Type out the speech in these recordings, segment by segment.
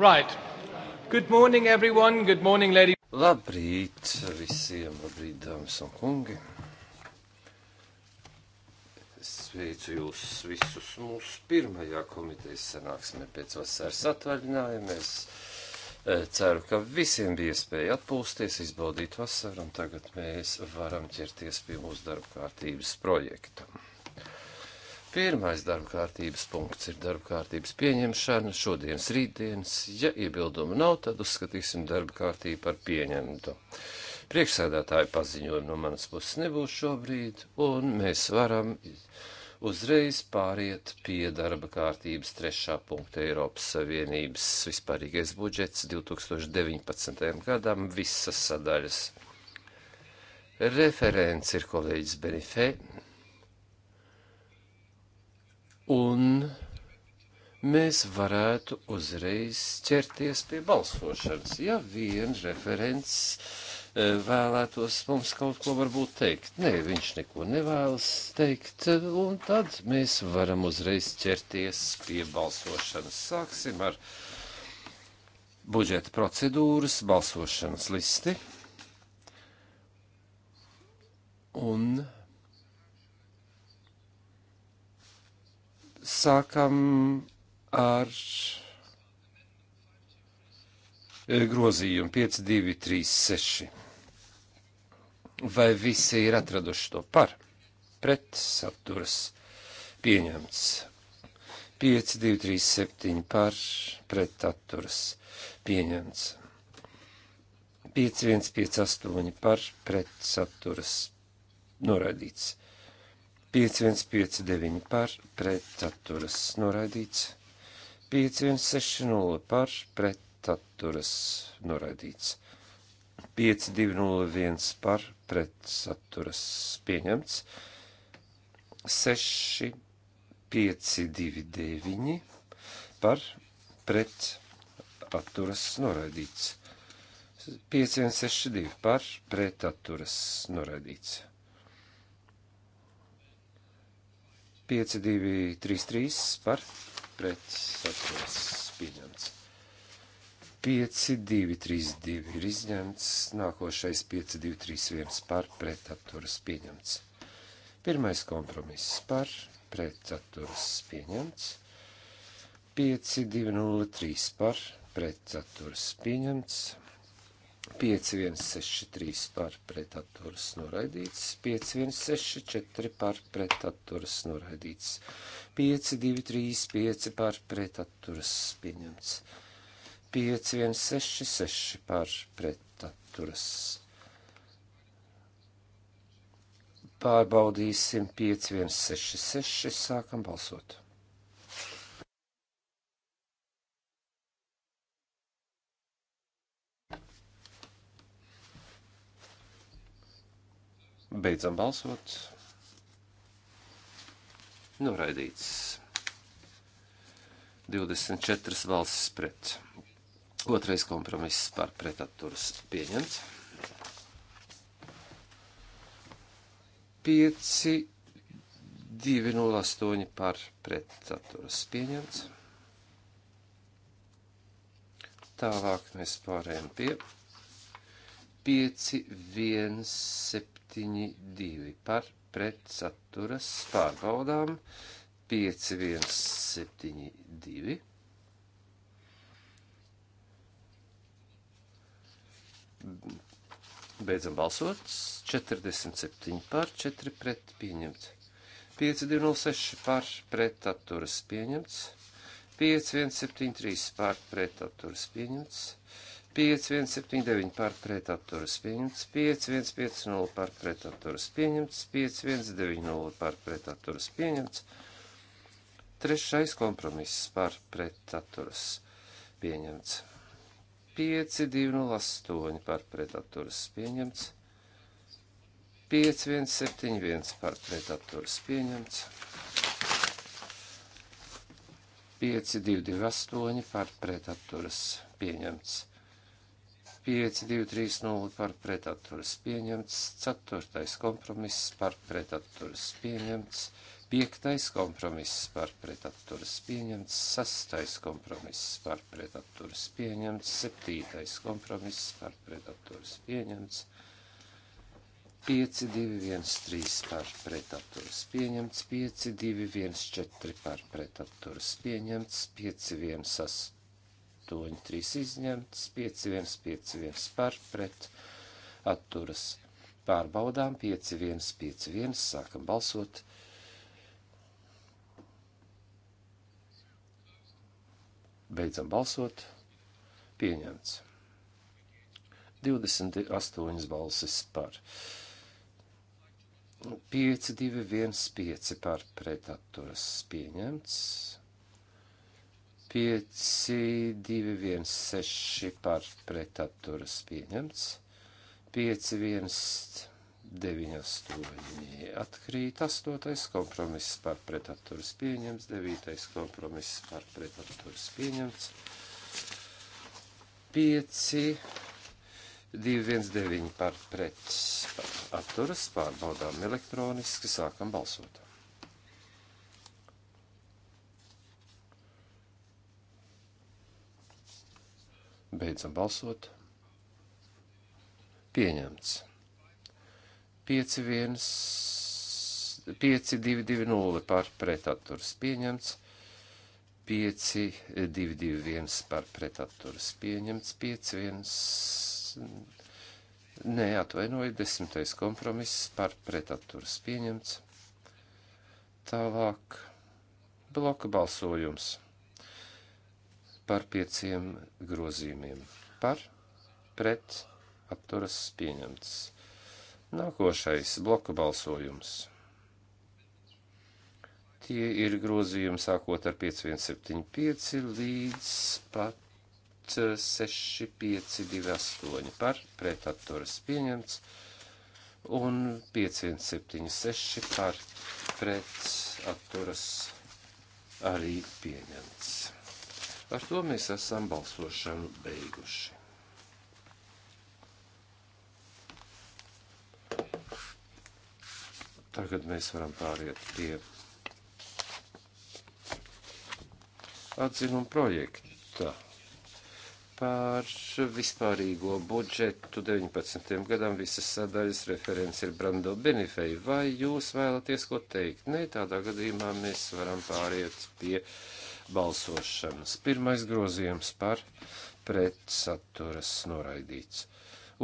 Right. Good morning, everyone. Good morning, lady. Labrīt visiem, labrīt, dāmas un kungi. Sveicu jūs visus mūsu pirmajā komitejas sanāksmē pēc vasaras atvaļinājuma. Es eh, ceru, ka visiem bija iespēja atpūsties, izbaudīt vasaru, un tagad mēs varam ķerties pie mūsu darba kārtības projekta. Pirmais darba kārtības punkts ir darba kārtības pieņemšana šodienas rītdienas. Ja iebildumu nav, tad uzskatīsim darba kārtību par pieņemtu. Priekšsēdētāju paziņojumu no manas puses nebūs šobrīd, un mēs varam uzreiz pāriet pie darba kārtības trešā punkta Eiropas Savienības vispārīgais budžets 2019. gadam visas sadaļas. Referents ir kolēģis Benifē un mēs varētu uzreiz ķerties pie balsošanas, ja vien referents e, vēlētos mums kaut ko varbūt teikt. Nē, viņš neko nevēlas teikt, un tad mēs varam uzreiz ķerties pie balsošanas. Sāksim ar budžeta procedūras balsošanas listi. Un sākam ar grozījumu 5236. Vai visi ir atraduši to par? Pret saturas pieņemts. 5237 par pret atturas pieņemts. 5158 par pret saturas noraidīts. 5159 par pretaturas noraidīts, 5160 par pretaturas noraidīts, 5201 par pretsaturas pieņemts, 6529 par pretaturas noraidīts, 5162 par pretaturas noraidīts. 5233 par pret saturs pieņemts. 5232 ir izņemts, nākošais 5231 par pret atturas pieņemts. Pirmais kompromiss par pret atturas pieņemts. 5203 par pret atturas pieņemts. 5163 par pretaturas noraidīts, 5164 par pretaturas noraidīts, 5235 par pretaturas pieņemts, 5166 par pretaturas. Pārbaudīsim 5166, sākam balsot. Beidzam balsot. Noraidīts. 24 valsts pret. Otrais kompromiss par pretatturas pieņemts. 5, 2, 0, 8 par pretatturas pieņemts. Tālāk mēs pārējām pie 5, 1, 7. 572 par pretsaturas pārbaudām 5172. Beidzam balsot. 47 par 4 pret pieņemts. 5206 par pretsaturas pieņemts. 5173 par pretsaturas pieņemts. 5, 1, 7, 3, 5179 par pretapturas pieņemts, 5150 par pretapturas pieņemts, 5190 par pretapturas pieņemts, trešais kompromiss par pretapturas pieņemts, 5208 par pretapturas pieņemts, 5171 par pretapturas pieņemts, 5228 par pretapturas pieņemts. 5230 par pretaturas pieņemts, 4. kompromiss par pretaturas pieņemts, 5. kompromiss par pretaturas pieņemts, 6. kompromiss par pretaturas pieņemts, 7. kompromiss par pretaturas pieņemts, 5213 par pretaturas pieņemts, 5214 par pretaturas pieņemts, 518 8, 3 izņemts, 5, 1, 5, 1 par pret atturas. Pārbaudām 5, 1, 5, 1, sākam balsot. Beidzam balsot. Pieņemts. 28 balsis par. 5, 2, 1, 5 par pretatturas pieņemts. 5, 2, 1, 6 par pretapturas pieņemts, 5, 1, 9, 8 atkrīt, 8 kompromiss par pretapturas pieņemts, 9 kompromiss par pretapturas pieņemts, 5, 2, 1, 9 par pret apturas pārbaudām elektroniski, sākam balsot. Beidzam balsot. Pieņemts. 5, 1, 5, 2, 2, 0 par pretaturs pieņemts. 5, 2, 2, 1 par pretaturs pieņemts. 5, 1, nē, atvainojiet, 10. kompromiss par pretaturs pieņemts. Tālāk bloka balsojums par pieciem grozījumiem. Par, pret, atturas pieņemts. Nākošais bloka balsojums. Tie ir grozījumi sākot ar 5175 līdz pat 6528 par pretatturas pieņemts un 5176 par pretatturas arī pieņemts. Ar to mēs esam balsošanu beiguši. Tagad mēs varam pāriet pie atzinuma projekta par vispārīgo budžetu 19. gadam visas sadaļas referents ir Brando Benifei. Vai jūs vēlaties ko teikt? Nē, tādā gadījumā mēs varam pāriet pie uh, balsošanas. Pirmais grozījums par pretsaturas noraidīts.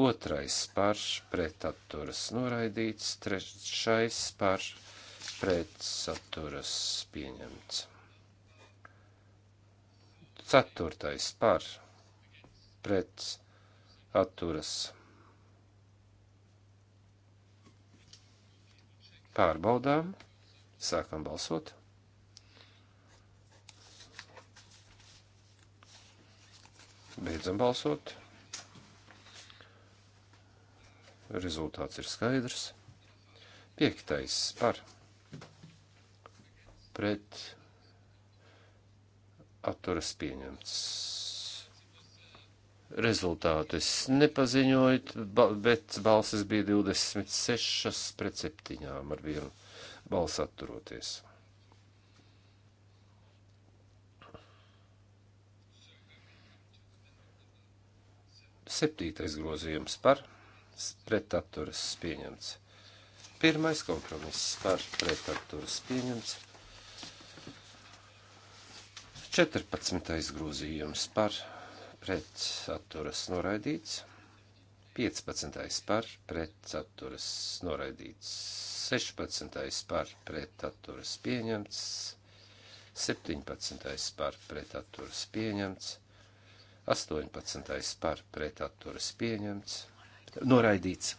Otrais par pretsaturas noraidīts. Trešais par pretsaturas pieņemts. Ceturtais par pretsaturas pārbaudām. Sākam balsot. Beidzam balsot. Rezultāts ir skaidrs. Piektais par pret atturas pieņemts. Rezultātus nepaziņojot, ba bet balsis bija 26 pret 7 ar vienu balsu atturoties. Septītais grozījums par pretaturas pieņemts. Pirmais kompromiss par pretaturas pieņemts. 14. grozījums par pretaturas noraidīts. 15. par pretaturas noraidīts. 16. par pretaturas pieņemts. 17. par pretaturas pieņemts. 18. par pretaturas pieņemts, noraidīts.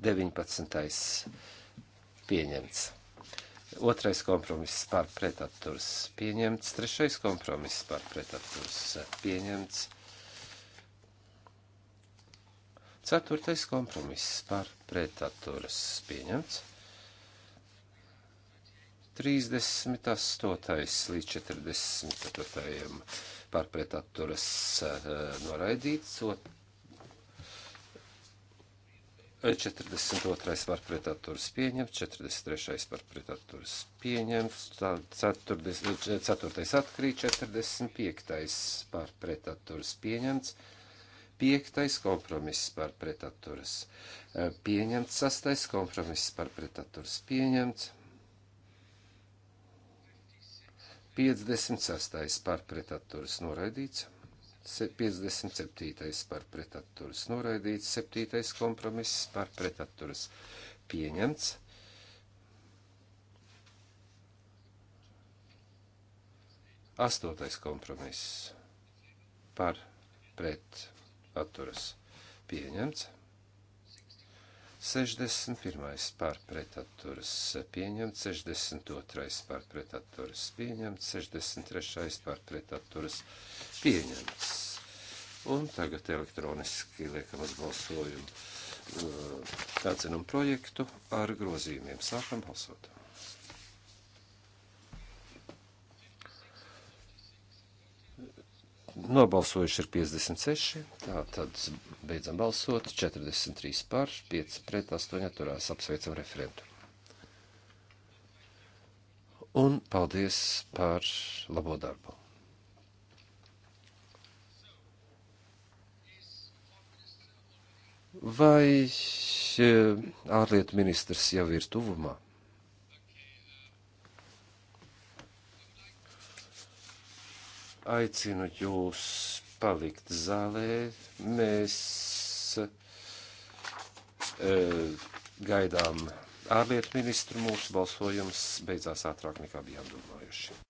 19. pieņemts. Otrais kompromiss par pretaturas pieņemts. Trešais kompromiss par pretaturas pieņemts. Ceturtais kompromiss par pretaturas pieņemts. 38. līdz 44 par pretaturas eh, noraidīts, 42. par pretaturas pieņemts, 43. par pretaturas pieņemts, 4. 4. atkrīt, 45. par pretaturas pieņemts, 5. kompromiss par pretaturas eh, pieņemts, 6. kompromiss par pretaturas pieņemts, 56. par pretatturas noraidīts, 57. par pretatturas noraidīts, 7. kompromiss par pretatturas pieņemts. Astotais kompromiss par pret atturas pieņemts. 61. pārpretaturas pieņemts, 62. pārpretaturas pieņemts, 63. pārpretaturas pieņemts. Un tagad elektroniski liekam uz balsojumu uh, tācenam projektu ar grozījumiem. Sākam balsot. Nobalsojuši ir 56, tā tad beidzam balsot, 43 par, 5 pret, 8 atturās, apsveicam referentu. Un paldies par labo darbu. Vai eh, ārlietu ministrs jau ir tuvumā? aicinu jūs palikt zālē. Mēs e, gaidām ārlietu ministru. Mūsu balsojums beidzās ātrāk nekā bijām domājuši.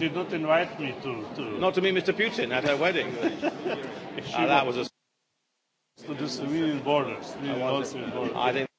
She did not invite me to, to. Not to meet Mr. Putin at her wedding. she ah, that was a. To the civilian borders. Civilian I, borders. I think.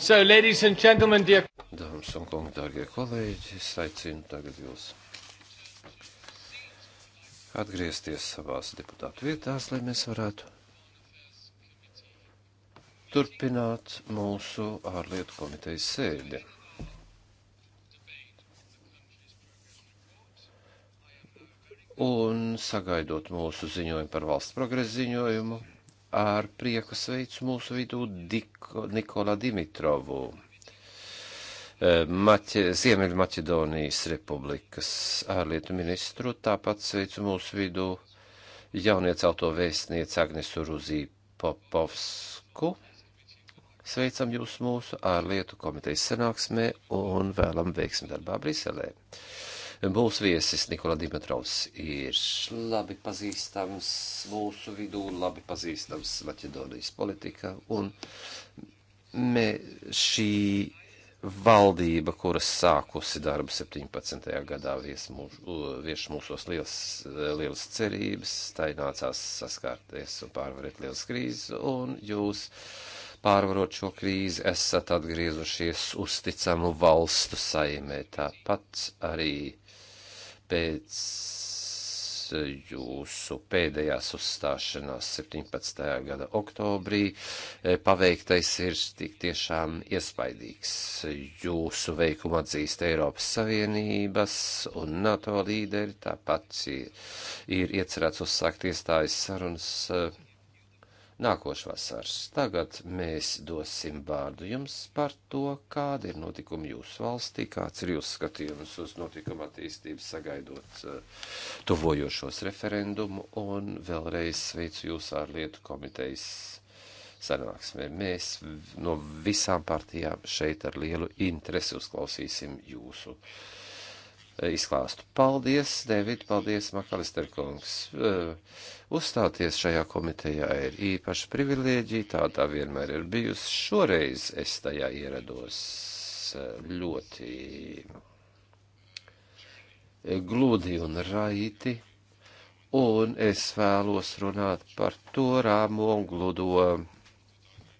So, ladies and gentlemen, dear... Dāmas un kungi, dārgie kolēģi, es aicinu tagad jūs atgriezties savās deputātu vietās, lai mēs varētu turpināt mūsu ārlietu komitejas sēdi. Un sagaidot mūsu ziņojumu par valsts progresu ziņojumu, ar prieku sveicu mūsu vidū Diko, Nikola Dimitrovu, eh, Maķe, Ziemeļmaķedonijas Republikas ārlietu ministru, tāpat sveicu mūsu vidū jauniecelto vēstnieci Agnesu Ruzī Popovsku. Sveicam jūs mūsu ārlietu komitejas sanāksmē un vēlam veiksmi darbā Briselē. Mūsu viesis Nikola Dimitrovs ir labi pazīstams mūsu vidū, labi pazīstams Maķedonijas politikā, un me, šī valdība, kuras sākusi darbu 17. gadā, vieš mūs, mūsos liels, liels cerības, tai nācās saskārties un pārvarēt liels krīzes, un jūs pārvarot šo krīzi esat atgriezušies uzticamu valstu saimē. Tāpat arī pēc eh, jūsu pēdējās uzstāšanās 17. gada oktobrī eh, paveiktais ir tik tiešām iespaidīgs. Jūsu veikumu atzīst Eiropas Savienības un NATO līderi, tāpat ir iecerēts uzsākt iestājas sarunas eh, nākošvasars. Tagad mēs dosim vārdu jums par to, kāda ir notikuma jūsu valstī, kāds ir jūsu skatījums uz notikuma attīstību sagaidot uh, tuvojošos referendumu un vēlreiz sveicu jūs ārlietu komitejas sanāksmē. Mēs no visām partijām šeit ar lielu interesi uzklausīsim jūsu. Uh, izklāstu. Paldies, David, paldies, Makalister kungs. Eh, uzstāties šajā komitejā ir īpaša privilēģija, tā tā vienmēr ir bijusi. Šoreiz es tajā ierados eh, ļoti gludi un raiti, un es vēlos runāt par to rāmo un gludo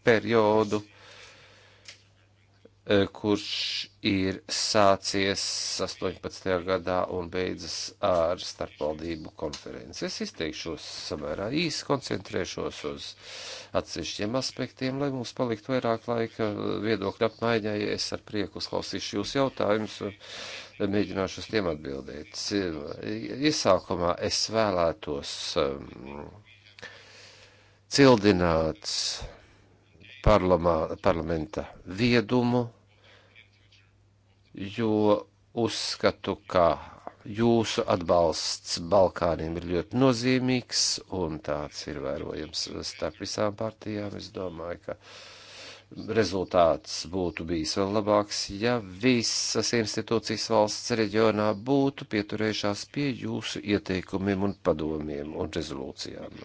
periodu, Eh, kurš ir sācies 18. gadā un beidzas ar starpvaldību konferenci. Es izteikšos samērā īsi, koncentrēšos uz atsevišķiem aspektiem, lai mums paliktu vairāk laika viedokļu apmaiņai. Es ar prieku uzklausīšu jūs jautājumus un mēģināšu uz tiem atbildēt. Eh, iesākumā es vēlētos ehm, cildināt parlamā, parlamenta viedumu jo uzskatu, ka jūsu atbalsts Balkāniem ir ļoti nozīmīgs, un tāds ir vērojams starp visām partijām. Es domāju, ka rezultāts būtu bijis vēl labāks, ja visas institūcijas valsts reģionā būtu pieturējušās pie jūsu ieteikumiem un padomiem un rezolūcijām.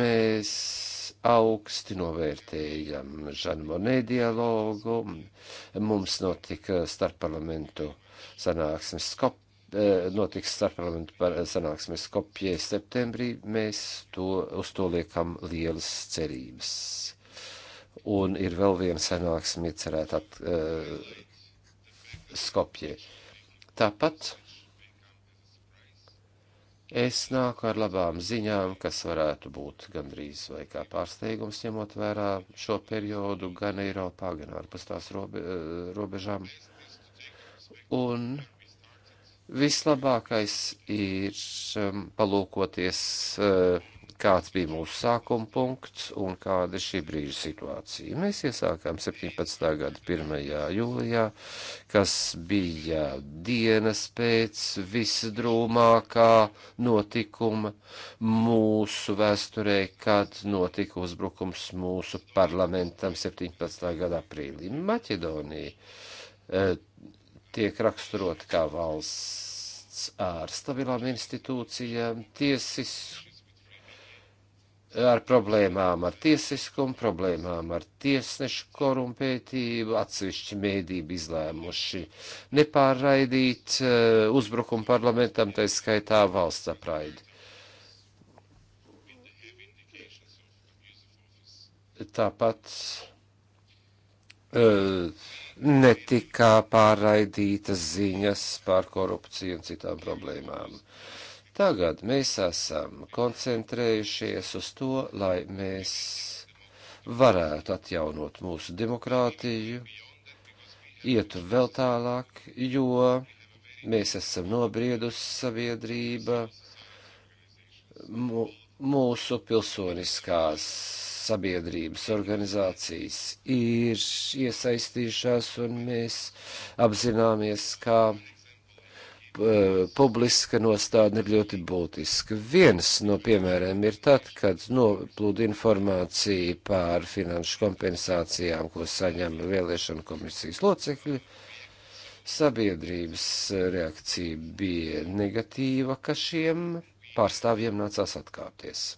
Mēs augsti novērtējam Žanmonē dialogu. Mums notika starpparlamentu sanāksmes Skopjē eh, notiks starpparlamentu eh, sanāksmes Skopjē septembrī, mēs to, uz to liekam lielas cerības. Un ir vēl viena sanāksme iecerēta uh, eh, Skopjē. Tāpat Es nāku ar labām ziņām, kas varētu būt gandrīz vai kā pārsteigums, ņemot vērā šo periodu gan Eiropā, gan ārpus tās robe, robežām. Un vislabākais ir um, palūkoties uh, kāds bija mūsu sākuma punkts un kāda ir šī brīža situācija. Mēs iesākām 17. gada 1. jūlijā, kas bija dienas pēc visdrūmākā notikuma mūsu vēsturē, kad notika uzbrukums mūsu parlamentam 17. gada aprīlī. Maķedonija eh, tiek raksturota kā valsts ar stabilām institūcijām, tiesisku ar problēmām ar tiesiskumu, problēmām ar tiesnešu korumpētību, atsevišķi mēdību izlēmuši nepārraidīt eh, uzbrukumu parlamentam, tā skaitā valsts apraidi. Tāpat eh, netika pārraidītas ziņas par korupciju un citām problēmām. Uh, Tagad mēs esam koncentrējušies uz to, lai mēs varētu atjaunot mūsu demokrātiju, ietu vēl tālāk, jo mēs esam nobriedusi sabiedrība, mūsu pilsoniskās sabiedrības organizācijas ir iesaistījušās, un mēs apzināmies, ka Eh, publiska nostāda ir ļoti būtiska. Viens no piemēriem ir tad, kad noplūda informācija par finanšu kompensācijām, ko saņem vēlēšana komisijas locekļi. Sabiedrības eh, reakcija bija negatīva, ka šiem pārstāvjiem nācās atkāpties.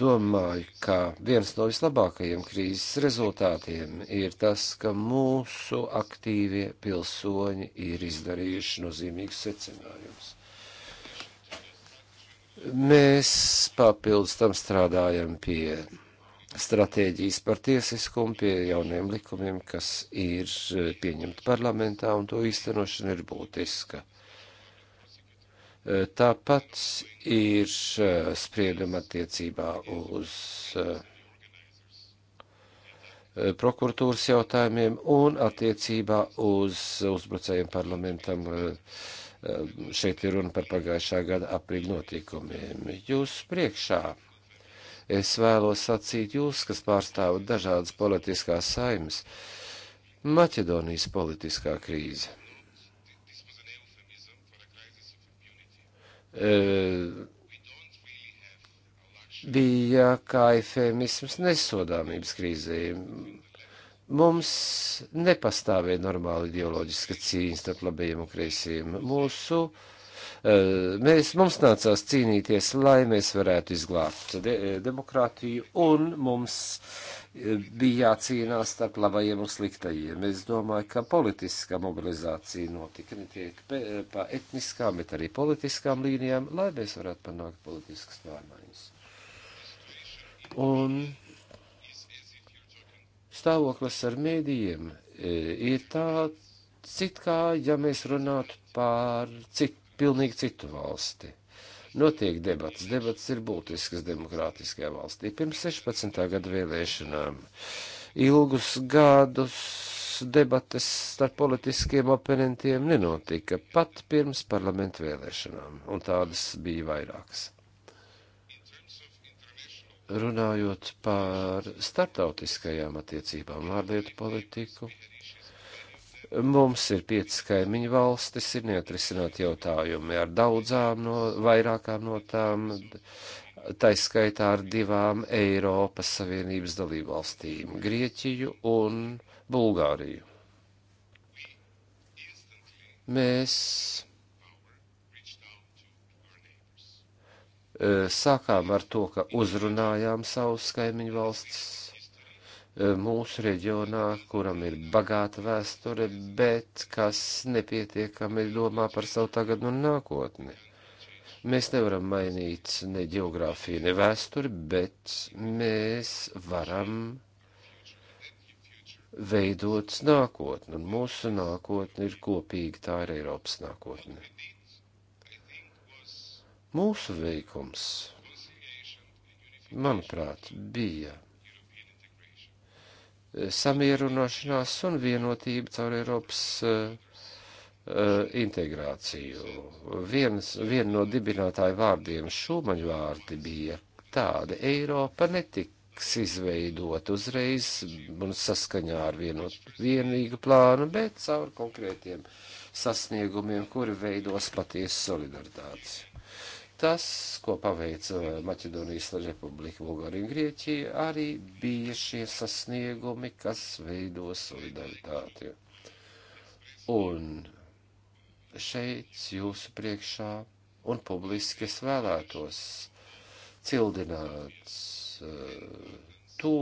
Domāju, ka viens no vislabākajiem krīzes rezultātiem ir tas, ka mūsu aktīvie pilsoņi ir izdarījuši nozīmīgus secinājumus. Mēs papildus tam strādājam pie stratēģijas par tiesiskumu, pie jauniem likumiem, kas ir pieņemti parlamentā, un to īstenošana ir būtiska. Tāpat ir eh, sprieduma attiecībā uz eh, prokuratūras jautājumiem un attiecībā uz uzbrucējiem parlamentam. Eh, šeit ir runa par pagājušā gada aprīļa notikumiem. Jūs priekšā es vēlos sacīt jūs, kas pārstāvat dažādas politiskās saimas, Maķedonijas politiskā krīze. Eh, bija kā efēmisms nesodāmības krīzē. Mums nepastāvēja normāla ideoloģiska cīņa starp labajiem un kreisiem. Mūsu, eh, mēs, mums nācās cīnīties, lai mēs varētu izglābt de, demokrātiju, un mums bija jācīnās starp labajiem un sliktajiem. Es domāju, ka politiskā mobilizācija notika ne tikai pa etniskām, bet arī politiskām līnijām, lai mēs varētu panākt politiskas pārmaiņas. Un stāvoklis ar mēdījiem e, ir tāds, it kā, ja mēs runātu par citu, pilnīgi citu valsti. Notiek debats. Debats ir būtisks demokrātiskajā valstī. Pirms 16. gada vēlēšanām ilgus gadus debates starp politiskiem oponentiem nenotika pat pirms parlamentu vēlēšanām, un tādas bija vairākas runājot par starptautiskajām attiecībām, ārlietu politiku, Mums ir piecas kaimiņu valstis, ir neatrisināti jautājumi ar daudzām no vairākām no tām, taiskaitā ar divām Eiropas Savienības dalību valstīm - Grieķiju un Bulgāriju. Mēs eh, sākām ar to, ka uzrunājām savus kaimiņu valstis mūsu reģionā, kuram ir bagāta vēsture, bet kas nepietiekami domā par savu tagad un nākotni. Mēs nevaram mainīt ne geogrāfiju, ne vēsturi, bet mēs varam veidot nākotni, un mūsu nākotne ir kopīga, tā ir Eiropas nākotne. Mūsu veikums, manuprāt, bija samierunāšanās un vienotība caur Eiropas e, e, integrāciju. Viens, vien no dibinātāju vārdiem šūmaņu vārdi bija tāda Eiropa netiks izveidot uzreiz un saskaņā ar vienot, vienīgu plānu, bet caur konkrētiem sasniegumiem, kuri veidos patiesu solidaritāti. Tas, ko paveica eh, Maķedonijas republika, Bulgārija un Grieķija, arī bija šie sasniegumi, kas veido solidaritāti. Un šeit jūsu priekšā un publiski es vēlētos cildināt uh, to,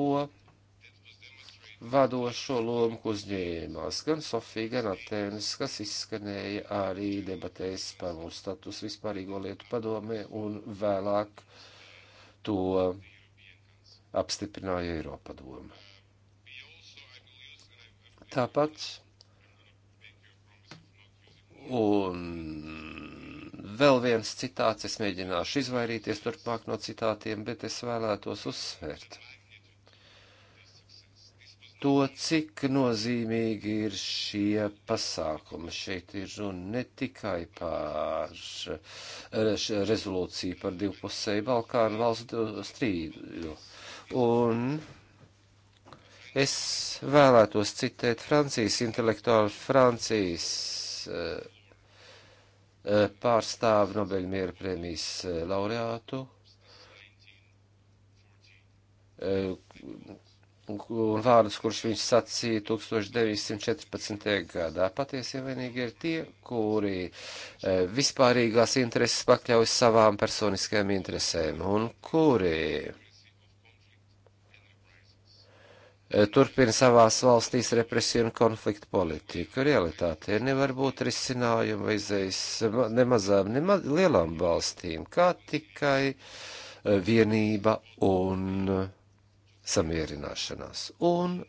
vadošo lomu, ko uzņēmās gan Sofija, gan Atēnas, kas izskanēja arī debatēs par mūsu status vispārīgo lietu padomē un vēlāk to apstiprināja Eiropa doma. Tāpat un vēl viens citāts, es mēģināšu izvairīties turpmāk no citātiem, bet es vēlētos uzsvērt to, cik nozīmīgi ir šie pasākumi. Šeit ir runa ne tikai par eh, rezolūciju par divpusēju Balkānu valstu strīdu. Un es vēlētos citēt Francijas intelektuālu Francijas eh, eh, pārstāvu Nobeļmiera prēmijas laureātu un vārdus, kurus viņš sacīja 1914. gadā. Patiesi ievainīgi ir tie, kuri e, vispārīgās intereses pakļauj savām personiskajām interesēm un kuri e, turpina savās valstīs represiju un konfliktu politiku. Realitātē nevar būt risinājuma vai zējas ne mazām, ne ma lielām valstīm, kā tikai e, vienība un samierināšanās. Un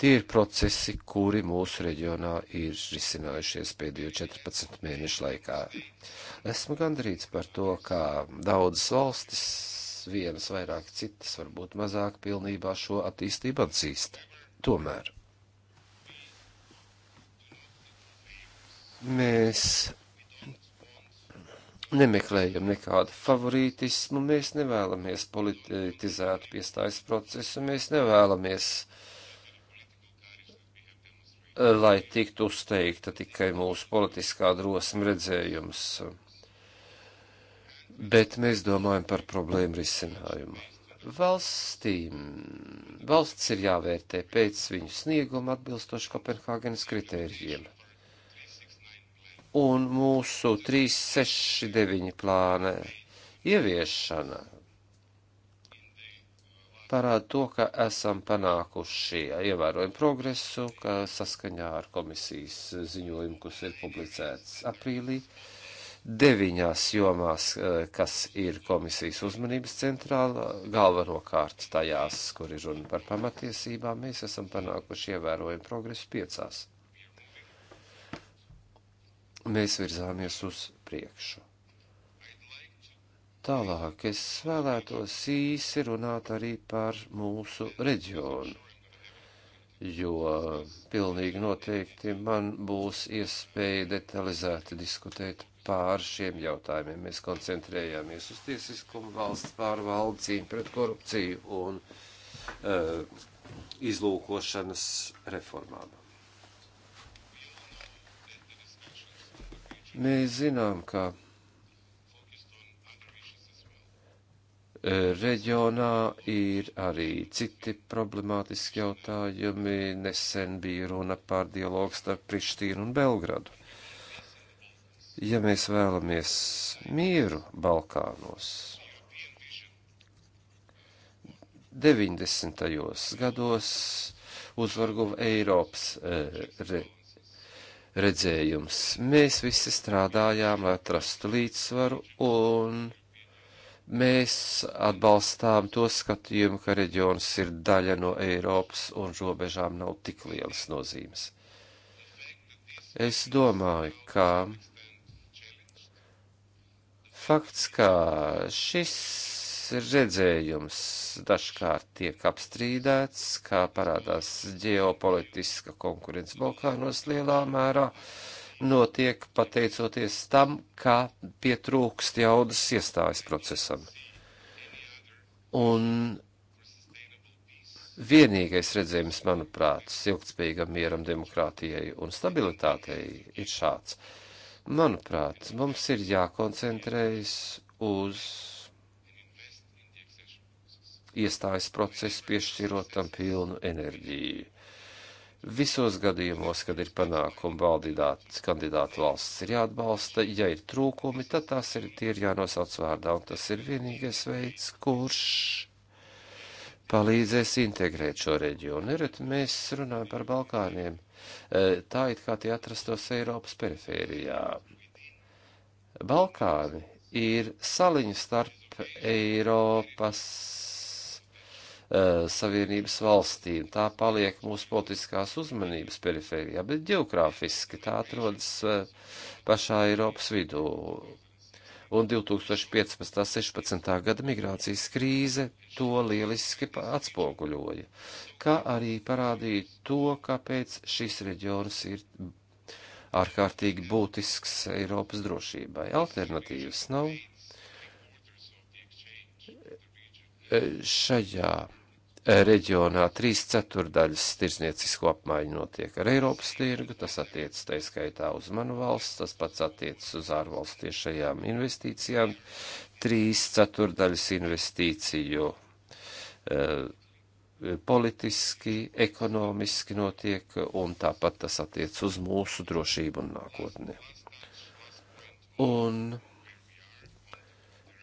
tie ir procesi, kuri mūsu reģionā ir risinājušies pēdējo 14 mēnešu laikā. Esmu gandrīz par to, kā daudzas valstis, vienas vairāk, citas varbūt mazāk pilnībā šo attīstību atzīst. Tomēr mēs nemeklējam nekādu favorītismu, mēs nevēlamies politizēt piestājas procesu, mēs nevēlamies, eh, lai tiktu uzteikta tikai mūsu politiskā drosme redzējums, bet mēs domājam par problēmu risinājumu. Valstīm, valsts ir jāvērtē pēc viņu snieguma atbilstoši Kopenhāgenes kritērijiem un mūsu 369 plāna ieviešana parāda to, ka esam panākuši ievērojumu progresu, ka saskaņā ar komisijas ziņojumu, kas ir publicēts aprīlī, deviņās jomās, eh, kas ir komisijas uzmanības centrāla, galvenokārt tajās, kur ir runa par pamatiesībām, mēs esam panākuši ievērojumu progresu piecās mēs virzāmies uz priekšu. Tālāk es vēlētos īsi runāt arī par mūsu reģionu, jo pilnīgi noteikti man būs iespēja detalizēti diskutēt pār šiem jautājumiem. Mēs koncentrējāmies uz tiesiskumu, valsts pārvaldu, cīņu pret korupciju un uh, izlūkošanas reformām. Mēs zinām, ka e, reģionā ir arī citi problemātiski jautājumi. Nesen bija runa par dialogu starp Prištīnu un Belgradu. Ja mēs vēlamies mieru Balkānos, 90. gados uzvarguva Eiropas e, re, redzējums. Mēs visi strādājām, lai atrastu līdzsvaru, un mēs atbalstām to skatījumu, ka reģions ir daļa no Eiropas un robežām nav tik lielas nozīmes. Es domāju, ka fakts, ka šis redzējums dažkārt tiek apstrīdēts, kā parādās ģeopolitiska konkurence Balkānos lielā mērā, notiek pateicoties tam, kā pietrūkst jaudas iestājas procesam. Un vienīgais redzējums, manuprāt, ilgtspējīgam mieram, demokrātijai un stabilitātei ir šāds. Manuprāt, mums ir jākoncentrējas uz iestājas procesu, piešķirot tam pilnu enerģiju. Visos gadījumos, kad ir panākumi valdītāts kandidātu valsts, ir jāatbalsta, ja ir trūkumi, tad tās ir, tie ir jānosauc vārdā, un tas ir vienīgais veids, kurš palīdzēs integrēt šo reģionu. Nereti mēs runājam par Balkāniem, e, tā it kā tie atrastos Eiropas perifērijā. Balkāni ir saliņa starp Eiropas Eh, savienības valstīm. Tā paliek mūsu politiskās uzmanības perifērijā, bet geogrāfiski tā atrodas eh, pašā Eiropas vidū. Un 2015. 16. gada migrācijas krīze to lieliski atspoguļoja, kā arī parādīja to, kāpēc šis reģions ir ārkārtīgi būtisks Eiropas drošībai. Alternatīvas nav. Eh, šajā reģionā trīs ceturdaļas tirsniecisko apmaiņu notiek ar Eiropas tirgu, tas attiecas tā skaitā uz manu valsts, tas pats attiecas uz ārvalstu tiešajām investīcijām, trīs ceturdaļas investīciju eh, politiski, ekonomiski notiek, un tāpat tas attiec uz mūsu drošību un nākotni. Un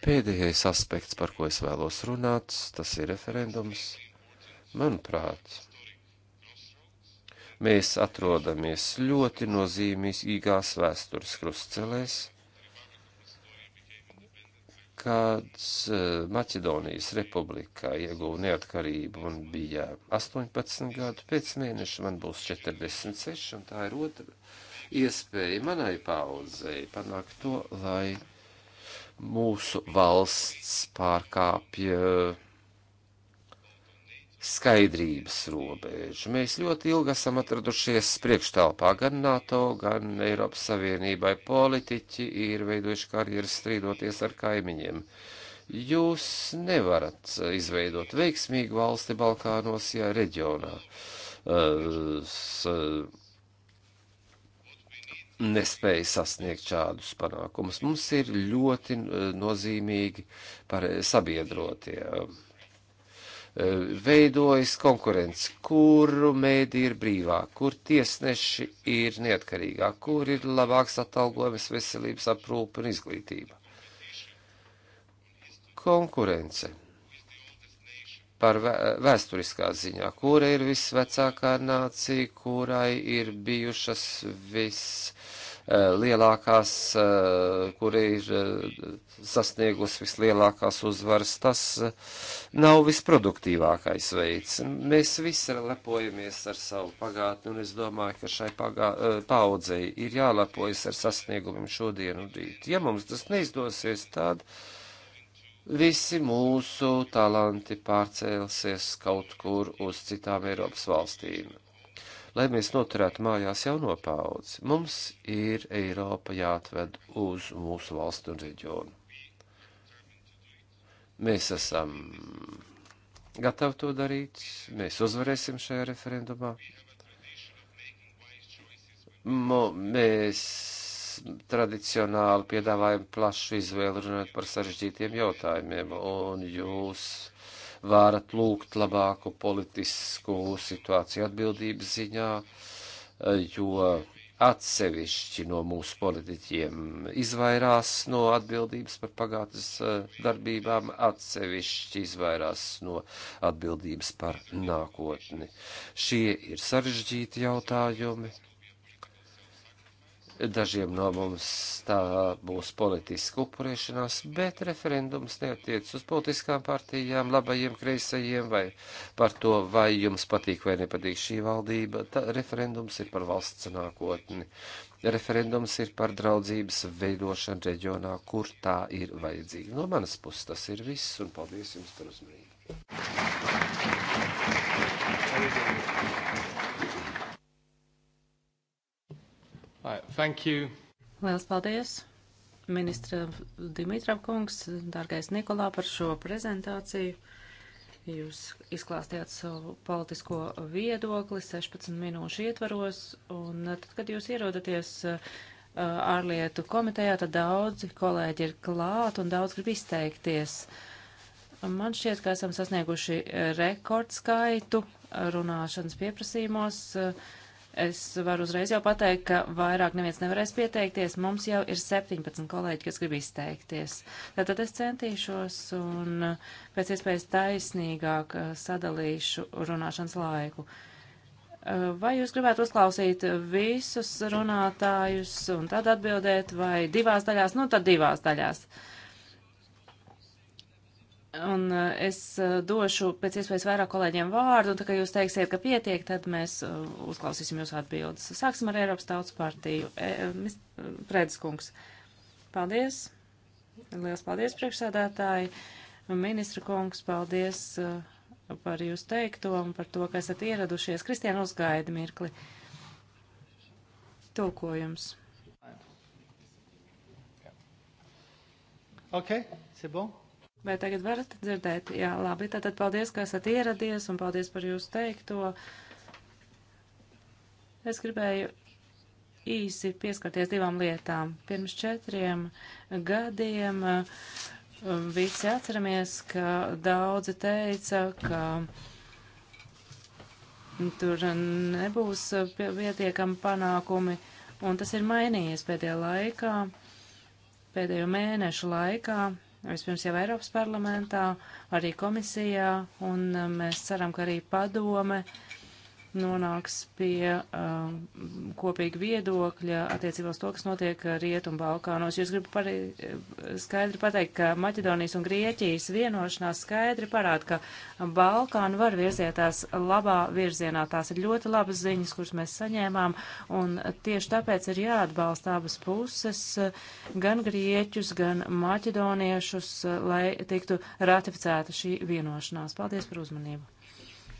pēdējais aspekts, par ko es vēlos runāt, tas ir referendums Manuprāt, mēs atrodamies ļoti nozīmīgās vēstures krustcelēs, kad eh, Maķedonijas republikā ieguva neatkarību un bija 18 gadu, pēc mēneša man būs 46, un tā ir otra iespēja manai paudzei panākt to, lai mūsu valsts pārkāpja skaidrības robežu. Mēs ļoti ilgi esam atradušies priekštālpā gan NATO, gan Eiropas Savienībai. Politiķi ir veidojuši karjeras strīdoties ar kaimiņiem. Jūs nevarat izveidot veiksmīgu valsti Balkānos, ja reģionā uh, s, nespēja sasniegt šādus panākumus. Mums ir ļoti eh, nozīmīgi par sabiedrotie. Ja Eh, veidojas konkurence, kuru mēdī ir brīvā, kur tiesneši ir neatkarīgā, kur ir labāks atalgojums, veselības aprūpa un izglītība. Konkurence par vēsturiskā ziņā, kura ir visvecākā nācija, kurai ir bijušas viss Eh, lielākās, eh, kur ir eh, sasniegusi vislielākās uzvaras, tas nav visproduktīvākais veids. Mēs visi lepojamies ar savu pagātni, un es domāju, ka šai pagā, paudzei ir jālepojas ar sasniegumiem šodien un rīt. Ja mums tas neizdosies, tad visi mūsu talanti pārcēlsies kaut kur uz citām Eiropas valstīm lai mēs noturētu mājās jauno paudzi. Mums ir Eiropa jāatved uz mūsu valstu un reģionu. Mēs esam gatavi to darīt, mēs uzvarēsim šajā referendumā. Mo, mēs tradicionāli piedāvājam plašu izvēli runāt par sarežģītiem jautājumiem, un jūs varat lūgt labāku politisku situāciju atbildības ziņā, jo atsevišķi no mūsu politiķiem izvairās no atbildības par pagātnes eh, darbībām, atsevišķi izvairās no atbildības par nākotni. Šie ir sarežģīti jautājumi Dažiem no mums tā būs politiska upurēšanās, bet referendums neatiec uz politiskām partijām, labajiem, kreisajiem vai par to, vai jums patīk vai nepatīk šī valdība. Tā, referendums ir par valsts nākotni. Referendums ir par draudzības veidošanu reģionā, kur tā ir vajadzīga. No manas puses tas ir viss, un paldies jums par uzmanību. Thank you. Lielas paldies, ministra Dimitrav kungs, dārgais Nikolā, par šo prezentāciju. Jūs izklāstījāt savu politisko viedokli 16 minūšu ietvaros, un tad, kad jūs ierodaties uh, ārlietu komitejā, tad daudzi kolēģi ir klāt un daudz grib izteikties. Man šķiet, ka esam sasnieguši rekordskaitu runāšanas pieprasījumos. Uh, Es varu uzreiz jau pateikt, ka vairāk neviens nevarēs pieteikties. Mums jau ir 17 kolēģi, kas grib izteikties. Tātad es centīšos un pēc iespējas taisnīgāk uh, sadalīšu runāšanas laiku. Uh, vai jūs gribētu uzklausīt visus runātājus un tad atbildēt, vai divās daļās? Nu, tad divās daļās. Uh, Un eh, es eh, došu pēc iespējas vairāk kolēģiem vārdu, un tā kā jūs teiksiet, ka pietiek, tad mēs eh, uzklausīsim jūsu atbildes. Sāksim ar Eiropas Tautas partiju. E, Prēdiskungs. Paldies. Liels paldies, priekšsēdētāji. Ministra kungs, paldies par jūsu teikto un par to, ka esat ieradušies. Kristiāna uzgaida mirkli. Tulkojums. Okay, c'est bon? Vai tagad varat dzirdēt? Jā, labi. Tātad paldies, ka esat ieradies un paldies par jūsu teikto. Es gribēju īsi pieskarties divām lietām. Pirms četriem gadiem um, visi atceramies, ka daudzi teica, ka tur nebūs pietiekami panākumi, un tas ir mainījies pēdējā laikā, pēdējo mēnešu laikā vispirms jau Eiropas parlamentā, arī komisijā, un um, mēs ceram, ka arī padome uh, nonāks pie uh, kopīga viedokļa attiecībā uz to, kas notiek Rietumu Balkānos. Jūs gribat pari, skaidri pateikt, ka Maķedonijas un Grieķijas vienošanās skaidri parāda, ka Balkāni var virzietās labā virzienā. Tās ir ļoti labas ziņas, kuras mēs saņēmām, un tieši tāpēc ir jāatbalsta abas puses, gan grieķus, gan maķedoniešus, lai tiktu ratificēta šī vienošanās. Paldies par uzmanību!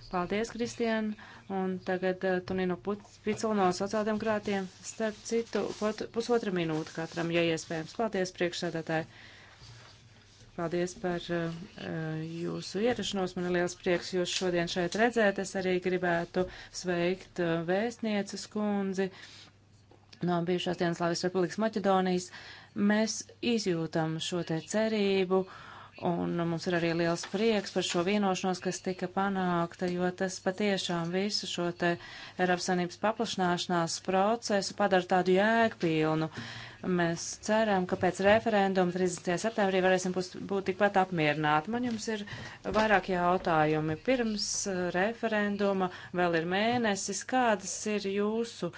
Paldies, Kristiāna! Un tagad eh, Tunino Picula no sociāldemokrātiem. Starp citu, pot, pusotra minūte katram, ja iespējams. Paldies, priekšsēdētāji. Paldies par uh, jūsu ierašanos. Man ir liels prieks jūs šodien šeit redzēt. Es arī gribētu sveikt uh, vēstnieces kundzi no bijušās Dienaslavijas Republikas Maķedonijas. Mēs izjūtam šo te cerību. Uh, Un mums ir arī liels prieks par šo vienošanos, kas tika panākta, jo tas patiešām visu šo te Eiropas Sanības paplašanāšanās procesu padara tādu jēgpilnu, Mēs ceram, ka pēc referenduma 30. septembrī varēsim būt, būt tikpat apmierināti. Man jums ir vairāk jautājumi. Pirms uh, referenduma vēl ir mēnesis. Kādas ir jūsu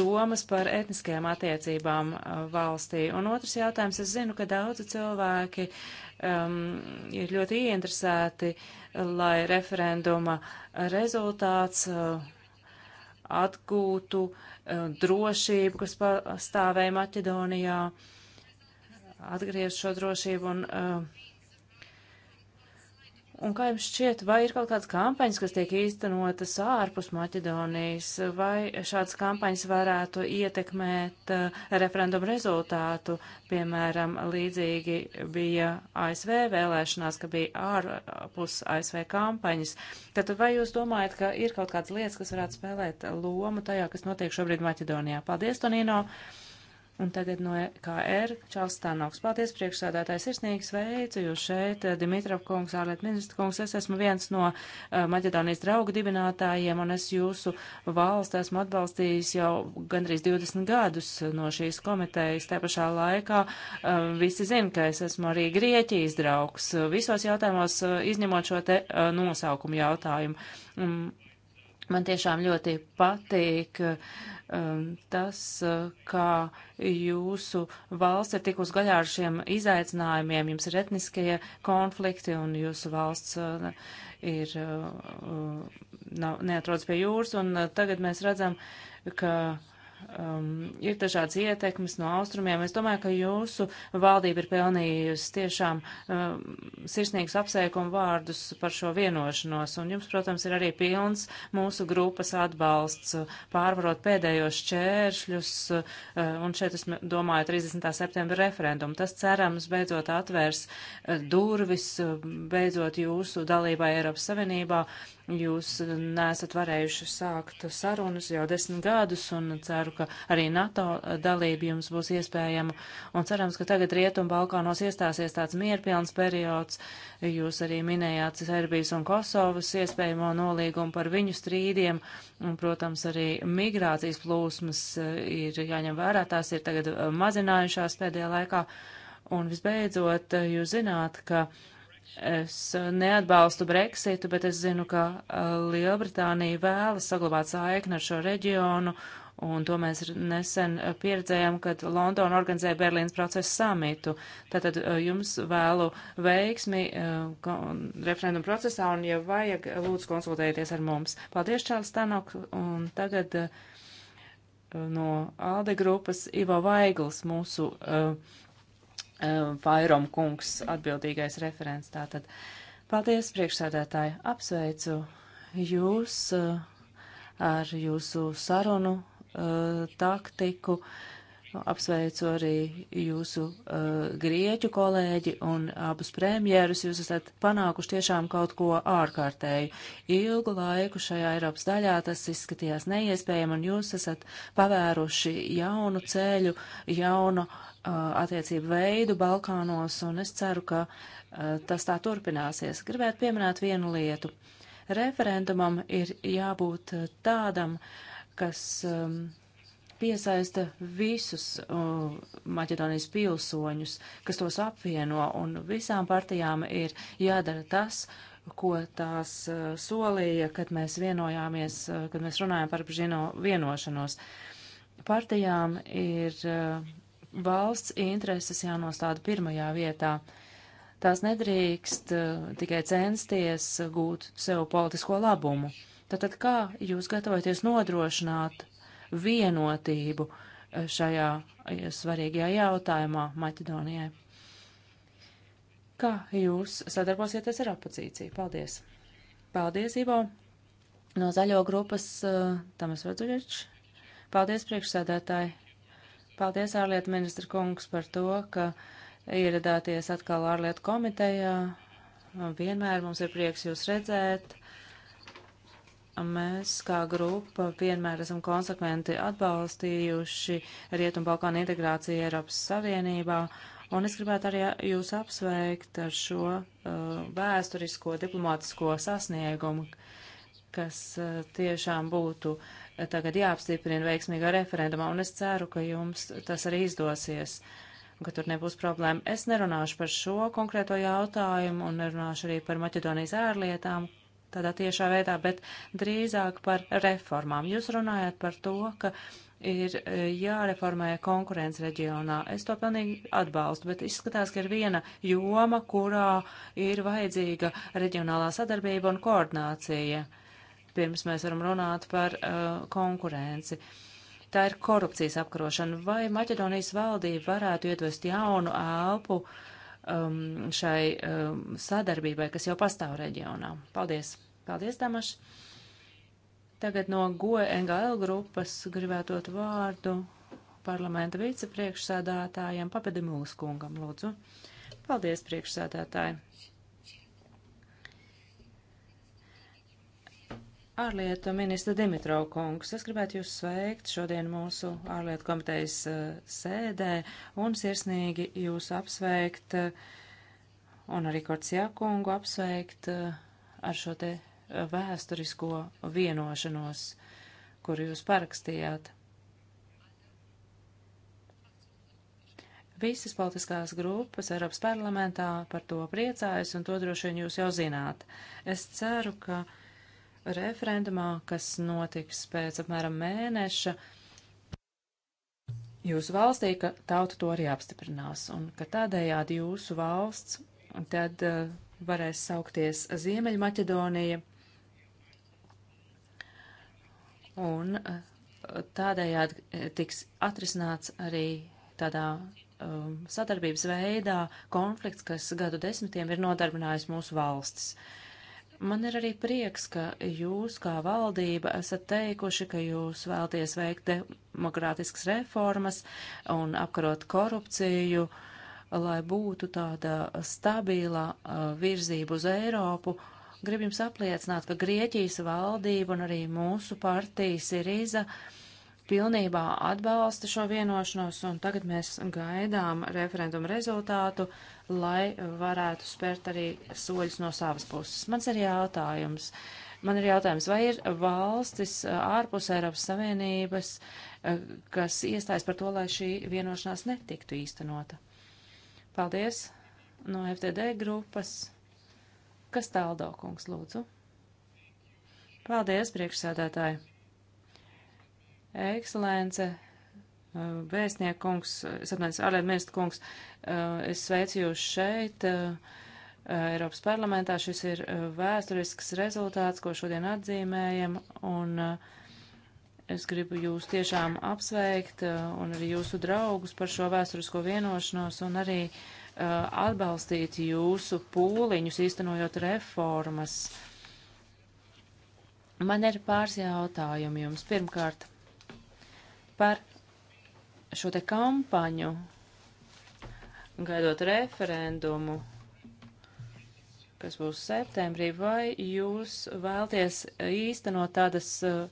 domas par etniskajām attiecībām uh, valstī? Un otrs jautājums. Es zinu, ka daudzi cilvēki um, ir ļoti ieinteresēti, lai referenduma rezultāts. Uh, atgūtu uh, drošību, kas pastāvēja Maķedonijā, atgriezt šo drošību un uh, Un kā jums šķiet, vai ir kaut kādas kampaņas, kas tiek īstenotas ārpus Maķedonijas, vai šādas kampaņas varētu ietekmēt uh, referendumu rezultātu? Piemēram, līdzīgi bija ASV vēlēšanās, ka bija ārpus ASV kampaņas. Tad vai jūs domājat, ka ir kaut kādas lietas, kas varētu spēlēt lomu tajā, kas notiek šobrīd Maķedonijā? Paldies, Tonino! Uh, Un tagad no e KR Čāls Stānoks. Paldies, priekšsādātājs, sirsnīgi sveicu jūs šeit, eh, Dimitrov kungs, ārlietu ministra kungs. Es esmu viens no uh, Maķedonijas draugu dibinātājiem, un es jūsu valsts esmu atbalstījis jau gandrīz 20 gadus no šīs komitejas. Te pašā laikā uh, visi zina, ka es esmu arī Grieķijas draugs, visos jautājumos uh, izņemot šo te uh, nosaukumu jautājumu. Um, Man tiešām ļoti patīk um, tas, kā jūsu valsts ir tikus gaļā ar šiem izaicinājumiem. Jums ir etniskie konflikti un jūsu valsts uh, ir, uh, uh nav, neatrodas pie jūras. Un uh, tagad mēs redzam, ka uh, um, ir dažādas ietekmes no austrumiem. Es domāju, ka jūsu valdība ir pelnījusi tiešām um, sirsnīgus apsveikumu vārdus par šo vienošanos, un jums, protams, ir arī pilns mūsu grupas atbalsts pārvarot pēdējos šķēršļus, uh, un šeit es domāju 30. septembra referendumu. Tas cerams beidzot atvērs uh, durvis, uh, beidzot jūsu dalībai Eiropas Savienībā. Uh, Jūs eh, nesat varējuši sākt sarunas jau desmit gadus un ceru, ka arī NATO eh, dalība jums būs iespējama. Un cerams, ka tagad Rietum Balkānos iestāsies tāds mierpilns periods. Jūs arī minējāt Serbijas un Kosovas iespējamo nolīgumu par viņu strīdiem. Un, protams, arī migrācijas plūsmas eh, ir jāņem vērā. Tās ir tagad mazinājušās pēdējā laikā. Un visbeidzot, jūs zināt, ka Es neatbalstu Brexitu, bet es zinu, ka Lielbritānija vēlas saglabāt saikni ar šo reģionu, un to mēs nesen pieredzējām, kad Londona organizēja Berlīnas procesu samitu. Tātad jums vēlu veiksmi referendumu procesā, un ja vajag, lūdzu konsultējieties ar mums. Paldies, Čārlis Tanok, un tagad no ALDE grupas Ivo Vaigls, mūsu uh, Vairom kungs atbildīgais referents tātad. Paldies, priekšsēdētāji, apsveicu jūs eh, ar jūsu sarunu eh, taktiku. Uh, Apsveicu arī jūsu uh, grieķu kolēģi un abus premjerus. Jūs esat panākuši tiešām kaut ko ārkārtēju. Ilgu laiku šajā Eiropas daļā tas izskatījās neiespējami, un jūs esat pavēruši jaunu ceļu, jaunu uh, attiecību veidu Balkānos, un es ceru, ka uh, tas tā turpināsies. Gribētu pieminēt vienu lietu. Referendumam ir jābūt uh, tādam, kas. Um, piesaista visus uh, Maķedonijas pilsoņus, kas tos apvieno, un visām partijām ir jādara tas, ko tās uh, solīja, kad mēs vienojāmies, uh, kad mēs runājam par žino vienošanos. Partijām ir uh, valsts intereses jānostāda pirmajā vietā. Tās nedrīkst uh, tikai censties gūt sev politisko labumu. Tātad kā jūs gatavojaties nodrošināt vienotību eh, šajā eh, svarīgajā jautājumā Maķedonijai. Kā jūs sadarbosieties ar opozīciju? Paldies! Paldies, Ivo! No zaļo grupas uh, Tamas Vadzuļičs. Paldies, priekšsēdētāji! Paldies, ārlietu ministra kungs, par to, ka ieradāties atkal ārlietu komitejā. Vienmēr mums ir prieks jūs redzēt mēs kā grupa vienmēr esam konsekventi atbalstījuši Rietumbalkānu integrāciju Eiropas Savienībā, un es gribētu arī jūs apsveikt ar šo uh, vēsturisko diplomātisko sasniegumu, kas uh, tiešām būtu uh, tagad jāapstiprina veiksmīgā referendumā, un es ceru, ka jums tas arī izdosies ka tur nebūs problēma. Es nerunāšu par šo konkrēto jautājumu un nerunāšu arī par Maķedonijas ārlietām, tādā tiešā veidā, bet drīzāk par reformām. Jūs runājat par to, ka ir e, jāreformē konkurence reģionā. Es to pilnīgi atbalstu, bet izskatās, ka ir viena joma, kurā ir vajadzīga reģionālā sadarbība un koordinācija. Pirms mēs varam runāt par uh, konkurenci. Tā ir korupcijas apkarošana. Vai Maķedonijas valdība varētu iedvest jaunu elpu uh, um, šai um, sadarbībai, kas jau pastāv reģionā. Paldies! Paldies, Damaš! Tagad no GOE-NGL grupas gribētu dot vārdu parlamenta vicepriekšsēdātājiem Papedimulas kungam, lūdzu. Paldies, priekšsēdētāji! Ārlietu ministra Dimitrov kungs, es gribētu jūs sveikt šodien mūsu ārlietu komitejas eh, sēdē un sirsnīgi jūs apsveikt eh, un arī Kortsjā kungu apsveikt eh, ar šo te vēsturisko vienošanos, kuru jūs parakstījāt. Visas politiskās grupas Eiropas parlamentā par to priecājas, un to droši vien jūs jau zināt. Es ceru, ka uh, referendumā, kas notiks pēc apmēram mēneša jūsu valstī, ka tauta to arī apstiprinās un ka tādējādi jūsu valsts tad uh, varēs saukties Ziemeļmaķedonija un uh, tādējādi eh, tiks atrisināts arī tādā um, sadarbības veidā konflikts, kas gadu desmitiem ir nodarbinājis mūsu valstis. Uh, Man ir arī prieks, ka jūs kā valdība esat teikuši, ka jūs vēlties veikt demokrātiskas reformas un apkarot korupciju, lai būtu tāda stabila uh, virzība uz Eiropu. Gribu jums apliecināt, ka Grieķijas valdība un arī mūsu partija Siriza pilnībā atbalsta šo vienošanos, un tagad mēs gaidām referendumu rezultātu. Uh, lai varētu spērt arī soļus no savas puses. Mans ir jautājums. Man ir jautājums, vai ir valstis ārpus Eiropas Savienības, kas iestājas par to, lai šī vienošanās netiktu īstenota? Paldies no FTD grupas. Kas tāldo, kungs, lūdzu? Paldies, priekšsēdētāji. Ekscelence, Vēstnieku kungs, es atvainojos, ārlietu ministru kungs, eh, es sveicu jūs šeit, eh, Eiropas parlamentā. Šis ir eh, vēsturisks rezultāts, ko šodien atzīmējam, un es gribu jūs tiešām apsveikt un arī jūsu draugus par šo vēsturisko vienošanos un arī atbalstīt jūsu pūliņus, īstenojot reformas. Man ir pāris jautājumi jums. Pirmkārt, par šo te kampaņu, gaidot referendumu, kas būs septembrī, vai jūs vēlties īstenot tādas uh,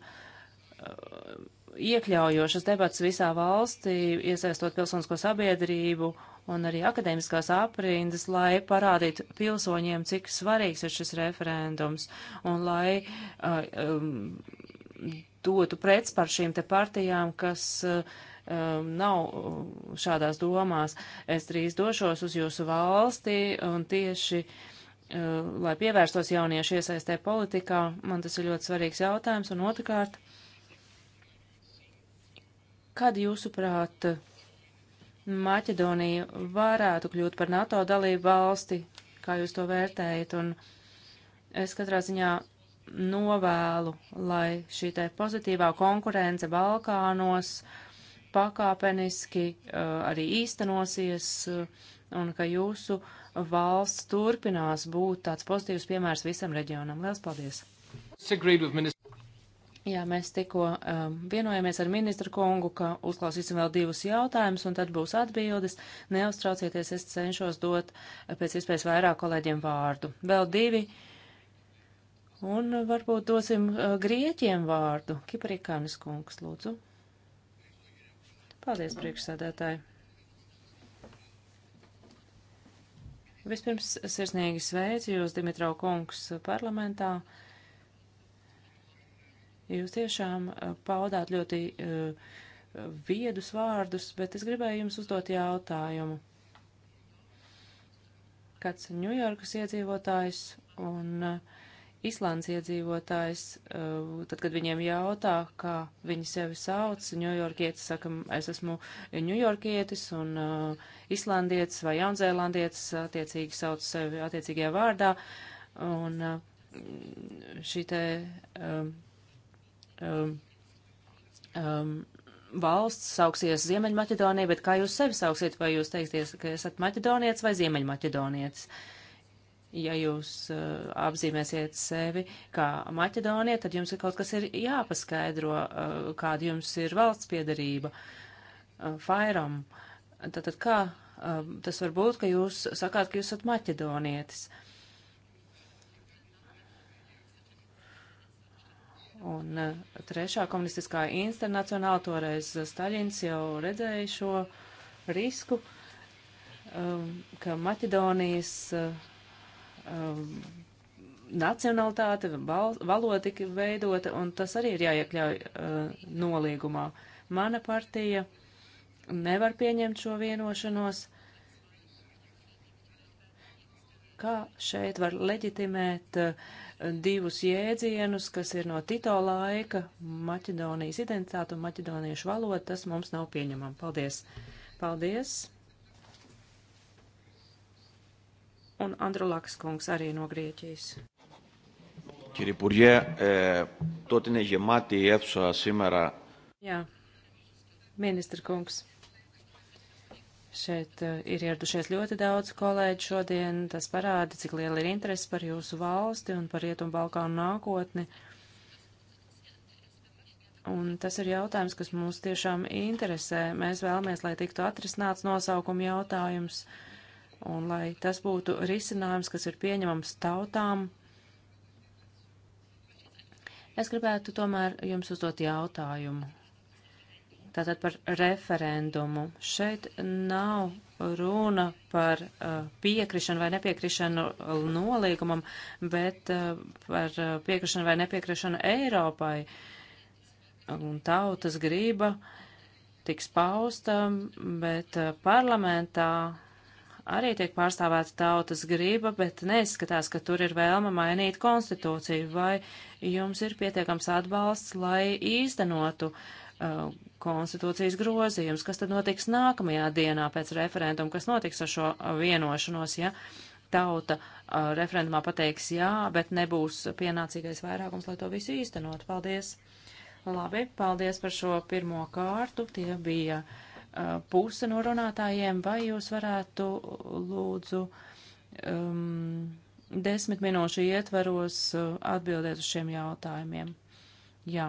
iekļaujošas debats visā valstī, iesaistot pilsonisko sabiedrību un arī akadēmiskās aprindas, lai parādītu pilsoņiem, cik svarīgs ir šis referendums un lai uh, um, dotu pretspār šīm te partijām, kas uh, um, nav um, šādās domās. Es drīz došos uz jūsu valsti un tieši, uh, lai pievērstos jauniešu iesaistē politikā, man tas ir ļoti svarīgs jautājums. Un otrkārt, kad jūsuprāt Maķedonija varētu kļūt par NATO dalību valsti, kā jūs to vērtējat? Un es katrā ziņā novēlu, lai šī te pozitīvā konkurence Balkānos uh, pakāpeniski eh, arī īstenosies eh, un ka jūsu valsts turpinās būt tāds pozitīvs piemērs visam reģionam. Lielas paldies! Jā, mēs tikko um, vienojamies ar ministru kungu, ka uzklausīsim vēl divus jautājumus, un tad būs atbildes. Neuztraucieties, es cenšos dot pēc iespējas vairāk kolēģiem vārdu. Vēl divi, un varbūt dosim uh, grieķiem vārdu. Kiprikānis kungs, lūdzu. Paldies, priekšsēdētāji. Vispirms sirsnīgi sveicu jūs, Dimitrau kungs, parlamentā. Jūs tiešām eh, paudāt ļoti uh, viedus vārdus, bet es gribēju jums uzdot jautājumu. Kāds Ņujorkas iedzīvotājs un uh, Islandes iedzīvotājs, uh, tad, kad viņiem jautā, kā viņi sevi sauc, ņujorkietis saka, es esmu ņujorkietis un uh, islandietis vai jaunzēlandietis attiecīgi sauc sevi attiecīgajā vārdā. Un uh, šī te um, um, um, valsts sauksies Ziemeļmaķedonija, bet kā jūs sevi sauksiet, vai jūs teiksiet, ka esat maķedonietis vai Ziemeļmaķedonietis? Uh, ja jūs uh, apzīmēsiet sevi kā Maķedonija, tad jums ir kaut kas ir jāpaskaidro, uh, kāda jums ir valsts piedarība uh, Fairam. Tātad kā uh, tas var būt, ka jūs sakāt, ka jūs esat maķedonietis? Un uh, trešā komunistiskā internacionāla toreiz Staļins jau redzēja šo risku, um, ka Maķedonijas uh, um, nacionalitāte, val, valoda tika veidota, un tas arī ir jāiekļauj uh, nolīgumā. Mana partija nevar pieņemt šo vienošanos. Kā šeit var leģitimēt uh, divus jēdzienus, kas ir no Tito laika, Maķedonijas identitāte un maķedoniešu valoda, tas mums nav pieņemam. Paldies! Paldies! un Andrulakas kungs arī no Grieķijas. Κύριε Υπουργέ, ε, τότε είναι γεμάτη η αίθουσα σήμερα. Jā, ministra kungs. Šeit ir ieradušies ļoti daudz kolēģi šodien. Tas parāda, cik liela ir interese par jūsu valsti un par Rietumu Balkānu nākotni. Un tas ir jautājums, kas mūs tiešām interesē. Mēs vēlamies, lai tiktu atrisināts nosaukuma jautājums. Uh, un lai tas būtu risinājums, kas ir pieņemams tautām. Es gribētu tomēr jums uzdot jautājumu. Tātad par referendumu. Šeit nav runa par uh, piekrišanu vai nepiekrišanu nolīgumam, bet uh, par uh, piekrišanu vai nepiekrišanu Eiropai. Un tautas grība tiks pausta, bet uh, parlamentā arī tiek pārstāvēta tautas grība, bet neizskatās, ka tur ir vēlme mainīt konstitūciju, vai jums ir pietiekams atbalsts, lai īstenotu uh, konstitūcijas grozījums, kas tad notiks nākamajā dienā pēc referenduma, kas notiks ar šo uh, vienošanos, ja tauta uh, referendumā pateiks jā, bet nebūs pienācīgais vairākums, lai to visu īstenot. Paldies! Labi, paldies par šo pirmo kārtu. Tie bija uh, Uh, puse no runātājiem, vai jūs varētu lūdzu um, desmit minūšu ietvaros uh, atbildēt uz šiem jautājumiem? Jā.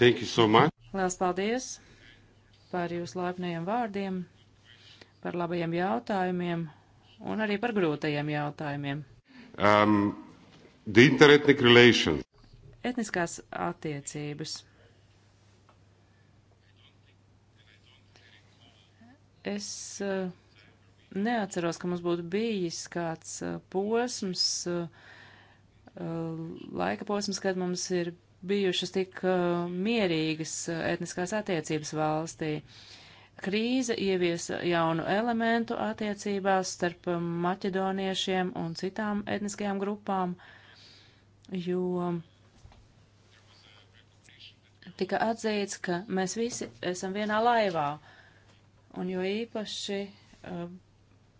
Thank you so much. Lielas paldies par jūsu laipnajiem vārdiem, par labajiem jautājumiem un arī par grūtajiem jautājumiem. Um, the interethnic relations. Etniskās attiecības. Es eh, neatceros, ka mums būtu bijis kāds eh, posms, eh, laika posms, kad mums ir bijušas tik mierīgas etniskās attiecības valstī. Krīze ieviesa jaunu elementu attiecībās starp maķedoniešiem un citām etniskajām grupām, jo tika atzīts, ka mēs visi esam vienā laivā. Uh, un jo īpaši uh,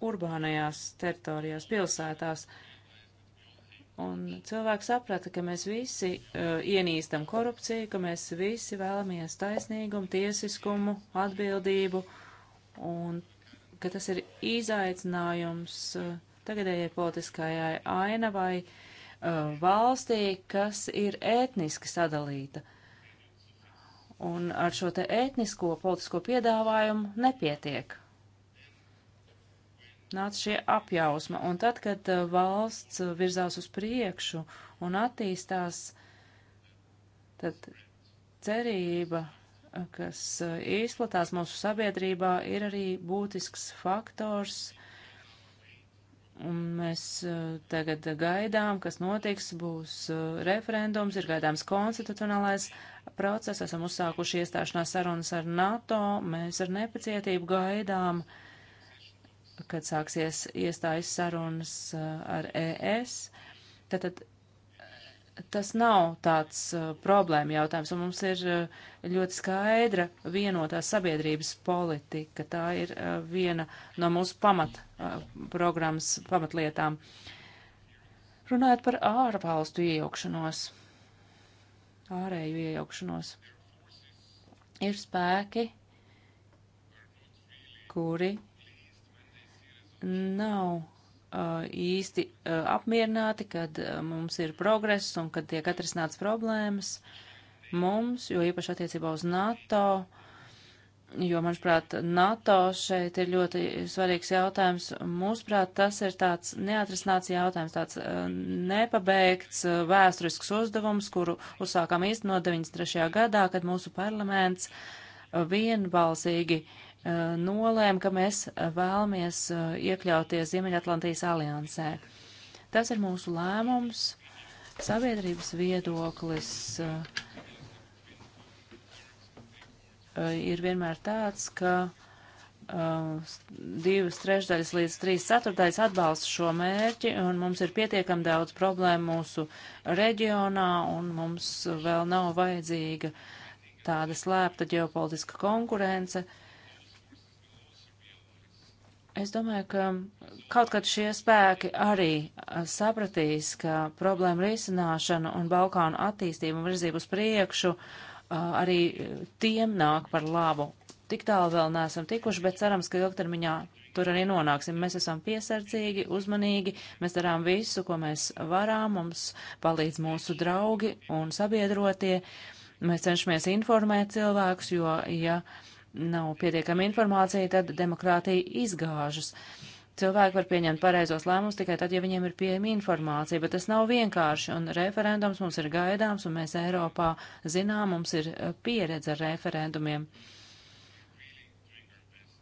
urbānajās teritorijās, pilsētās. Un cilvēki saprata, ka mēs visi uh, ienīstam korupciju, ka mēs visi vēlamies taisnīgumu, tiesiskumu, atbildību, un ka tas ir izaicinājums uh, tagadējai politiskajai ainavai uh, valstī, kas ir ētniski sadalīta. Uh, Un ar šo te ētnisko politisko piedāvājumu nepietiek. Nāca šie apjausma, un tad, kad uh, valsts virzās uz priekšu un attīstās, tad cerība, uh, kas uh, izplatās mūsu sabiedrībā, ir arī būtisks faktors, Un mēs tagad gaidām, kas notiks, būs referendums, ir gaidāms konstitucionālais procesu. Esam uzsākuši iestāšanās sarunas ar NATO. Mēs ar nepacietību gaidām, kad sāksies iestājas sarunas uh, ar ES. Tātad tas nav tāds uh, problēma jautājums, un mums ir uh, ļoti skaidra vienotā sabiedrības politika. Tā ir uh, viena no mūsu pamat uh, programmas pamatlietām. Runājot par ārvalstu iejaukšanos ārēju iejaukšanos. Ir spēki, kuri nav uh, īsti uh, apmierināti, kad uh, mums ir progress un kad tiek atrisināts problēmas. Mums, jo īpaši attiecībā uz NATO, uh, jo, manuprāt, NATO šeit ir ļoti svarīgs jautājums. Mūsuprāt, tas ir tāds neatrisināts jautājums, tāds uh, nepabeigts uh, vēsturisks uzdevums, kuru uzsākām īstenot 93. gadā, kad mūsu parlaments uh, vienbalsīgi nolēma, ka mēs vēlamies iekļauties Ziemeļatlantijas aliansē. Tas ir mūsu lēmums, sabiedrības viedoklis. Uh, Eh, ir vienmēr tāds, ka eh, divas trešdaļas līdz trīs ceturtdaļas atbalsta šo mērķi, un mums ir pietiekami daudz problēmu mūsu reģionā, un mums vēl nav vajadzīga tāda slēpta ģeopolitiska konkurence. Es domāju, ka kaut kad šie spēki arī eh, sapratīs, ka problēma risināšana un Balkānu attīstība un virzība uz priekšu uh, arī tiem nāk par labu. Tik tālu vēl neesam tikuši, bet cerams, ka ilgtermiņā tur arī nonāksim. Mēs esam piesardzīgi, uzmanīgi, mēs darām visu, ko mēs varām, mums palīdz mūsu draugi un sabiedrotie. Mēs cenšamies informēt cilvēkus, jo, ja nav pietiekama informācija, tad demokrātija izgāžas. Uh, cilvēki var pieņemt pareizos lēmumus tikai tad, ja viņiem ir pieejama informācija, bet tas nav vienkārši, un referendums mums ir gaidāms, un mēs Eiropā zinām, mums ir eh, pieredze ar referendumiem.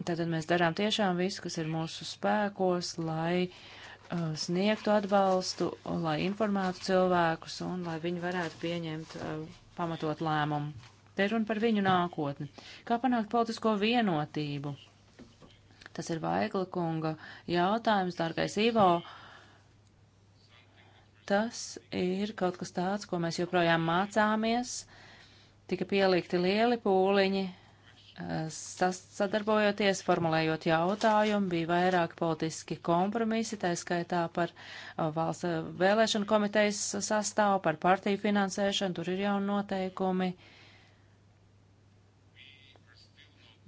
Tātad mēs darām tiešām visu, kas ir mūsu spēkos, lai uh, sniegtu atbalstu, lai informētu cilvēkus un lai viņi varētu pieņemt uh, pamatot lēmumu. Te runa par viņu nākotni. Kā panākt politisko vienotību? Tas ir Vaigla kunga jautājums, dārgais Ivo. Tas ir kaut kas tāds, ko mēs joprojām mācāmies. Tika pielikti lieli pūliņi, eh, sadarbojoties, formulējot jautājumu, bija vairāk politiski kompromisi, tā skaitā par eh, valsts eh, vēlēšanu komitejas sastāvu, par partiju finansēšanu, tur ir jau noteikumi. Uh,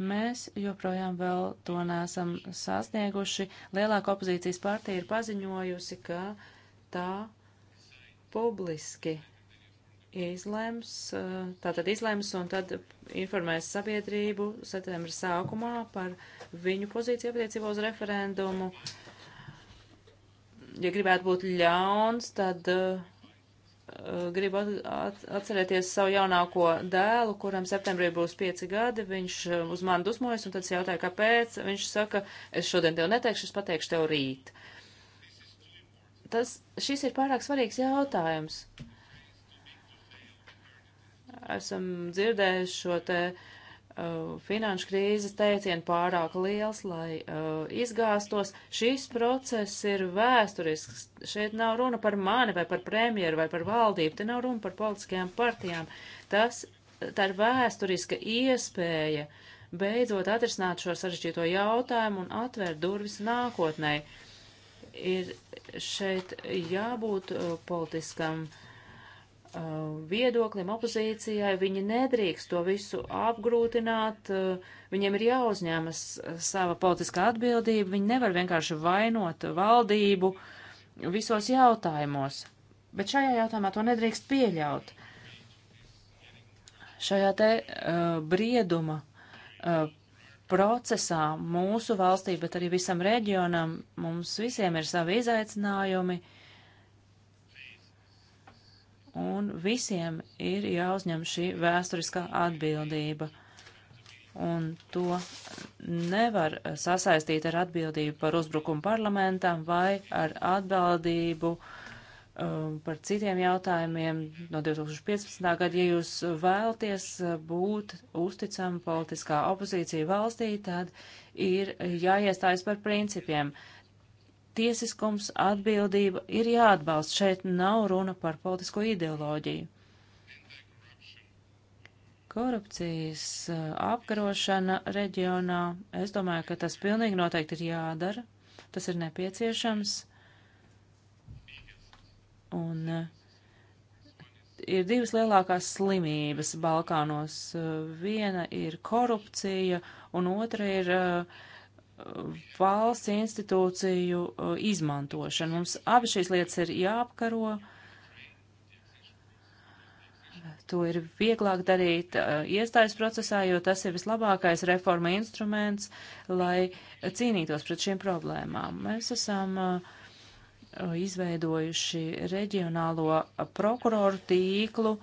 Mēs joprojām vēl to nesam sasnieguši. Lielāka opozīcijas partija ir paziņojusi, ka tā publiski izlems, tātad izlems un tad informēs sabiedrību septembra sākumā par viņu pozīciju attiecībā uz referendumu. Ja gribētu būt ļauns, tad uh, Eh, gribu atcerēties savu jaunāko dēlu, kuram septembrī būs pieci gadi. Viņš eh, uz mani dusmojas, un tad es jautāju, kāpēc. Viņš saka, es šodien tev neteikšu, es pateikšu tev rīt. Tas, šis ir pārāk svarīgs jautājums. Esam dzirdējuši šo te uh, Uh, finanšu krīzes teicienu pārāk liels, lai uh, izgāstos. Šis process ir vēsturisks. Šeit nav runa par mani vai par premjeru vai par valdību. Te nav runa par politiskajām partijām. Tas, tā ir vēsturiska iespēja beidzot atrisināt šo sarežģīto jautājumu un atvērt durvis nākotnē. Ir šeit jābūt uh, politiskam uh, Uh, viedoklim, opozīcijai, viņi nedrīkst to visu apgrūtināt, uh, viņiem ir jāuzņemas uh, sava politiskā atbildība, viņi nevar vienkārši vainot valdību visos jautājumos. Bet šajā jautājumā to nedrīkst pieļaut. Šajā te uh, brieduma uh, procesā mūsu valstī, bet arī visam reģionam, mums visiem ir savi izaicinājumi. Uh, un visiem ir jāuzņem šī vēsturiskā atbildība. Un to nevar sasaistīt ar atbildību par uzbrukumu parlamentam vai ar atbildību um, par citiem jautājumiem no 2015. gada. Ja jūs vēlties būt uzticama politiskā opozīcija valstī, tad ir jāiestājas par principiem. Uh, tiesiskums, atbildība ir jāatbalsta. Šeit nav runa par politisko ideoloģiju. Korupcijas uh, apkarošana reģionā, es domāju, ka tas pilnīgi noteikti ir jādara, tas ir nepieciešams. Un uh, ir divas lielākās slimības Balkānos. Uh, viena ir korupcija, un otra ir uh, valsts institūciju uh, izmantošanu. Mums abi šīs lietas ir jāapkaro. To ir vieglāk darīt uh, iestājas procesā, jo tas ir vislabākais reforma instruments, lai cīnītos pret šiem problēmām. Mēs esam uh, izveidojuši reģionālo prokuroru tīklu,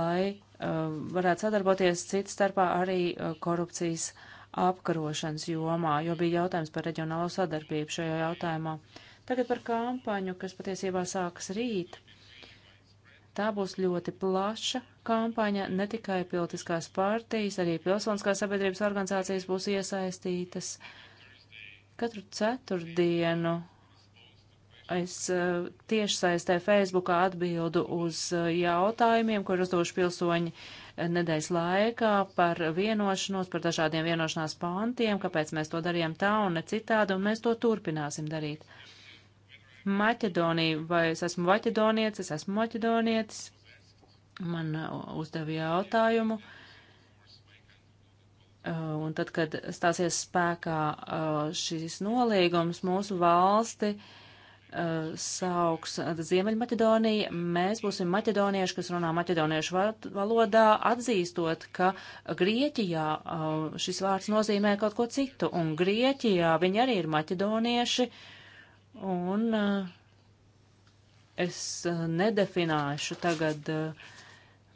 lai varētu sadarboties citu starpā arī korupcijas uh, apkarošanas jomā, jo bija jautājums par reģionālo sadarbību šajā jautājumā. Tagad par kampaņu, kas patiesībā sāks rīt. Tā būs ļoti plaša kampaņa, ne tikai politiskās partijas, arī pilsoniskās sabiedrības organizācijas būs iesaistītas. Katru ceturtdienu es uh, eh, tieši saistē Facebookā atbildu uz uh, jautājumiem, kur uzdošu pilsoņi uh, nedēļas laikā par vienošanos, par dažādiem vienošanās pāntiem, kāpēc mēs to darījām tā un ne citādi, un mēs to turpināsim darīt. Maķedonija, vai es esmu maķedonietis, es esmu maķedonietis, man uh, uzdeva jautājumu. Uh, un tad, kad stāsies spēkā uh, šīs nolīgums, mūsu valsti uh, sauks Ziemeļmaķedonija, mēs būsim maķedonieši, kas runā maķedoniešu valodā, atzīstot, ka Grieķijā uh, šis vārds nozīmē kaut ko citu, un Grieķijā viņi arī ir maķedonieši, un uh, es uh, nedefinēšu tagad,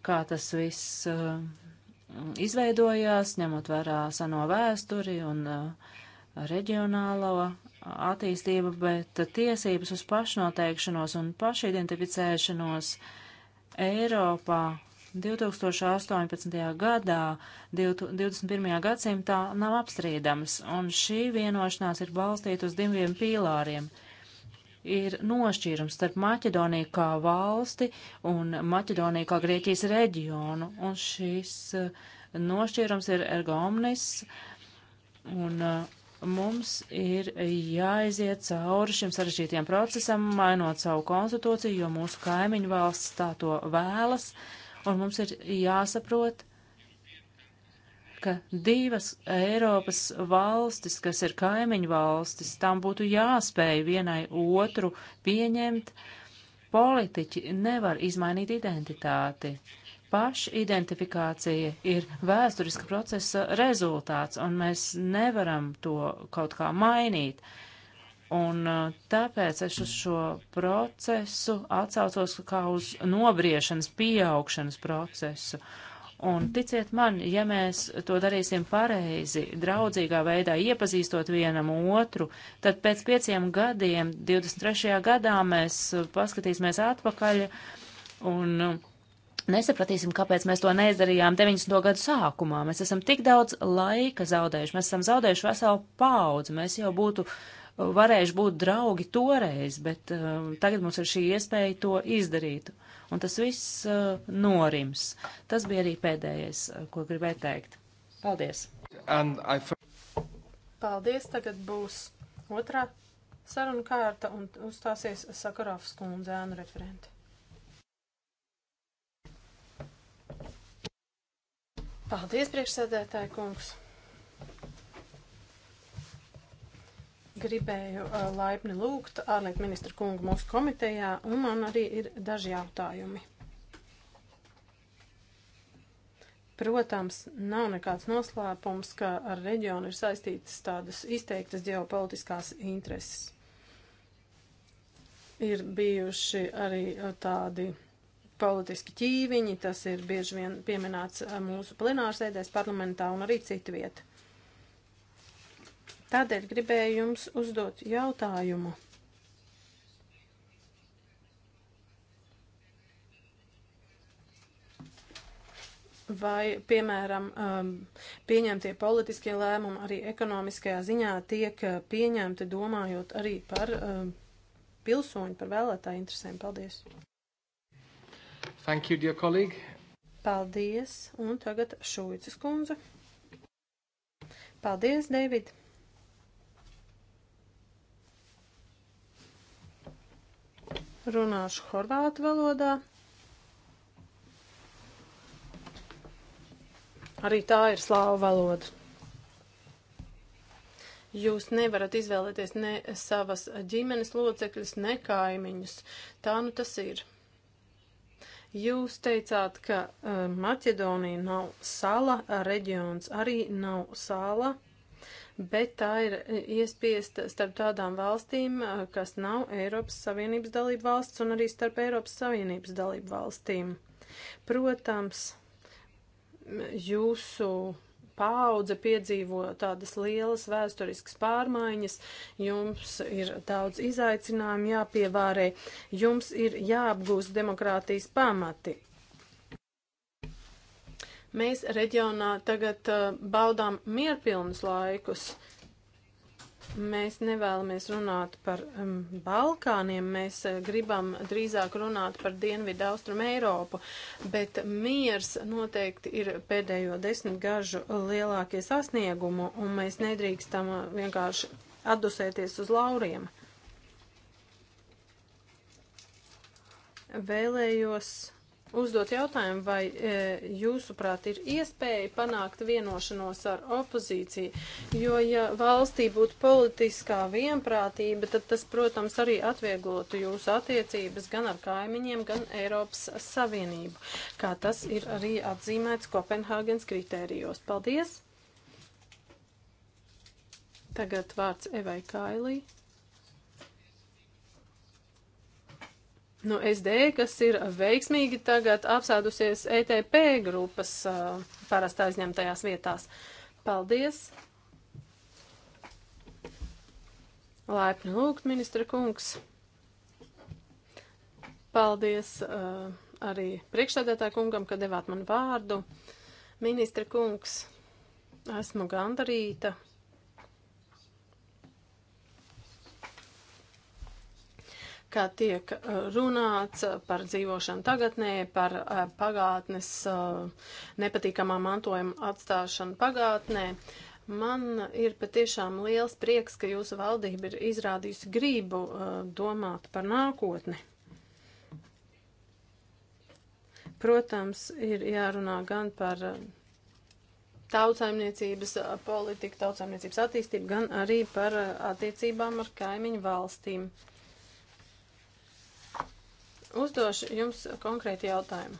kā tas viss izveidojās, ņemot vērā seno vēsturi un reģionālo attīstība, bet tiesības uz pašnoteikšanos un pašidentificēšanos Eiropā 2018. gadā, 21. gadsimtā nav apstrīdams, un šī vienošanās ir balstīta uz diviem pīlāriem ir nošķīrums starp Maķedoniju kā valsti un Maķedoniju kā Grieķijas reģionu. Un šis eh, nošķīrums ir ergomnis, un uh, Mums ir jāiziet cauri šim sarežģītajam procesam, mainot savu konstitūciju, jo mūsu kaimiņu valsts tā to vēlas, un mums ir jāsaprot, ka divas Eiropas valstis, kas ir kaimiņu valstis, tam būtu jāspēj vienai otru pieņemt. Politiķi nevar izmainīt identitāti. Pašidentifikācija ir vēsturiska procesa rezultāts, un mēs nevaram to kaut kā mainīt. Un uh, tāpēc es uz šo procesu atsaucos kā uz nobriešanas, pieaugšanas procesu. Un ticiet man, ja mēs to darīsim pareizi, draudzīgā veidā iepazīstot vienam otru, tad pēc pieciem gadiem, 23. gadā, mēs paskatīsimies atpakaļ un nesapratīsim, kāpēc mēs to neizdarījām 90. gadu sākumā. Mēs esam tik daudz laika zaudējuši, mēs esam zaudējuši veselu paudzi, mēs jau būtu uh, varējuši būt draugi toreiz, bet uh, tagad mums ir šī iespēja to izdarīt. Un tas viss uh, norims. Tas bija arī pēdējais, uh, ko gribēju teikt. Paldies! I... Paldies! Tagad būs otrā saruna kārta un uzstāsies Sakarovs kundze, ēnu referenti. Paldies, priekšsēdētāji kungs! Gribēju uh, laipni lūgt ārlietu ministru kungu mūsu komitejā, un man arī ir daži jautājumi. Protams, nav nekāds noslēpums, ka ar reģionu ir saistītas tādas izteiktas ģeopolitiskās intereses. Ir bijuši arī tādi politiski ķīviņi, tas ir bieži vien pieminēts eh, mūsu plenārsēdēs parlamentā un arī citu vietu. Tādēļ gribēju jums uzdot jautājumu. Vai, piemēram, um, pieņemtie politiskie lēmumi arī ekonomiskajā ziņā tiek uh, pieņemti domājot arī par um, pilsoņu, par vēlētāju interesēm? Paldies! Thank you, dear colleague. Paldies, un tagad Šuicas kundze. Paldies, David. Runāšu horvātu valodā. Arī tā ir slāva valoda. Jūs nevarat izvēlēties ne savas ģimenes locekļus, ne kaimiņus. Tā nu tas ir. Jūs teicāt, ka uh, Maķedonija nav sala, reģions arī nav sala, bet tā ir iespiesta starp tādām valstīm, e, kas nav Eiropas Savienības dalība valsts un arī starp Eiropas Savienības dalību valstīm. Protams, jūsu paudze piedzīvo tādas lielas vēsturiskas pārmaiņas, jums ir daudz izaicinājumu jāpievārē, jums ir jāapgūst demokrātijas pamati. Mēs reģionā tagad uh, baudām mierpilnus laikus. Uh, Mēs nevēlamies runāt par um, Balkāniem, mēs uh, gribam drīzāk runāt par Dienvidu Austrumu Eiropu, bet miers noteikti ir pēdējo desmitgažu lielākie sasniegumu, un mēs nedrīkstam uh, vienkārši atdusēties uz lauriem. Vēlējos uzdot jautājumu, vai e, jūsuprāt ir iespēja panākt vienošanos ar opozīciju, jo ja valstī būtu politiskā vienprātība, tad tas, protams, arī atvieglotu jūsu attiecības gan ar kaimiņiem, gan Eiropas Savienību, kā tas ir arī atzīmēts Kopenhāgens kritērijos. Paldies! Tagad vārds Evai Kailī. no nu, SD, kas ir veiksmīgi tagad apsēdusies ETP grupas uh, parasti aizņemtajās vietās. Paldies! Laipni lūgt, ministra kungs! Paldies uh, arī priekšsēdētāju kungam, ka devāt man vārdu. Ministra kungs, esmu gandarīta kā tiek uh, runāts par dzīvošanu tagadnē, par uh, pagātnes uh, nepatīkamā mantojuma atstāšanu pagātnē. Man ir patiešām liels prieks, ka jūsu valdība ir izrādījusi gribu domāt par nākotni. Protams, ir jārunā gan par tautsaimniecības politiku, tautsaimniecības attīstību, gan arī par attiecībām ar kaimiņu valstīm. Uzdošu jums konkrēti jautājumu.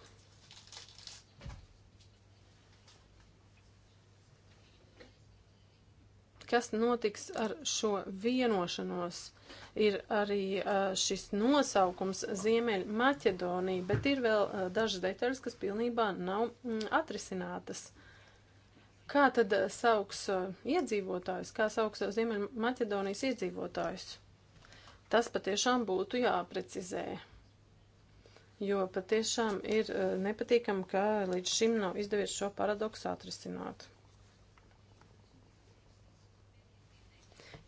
Kas notiks ar šo vienošanos? Ir arī šis nosaukums Ziemeļa Maķedonija, bet ir vēl dažas detaļas, kas pilnībā nav mm, atrisinātas. Kā tad sauks iedzīvotājus, kā sauks Ziemeļa Maķedonijas iedzīvotājus? Tas patiešām būtu jāprecizē jo patiešām ir e, nepatīkami, ka līdz šim nav izdevies šo paradoksu atrisināt.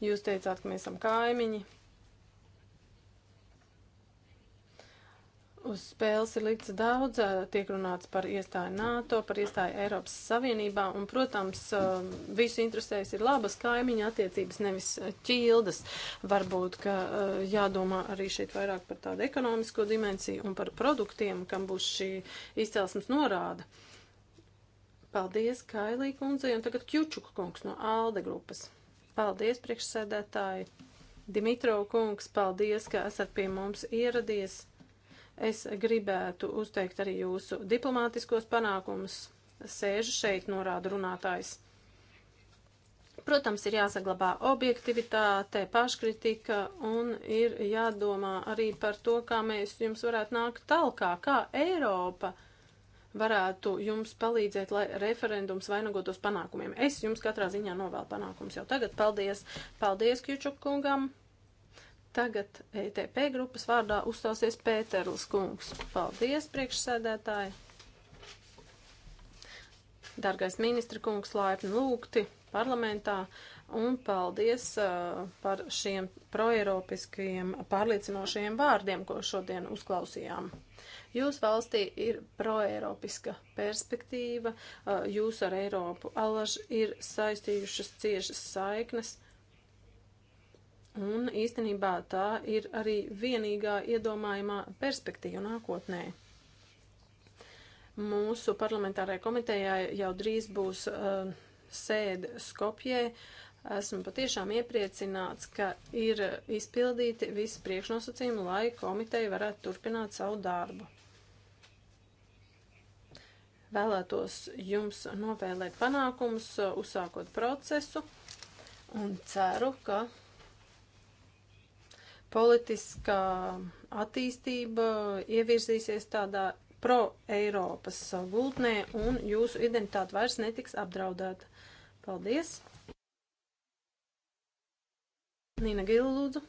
Jūs teicāt, ka mēs esam kaimiņi. Uz spēles ir likts daudz, tiek runāts par iestāju NATO, par iestāju Eiropas Savienībā, un, protams, visu interesēs ir labas kaimiņa attiecības, nevis ķildas. Varbūt, ka jādomā arī šeit vairāk par tādu ekonomisko dimensiju un par produktiem, kam būs šī izcelsmes norāda. Paldies, Kailī kundzei, un tagad Kjučuka kungs no Alde grupas. Paldies, priekšsēdētāji! Dimitrov kungs, paldies, ka esat pie mums ieradies! Es gribētu uzteikt arī jūsu diplomātiskos panākumus. Sēžu šeit, norāda runātājs. Protams, ir jāsaglabā objektivitāte, paškritika un ir jādomā arī par to, kā mēs jums varētu nākt talkā, kā Eiropa varētu jums palīdzēt, lai referendums vainagotos panākumiem. Es jums katrā ziņā novēlu panākums jau tagad. Paldies! Paldies Kjučuk kungam! Tagad ETP grupas vārdā uzstāsies Pēterls kungs. Paldies, priekšsēdētāji! Dargais ministra kungs, laipni lūgti parlamentā un paldies uh, par šiem proeiropiskajiem pārliecinošajiem vārdiem, ko šodien uzklausījām. Jūsu valstī ir proeiropiska perspektīva, uh, jūs ar Eiropu alaž ir saistījušas ciešas saiknes. Uh, Un īstenībā tā ir arī vienīgā iedomājumā perspektīva nākotnē. Mūsu parlamentārai komitejai jau drīz būs uh, sēde Skopjē. Esmu patiešām iepriecināts, ka ir izpildīti visi priekšnosacījumi, lai komiteja varētu turpināt savu darbu vēlētos jums novēlēt panākumus, uh, uzsākot procesu un ceru, ka politiskā attīstība ievirzīsies tādā pro-Eiropas gultnē un jūsu identitāte vairs netiks apdraudēta. Paldies! Nīna Gila lūdzu.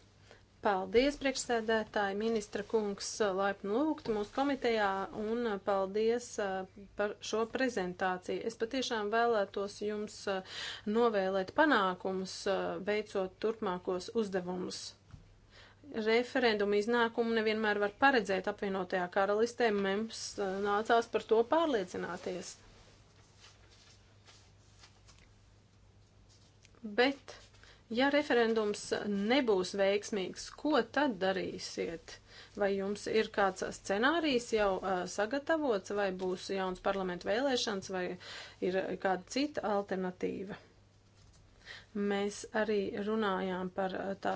Paldies, priekšsēdētāji, ministra kungs, laipni lūgt mūsu komitejā un paldies uh, par šo prezentāciju. Es patiešām vēlētos jums uh, novēlēt panākumus, uh, veicot turpmākos uzdevumus referendumu iznākumu nevienmēr var paredzēt apvienotajā karalistē, mums eh, nācās par to pārliecināties. Bet, ja referendums nebūs veiksmīgs, ko tad darīsiet? Vai jums ir kāds scenārijs jau uh, sagatavots, vai būs jauns parlamentu vēlēšanas, vai ir kāda cita alternatīva? Mēs arī runājām par uh, tā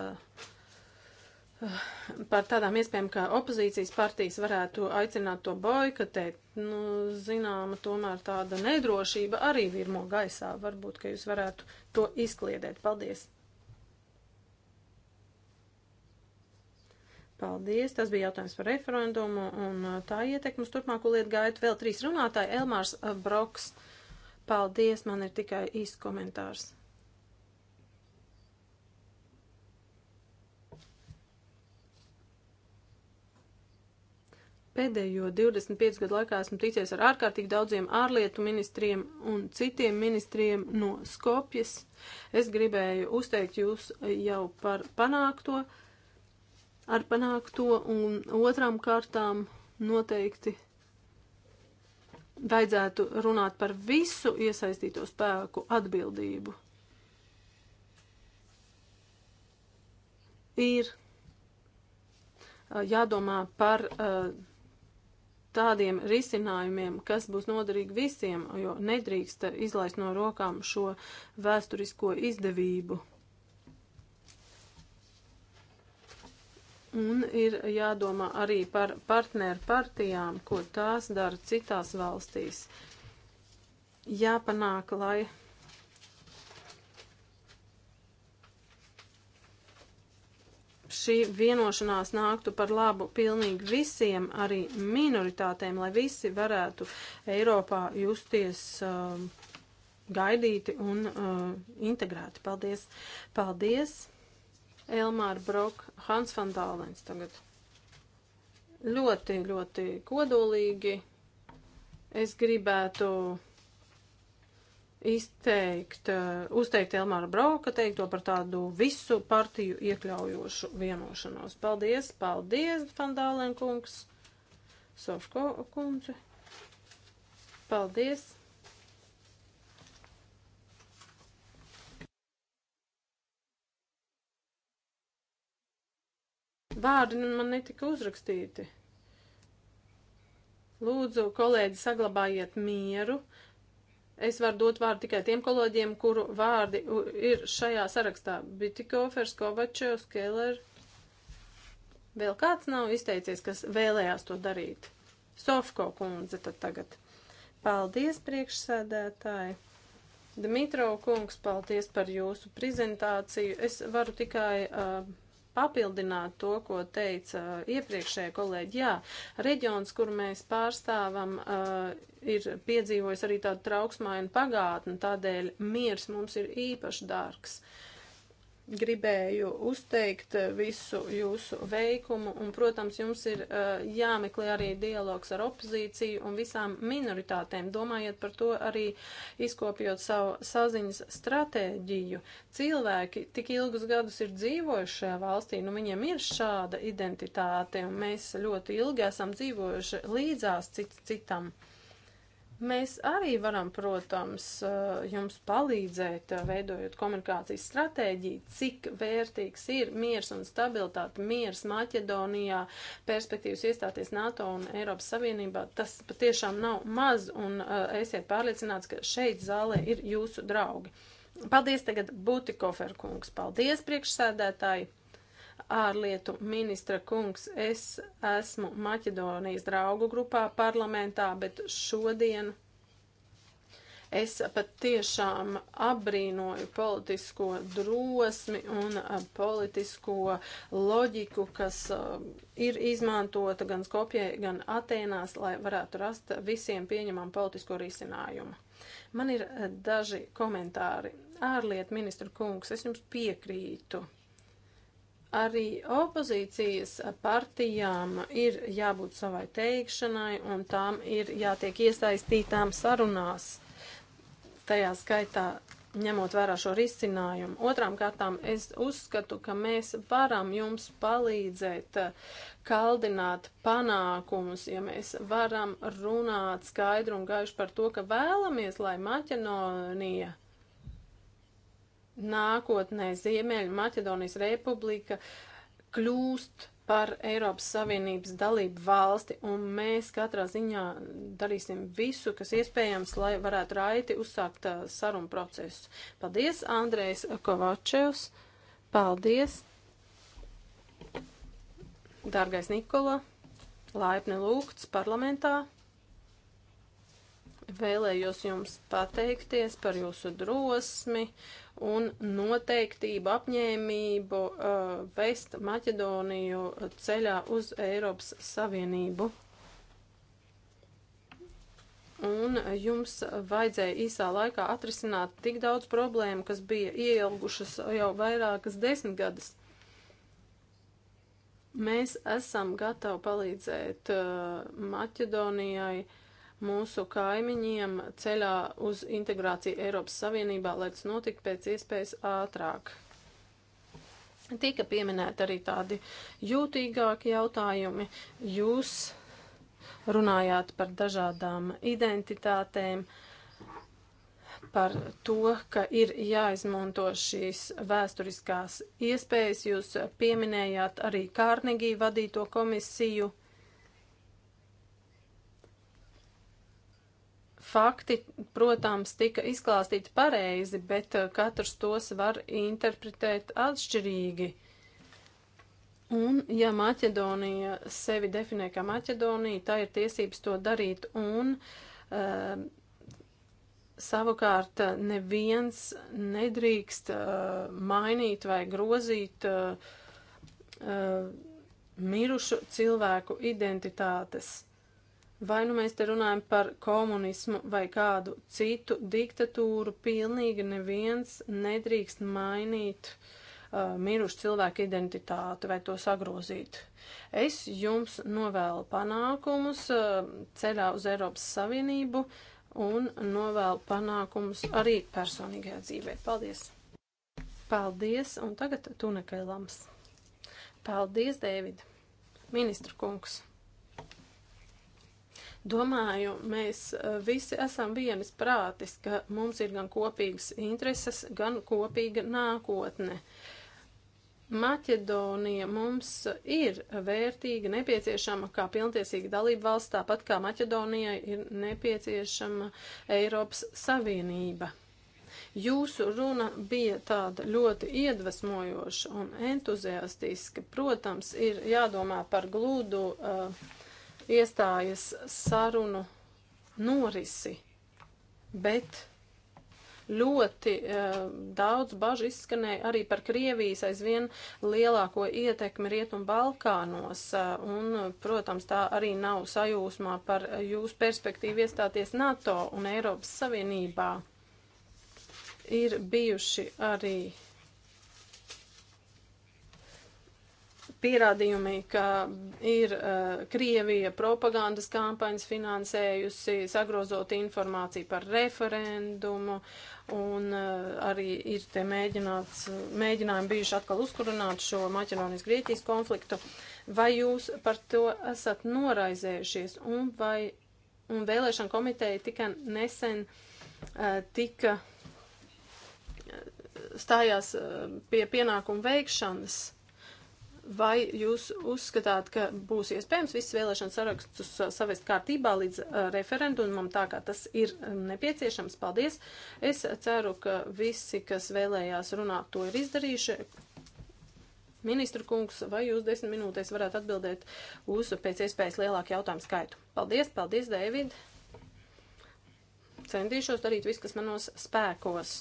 par tādām iespējām, ka opozīcijas partijas varētu aicināt to boikotēt, nu, zināma tomēr tāda nedrošība arī virmo gaisā. Varbūt, ka jūs varētu to izkliedēt. Paldies! Paldies, tas bija jautājums par referendumu un uh, tā ietekmas turpmāko lietu gaitu. Vēl trīs runātāji, Elmārs uh, Broks. Paldies, man ir tikai īsts komentārs. Pēdējo 25 gadu laikā esmu ticies ar ārkārtīgi daudziem ārlietu ministriem un citiem ministriem no Skopjas. Es gribēju uzteikt jūs jau par panākto, ar panākto un otrām kārtām noteikti vajadzētu runāt par visu iesaistīto spēku atbildību. Ir jādomā par uh, tādiem risinājumiem, kas būs noderīgi visiem, jo nedrīkst izlaist no rokām šo vēsturisko izdevību. Un ir jādomā arī par partneru partijām, ko tās dara citās valstīs. Jāpanāk, lai šī vienošanās nāktu par labu pilnīgi visiem, arī minoritātēm, lai visi varētu Eiropā justies uh, gaidīti un uh, integrēti. Paldies! Paldies! Elmāra Brok, Hans van Dālens tagad. Ļoti, ļoti kodolīgi. Es gribētu izteikt, eh, uzteikt Elmāra Brauka teikto par tādu visu partiju iekļaujošu vienošanos. Paldies, paldies, Fandālēn kungs, Sofko kundze. Paldies. Vārdi nu man netika uzrakstīti. Lūdzu, kolēģi, saglabājiet mieru. Es varu dot vārdu tikai tiem kolēģiem, kuru vārdi ir šajā sarakstā. Bitikofers, Kovačevs, Keller. Vēl kāds nav izteicies, kas vēlējās to darīt. Sofko kundze tad tagad. Paldies, priekšsēdētāji. Dmitro kungs, paldies par jūsu prezentāciju. Es varu tikai uh, papildināt to, ko teica uh, iepriekšējā kolēģi. Jā, reģions, kur mēs pārstāvam, uh, ir piedzīvojis arī tādu trauksmainu pagātni, tādēļ miers mums ir īpaši dārgs. Uh, gribēju uzteikt visu jūsu veikumu, un, protams, jums ir uh, jāmeklē arī dialogs ar opozīciju un visām minoritātēm. Domājiet par to arī izkopjot savu saziņas stratēģiju. Cilvēki tik ilgus gadus ir dzīvojuši šajā valstī, nu viņiem ir šāda identitāte, un mēs ļoti ilgi esam dzīvojuši līdzās cit citam. Uh, Mēs arī varam, protams, eh, jums palīdzēt, eh, veidojot komunikācijas stratēģiju, cik vērtīgs ir miers un stabilitāte, miers Maķedonijā, perspektīvas iestāties NATO un Eiropas Savienībā. Tas patiešām nav maz, un eh, esiet pārliecināts, ka šeit zālē ir jūsu draugi. Paldies tagad Butikoferkungs. Paldies priekšsēdētāji! ārlietu ministra kungs, es esmu Maķedonijas draugu grupā parlamentā, bet šodien es pat tiešām apbrīnoju politisko drosmi un politisko loģiku, kas ir izmantota gan Skopjē, gan Atēnās, lai varētu rast visiem pieņemam politisko risinājumu. Man ir daži komentāri. Ārlietu ministru kungs, es jums piekrītu. Arī opozīcijas partijām ir jābūt savai teikšanai un tām ir jātiek iesaistītām sarunās. Tajā skaitā ņemot vērā šo risinājumu. Otrām kārtām es uzskatu, ka mēs varam jums palīdzēt eh, kaldināt panākumus, ja mēs varam runāt skaidru un gaišu par to, ka vēlamies, lai Maķedonija nākotnē Ziemeļa Maķedonijas republika kļūst par Eiropas Savienības dalību valsti, un mēs katrā ziņā darīsim visu, kas iespējams, lai varētu raiti uzsākt uh, sarunu procesu. Paldies, Andrejs Kovačevs! Paldies! Dārgais Nikola, laipni lūgts parlamentā! Vēlējos jums pateikties par jūsu drosmi un noteiktību, apņēmību uh, vest Maķedoniju ceļā uz Eiropas Savienību. Un jums vajadzēja īsā laikā atrisināt tik daudz problēmu, kas bija ielgušas jau vairākas desmitgades. Mēs esam gatavi palīdzēt uh, Maķedonijai uh, mūsu kaimiņiem ceļā uz integrāciju Eiropas Savienībā, lai tas notiktu pēc iespējas ātrāk. Tika pieminēti arī tādi jūtīgāki jautājumi. Jūs runājāt par dažādām identitātēm, par to, ka ir jāizmanto šīs vēsturiskās iespējas. Jūs pieminējāt arī Kārnegī vadīto komisiju. fakti, protams, tika izklāstīti pareizi, bet uh, katrs tos var interpretēt atšķirīgi. Un, ja Maķedonija sevi definē kā Maķedonija, tā ir tiesības to darīt, un uh, savukārt uh, neviens nedrīkst uh, mainīt vai grozīt uh, uh, mirušu cilvēku identitātes. Vai nu mēs te runājam par komunismu vai kādu citu diktatūru, pilnīgi neviens nedrīkst mainīt uh, mirušu cilvēku identitāti vai to sagrozīt. Es jums novēlu panākumus uh, ceļā uz Eiropas Savienību un novēlu panākumus arī personīgajā dzīvē. Paldies! Paldies, un tagad tu nekaitlams. Paldies, Dēvid, ministru kungs. Domāju, mēs eh, visi esam vienas prātis, ka mums ir gan kopīgas intereses, gan kopīga nākotne. Maķedonija mums ir vērtīga, nepieciešama kā pilntiesīga dalība valsts, tāpat kā Maķedonijai ir nepieciešama Eiropas Savienība. Jūsu runa bija tāda ļoti iedvesmojoša un entuziastiska. Protams, ir jādomā par glūdu uh, iestājas sarunu norisi, bet ļoti uh, daudz bažu izskanēja arī par Krievijas aizvien lielāko ietekmi Rietumu Balkānos, uh, un, protams, tā arī nav sajūsmā par jūsu perspektīvu iestāties NATO un Eiropas Savienībā. Ir bijuši arī uh, pierādījumi, ka ir uh, Krievija propagandas kampaņas finansējusi, sagrozot informāciju par referendumu, un uh, arī ir tie mēģināts, mēģinājumi bijuši atkal uzkurināt šo Maķedonijas-Grieķijas konfliktu. Vai jūs par to esat noraizējušies, un vai un vēlēšana komiteja tikai nesen uh, tika stājās pie pienākumu veikšanas. Vai jūs uzskatāt, ka būs iespējams visas vēlēšanas sarakstus uh, savest kārtībā līdz uh, referendumam, tā kā tas ir um, nepieciešams? Paldies! Es ceru, ka visi, kas vēlējās runāt, to ir izdarījuši. Ministra kungs, vai jūs desmit minūtēs varētu atbildēt uz pēc iespējas lielāku jautājumu skaitu? Paldies, paldies, Dēvid! Centīšos darīt visu, kas manos spēkos.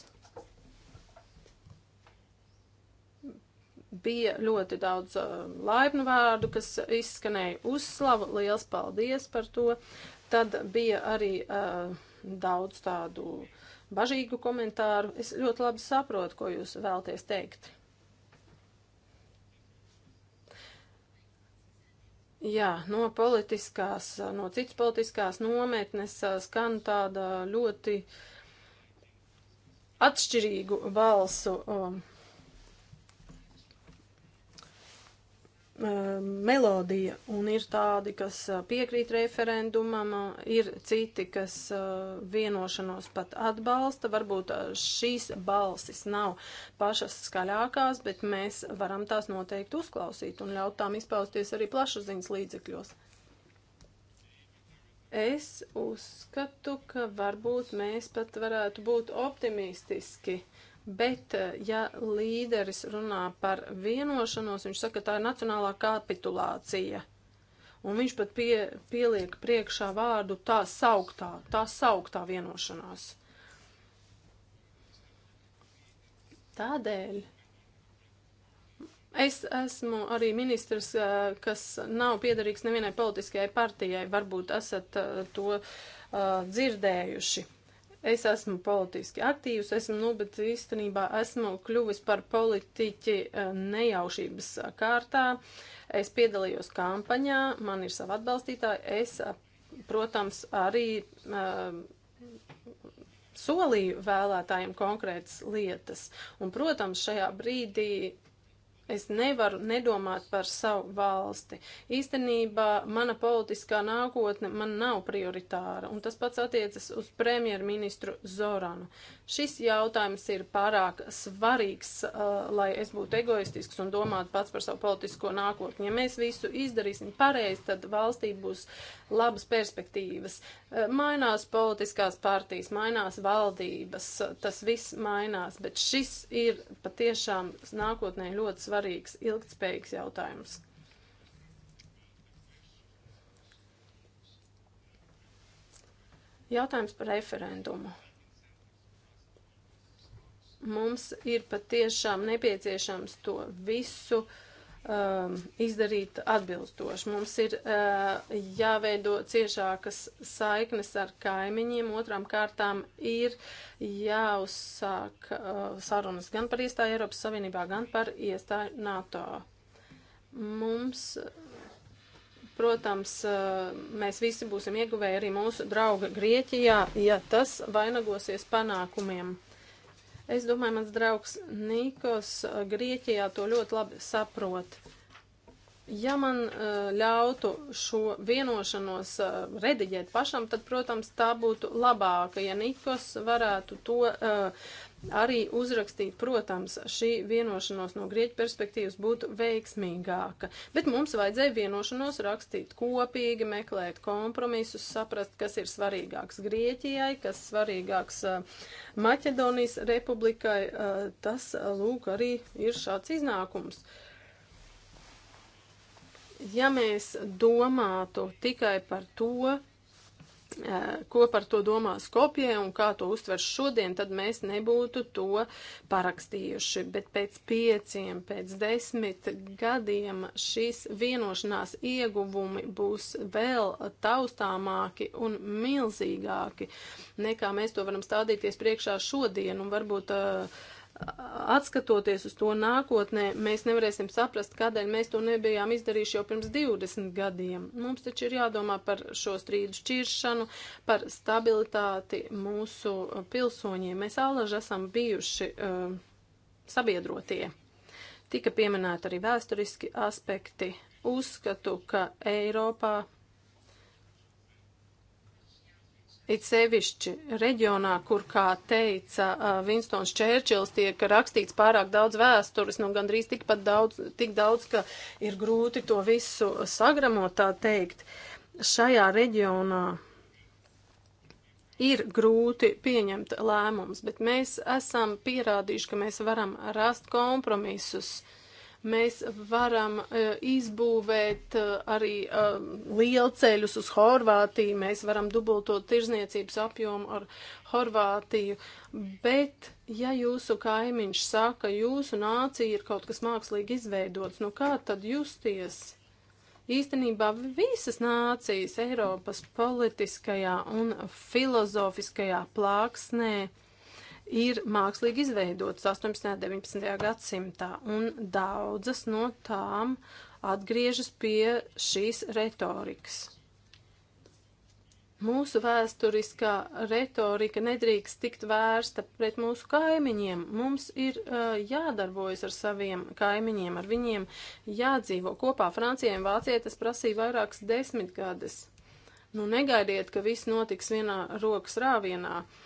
bija ļoti daudz um, laipnu vārdu, kas izskanēja uzslavu. Liels paldies par to. Tad bija arī uh, daudz tādu bažīgu komentāru. Es ļoti labi saprotu, ko jūs vēlties teikt. Jā, no politiskās, no citas politiskās nometnes uh, skan tāda ļoti atšķirīgu balsu. Um, melodija, un ir tādi, kas piekrīt referendumam, ir citi, kas vienošanos pat atbalsta. Varbūt šīs balsis nav pašas skaļākās, bet mēs varam tās noteikti uzklausīt un ļaut tām izpausties arī plašsaziņas līdzekļos. Es uzskatu, ka varbūt mēs pat varētu būt optimistiski Bet, eh, ja līderis runā par vienošanos, viņš saka, ka tā ir nacionālā kapitulācija. Un viņš pat pie, pieliek priekšā vārdu tā sauktā, tā sauktā vienošanās. Tādēļ Es esmu arī ministrs, eh, kas nav piederīgs nevienai politiskajai partijai. Varbūt esat eh, to dzirdējuši. Es esmu politiski aktīvs, esmu, nu, bet īstenībā esmu kļuvis par politiķi eh, nejaušības kārtā. Es piedalījos kampaņā, man ir savi atbalstītāji. Es, protams, arī eh, solīju vēlētājiem konkrētas lietas. Un, protams, šajā brīdī Es nevaru nedomāt par savu valsti. Īstenībā mana politiskā nākotne man nav prioritāra, un tas pats attiecas uz premjerministru Zoranu. Šis jautājums ir pārāk svarīgs, uh, lai es būtu egoistisks un domātu pats par savu politisko nākotni. Ja mēs visu izdarīsim pareizi, tad valstī būs labas perspektīvas. Uh, mainās politiskās partijas, mainās valdības, tas viss mainās, bet šis ir patiešām nākotnē ļoti svarīgs svarīgs, ilgtspējīgs jautājums. Jautājums par referendumu. Mums ir patiešām nepieciešams to visu uh, um, izdarīt atbilstoši. Mums ir uh, jāveido ciešākas saiknes ar kaimiņiem, otrām kārtām ir jāuzsāk uh, sarunas gan par iestāju Eiropas Savienībā, gan par iestāju NATO. Mums, protams, uh, mēs visi būsim ieguvēji arī mūsu drauga Grieķijā, ja tas vainagosies panākumiem. Uh, Es domāju, mans draugs Nīkos eh, Grieķijā to ļoti labi saprot. Ja man uh, ļautu šo vienošanos uh, rediģēt pašam, tad, protams, tā būtu labāka, ja Nikos varētu to uh, arī uzrakstīt, protams, šī vienošanos no Grieķu perspektīvas būtu veiksmīgāka, bet mums vajadzēja vienošanos rakstīt kopīgi, meklēt kompromisus, saprast, kas ir svarīgāks Grieķijai, kas svarīgāks uh, Maķedonijas republikai, uh, tas, eh, lūk, arī ir šāds iznākums ja mēs domātu tikai par to, ko par to domā Skopje un kā to uztver šodien, tad mēs nebūtu to parakstījuši. Bet pēc pieciem, pēc desmit gadiem šīs vienošanās ieguvumi būs vēl taustāmāki un milzīgāki, nekā mēs to varam stādīties priekšā šodien un varbūt uh, atskatoties uz to nākotnē, mēs nevarēsim saprast, kādēļ mēs to nebijām izdarījuši jau pirms 20 gadiem. Mums taču ir jādomā par šo strīdu šķiršanu, par stabilitāti mūsu pilsoņiem. Mēs allaž esam bijuši uh, sabiedrotie. Tika pieminēta arī vēsturiski aspekti. Uzskatu, ka Eiropā It sevišķi reģionā, kur, kā teica Vinstons Čērčils, tiek rakstīts pārāk daudz vēstures, nu gandrīz tikpat daudz, tik daudz, ka ir grūti to visu sagramot, tā teikt. Šajā reģionā ir grūti pieņemt lēmums, bet mēs esam pierādījuši, ka mēs varam rast kompromisus. Uh, Mēs varam uh, izbūvēt uh, arī uh, lielceļus uz Horvātiju, mēs varam dubultot tirzniecības apjomu ar Horvātiju, bet ja jūsu kaimiņš saka, jūsu nācija ir kaut kas mākslīgi izveidots, nu kā tad justies? īstenībā visas nācijas Eiropas politiskajā un filozofiskajā plāksnē ir mākslīgi izveidotas 18. un 19. gadsimtā, un daudzas no tām atgriežas pie šīs retorikas. Mūsu vēsturiskā retorika nedrīkst tikt vērsta pret mūsu kaimiņiem. Mums ir uh, jādarbojas ar saviem kaimiņiem, ar viņiem jādzīvo kopā. Francijai un Vācijai tas prasīja vairākas desmitgades. Nu, negaidiet, ka viss notiks vienā rokas rāvienā. Uh,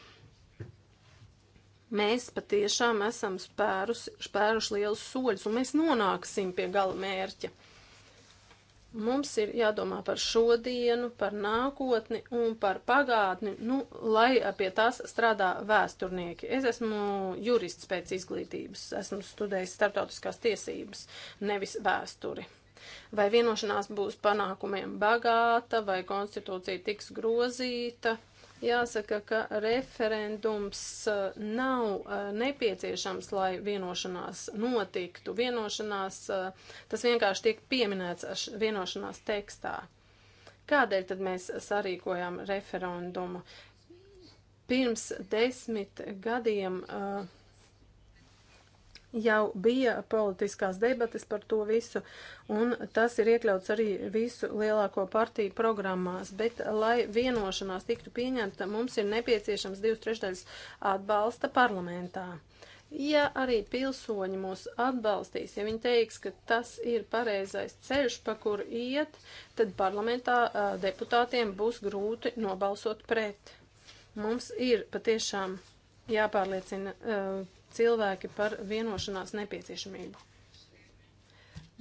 Mēs patiešām esam spērus, spēruši lielus soļus, un mēs nonāksim pie gala mērķa. Mums ir jādomā par šodienu, par nākotni un par pagātni, nu, lai pie tās strādā vēsturnieki. Es esmu jurists pēc izglītības, esmu studējis starptautiskās tiesības, nevis vēsturi. Vai vienošanās būs panākumiem bagāta, vai konstitūcija tiks grozīta, Jāsaka, ka referendums uh, nav uh, nepieciešams, lai vienošanās notiktu. Vienošanās, uh, tas vienkārši tiek pieminēts vienošanās tekstā. Kādēļ tad mēs sarīkojam referendumu? Pirms desmit gadiem uh, Jau bija politiskās debates par to visu, un tas ir iekļauts arī visu lielāko partiju programmās. Bet, lai vienošanās tiktu pieņemta, mums ir nepieciešams divas trešdaļas atbalsta parlamentā. Ja arī pilsoņi mūs atbalstīs, ja viņi teiks, ka tas ir pareizais ceļš, pa kuru iet, tad parlamentā a, deputātiem būs grūti nobalsot pret. Mums ir patiešām jāpārliecina a, cilvēki par vienošanās nepieciešamību.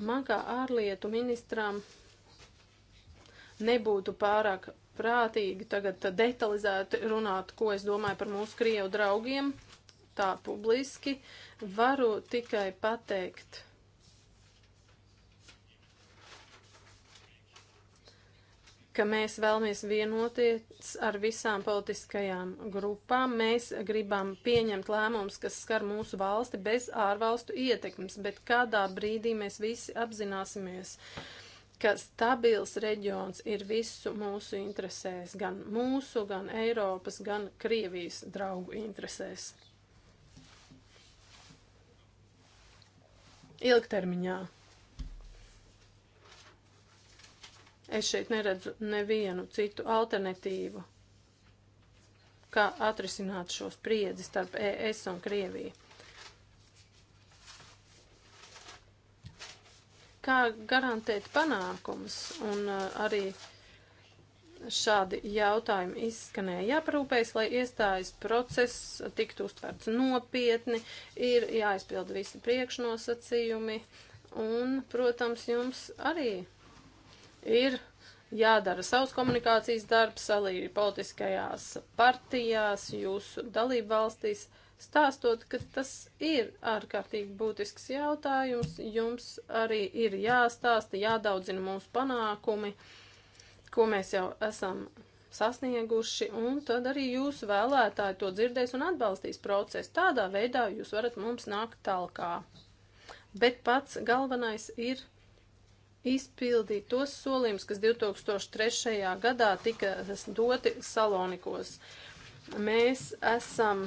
Man kā ārlietu ministram nebūtu pārāk prātīgi tagad detalizēti runāt, ko es domāju par mūsu Krievu draugiem, tā publiski. Varu tikai pateikt, ka mēs vēlamies vienoties ar visām politiskajām grupām. Mēs gribam pieņemt lēmumus, kas skar mūsu valsti bez ārvalstu ietekmes, bet kādā brīdī mēs visi apzināsimies, ka stabils reģions ir visu mūsu interesēs, gan mūsu, gan Eiropas, gan Krievijas draugu interesēs. Ilgtermiņā Es šeit neredzu nevienu citu alternatīvu, kā atrisināt šo spriedzi starp ES un Krieviju. Kā garantēt panākums un uh, arī šādi jautājumi izskanēja. Jāparūpējas, lai iestājas process tiktu uztverts nopietni, ir jāizpilda visi priekšnosacījumi, un, protams, jums arī ir jādara savs komunikācijas darbs, arī politiskajās partijās, jūsu dalību valstīs, stāstot, ka tas ir ārkārtīgi būtisks jautājums, jums arī ir jāstāsta, jādaudzina mūsu panākumi, ko mēs jau esam sasnieguši, un tad arī jūsu vēlētāji to dzirdēs un atbalstīs procesu. Tādā veidā jūs varat mums nākt talkā. Bet pats galvenais ir izpildīt tos solījumus, kas 2003. gadā tika doti Salonikos. Mēs esam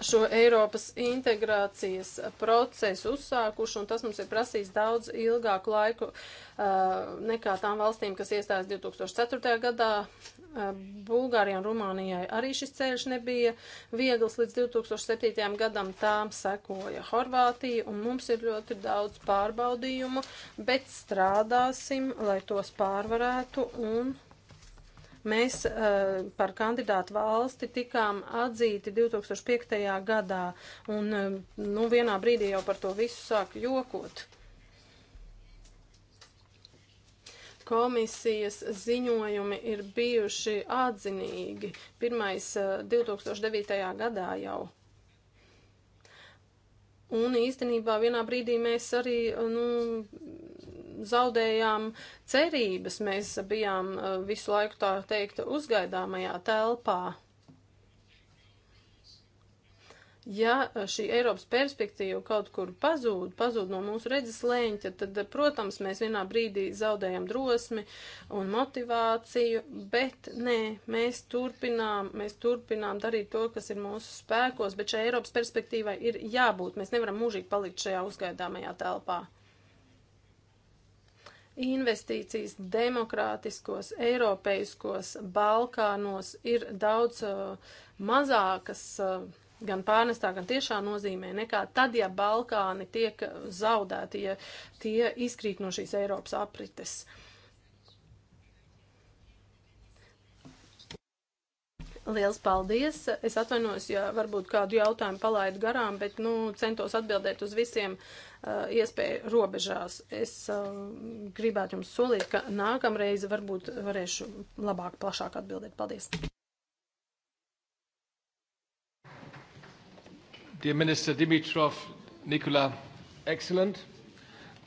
šo Eiropas integrācijas procesu uzsākuši, un tas mums ir prasījis daudz ilgāku laiku uh, nekā tām valstīm, kas iestājas 2004. gadā. Uh, Bulgārijai un Rumānijai arī šis ceļš nebija viegls līdz 2007. gadam, tām sekoja Horvātija, un mums ir ļoti daudz pārbaudījumu, bet strādāsim, lai tos pārvarētu un Mēs uh, par kandidātu valsti tikām atzīti 2005. gadā, un uh, nu, vienā brīdī jau par to visu sāk jokot. komisijas ziņojumi ir bijuši atzinīgi. Pirmais 2009. Eh, gadā jau. Un īstenībā vienā brīdī mēs arī nu, zaudējām cerības, mēs bijām uh, visu laiku tā teikt uzgaidāmajā telpā. Ja uh, šī Eiropas perspektīva kaut kur pazūd, pazūd no mūsu redzes lēņķa, tad, uh, protams, mēs vienā brīdī zaudējam drosmi un motivāciju, bet nē, mēs turpinām, mēs turpinām darīt to, kas ir mūsu spēkos, bet šai Eiropas perspektīvai ir jābūt. Mēs nevaram mūžīgi palikt šajā uzgaidāmajā telpā investīcijas demokrātiskos, eiropeiskos Balkānos ir daudz uh, mazākas uh, gan pārnestā, gan tiešā nozīmē nekā tad, ja Balkāni tiek zaudēti, ja tie izkrīt no šīs Eiropas aprites. Uh, Liels paldies! Es atvainojos, ja varbūt kādu jautājumu palaidu garām, bet nu, centos atbildēt uz visiem uh, iespēju robežās. Es uh, gribētu jums solīt, ka nākamreiz varbūt varēšu labāk, plašāk atbildēt. Paldies! Dear Minister Dimitrov, Nikola, excellent.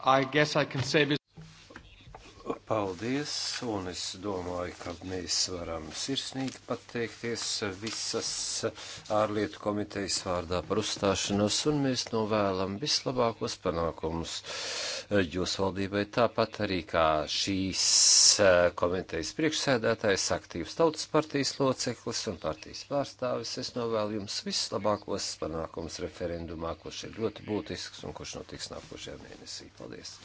I guess I can say this. Paldies, un es domāju, ka mēs varam sirsnīgi pateikties visas ārlietu komitejas vārdā par uzstāšanos, un mēs novēlam vislabākos panākumus jūs valdībai, tāpat arī kā šīs komitejas priekšsēdētājs, aktīvs tautas partijas loceklis un partijas pārstāvis. Es novēlu jums vislabākos panākumus referendumā, kurš ir ļoti būtisks un kurš notiks nākošajā mēnesī. Paldies!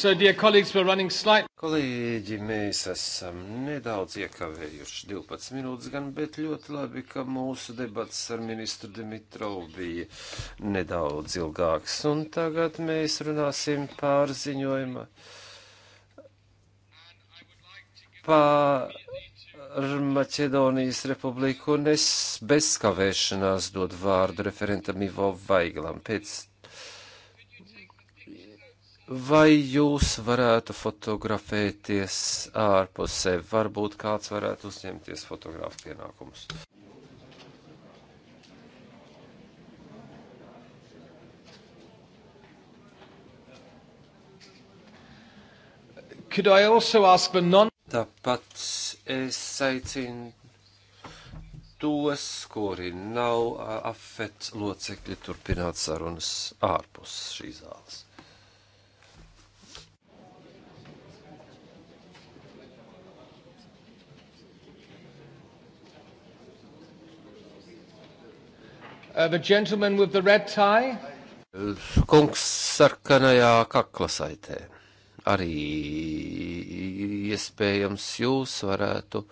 So, dear colleagues, we're running slightly. Kolēģi, mēs esam nedaudz iekavējuši 12 minūtes gan, bet ļoti labi, ka mūsu debats ar ministru Dimitrovu bija nedaudz ilgāks. Un tagad mēs runāsim pār ziņojuma pār Maķedonijas republiku, un es bez kavēšanās dod vārdu referentam Ivo Vaiglam. Pēc Vai jūs varētu fotografēties ārpus sevi? Varbūt kāds varētu uzņemties fotografu pienākumus. Non... Tāpat es aicinu tos, kuri nav afet locekļi, turpināt sarunas ārpus šīs zāles. Uh, the gentleman with the red tie. Kungs sarkanajā kaklasaitē. Arī iespējams jūs varētu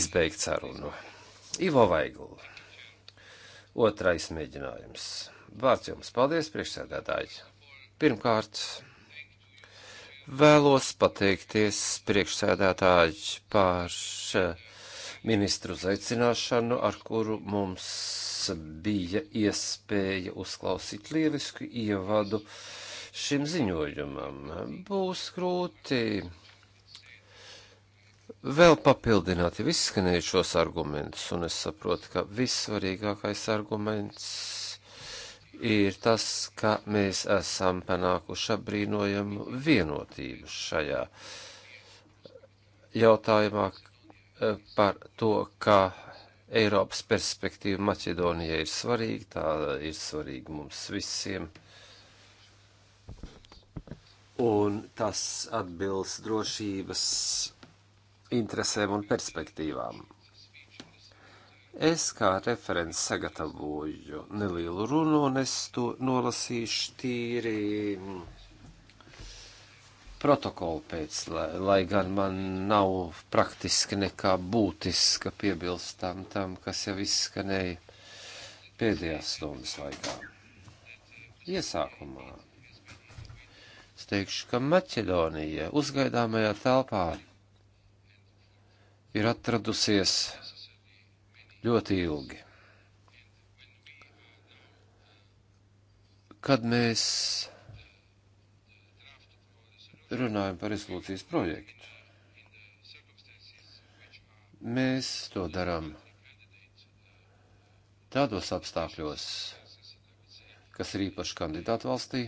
izbeigt sarunu. Ivo Vaigl. Otrais mēģinājums. Vārds jums. Paldies, priekšsēdētāji. Pirmkārt, vēlos pateikties priekšsēdētāji par. Uh, ministru zaicināšanu, ar kuru mums bija iespēja uzklausīt lielisku ievadu šim ziņojumam. Būs grūti vēl papildināt jau izskanējušos argumentus, un es saprotu, ka vissvarīgākais arguments ir tas, ka mēs esam panākuši apbrīnojamu vienotību šajā jautājumā, par to, ka Eiropas perspektīva Maķedonijai ir svarīga, tā ir svarīga mums visiem. Un tas atbilst drošības interesēm un perspektīvām. Es kā referents sagatavoju nelielu runu, un es to nolasīšu tīri protokolu pēc, lai, lai gan man nav praktiski nekā būtiska piebilstam tam, kas jau izskanēja pēdējās stundas laikā. Iesākumā es teikšu, ka Maķedonija uzgaidāmajā telpā ir atradusies ļoti ilgi. Kad mēs runājam par rezolūcijas projektu. Mēs to darām tādos apstākļos, kas ir īpaši kandidātu valstī.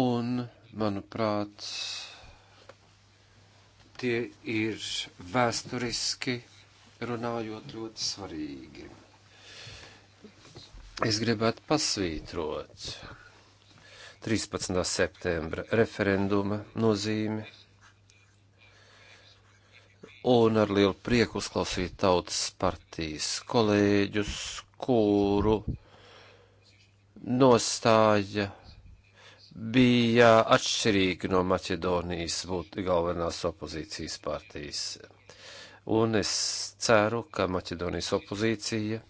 Un, manuprāt, tie ir vēsturiski runājot ļoti svarīgi. Es gribētu pasvītrot 13. septembra referenduma nozīmi. Un ar lielu prieku uzklausīt tautas partijas kolēģus, kuru nostāja bija atšķirīga no Maķedonijas būt galvenās opozīcijas partijas. Un es ceru, ka Maķedonijas opozīcija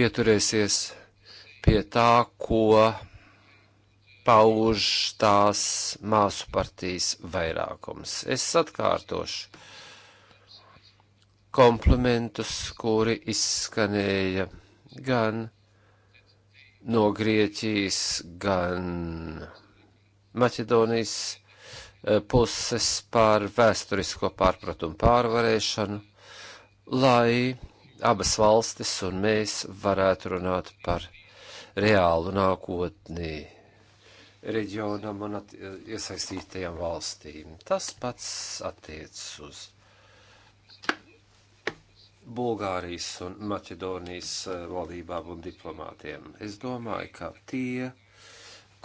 pieturēsies pie tā, ko pauž tās māsu partijas vairākums. Es atkārtošu komplementus, kuri izskanēja gan no Grieķijas, gan Maķedonijas eh, puses par vēsturisko pārpratumu pārvarēšanu, lai abas valstis un mēs varētu runāt par reālu nākotni reģionam un iesaistītajām valstīm. Tas pats attiecas uz Bulgārijas un Maķedonijas eh, valdībām un diplomātiem. Es domāju, ka tie,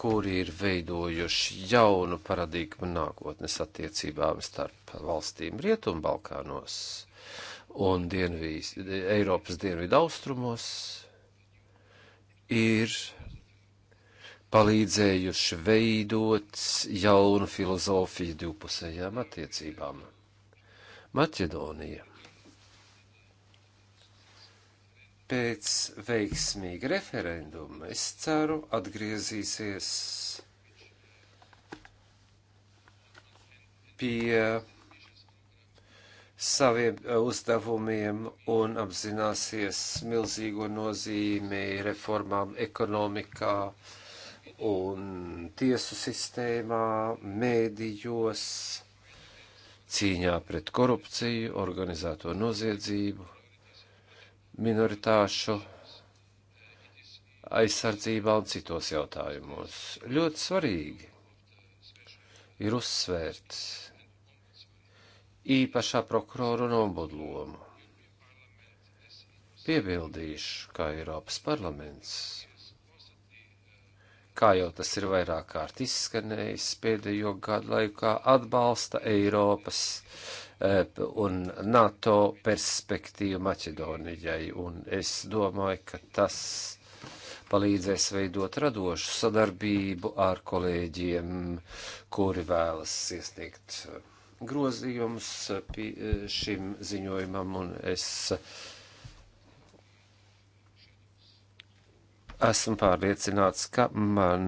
kuri ir veidojuši jaunu paradigmu nākotnes attiecībām starp valstīm Rietumbalkānos un Dienvijas, Eiropas dienvidu austrumos, ir palīdzējuši veidot jaunu filozofiju divpusējām attiecībām. Maķedonija pēc veiksmīga referenduma, es ceru, atgriezīsies pie saviem eh, uzdevumiem un apzināsies milzīgo nozīmi reformām ekonomikā un tiesu sistēmā, mēdījos, cīņā pret korupciju, organizēto noziedzību, minoritāšu aizsardzībā un citos jautājumos. Ļoti svarīgi ir uzsvērts īpašā prokurora un ombudu lomu. Piebildīšu, kā Eiropas parlaments, kā jau tas ir vairāk kārt izskanējis pēdējo gadu laikā, atbalsta Eiropas e, un NATO perspektīvu Maķedonijai, un es domāju, ka tas palīdzēs veidot radošu sadarbību ar kolēģiem, kuri vēlas iesniegt grozījumus eh, eh, šim ziņojumam, un es uh, esmu pārliecināts, ka man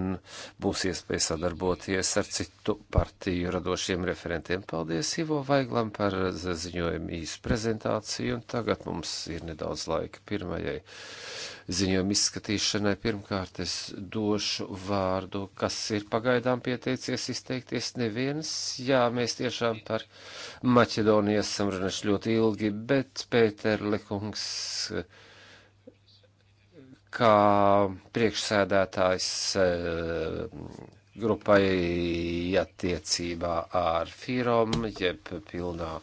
būs iespēja sadarboties ar citu partiju radošiem referentiem. Paldies Ivo Vaiglam par ziņojumu īsu prezentāciju, un tagad mums ir nedaudz laika pirmajai ziņojumu izskatīšanai. Pirmkārt, es došu vārdu, kas ir pagaidām pieteicies izteikties neviens. Jā, mēs tiešām par Maķedoniju esam runājuši ļoti ilgi, bet Pēter Lekungs. Uh, kā priekšsēdētājs eh, grupai attiecībā ar Firom, jeb pilnā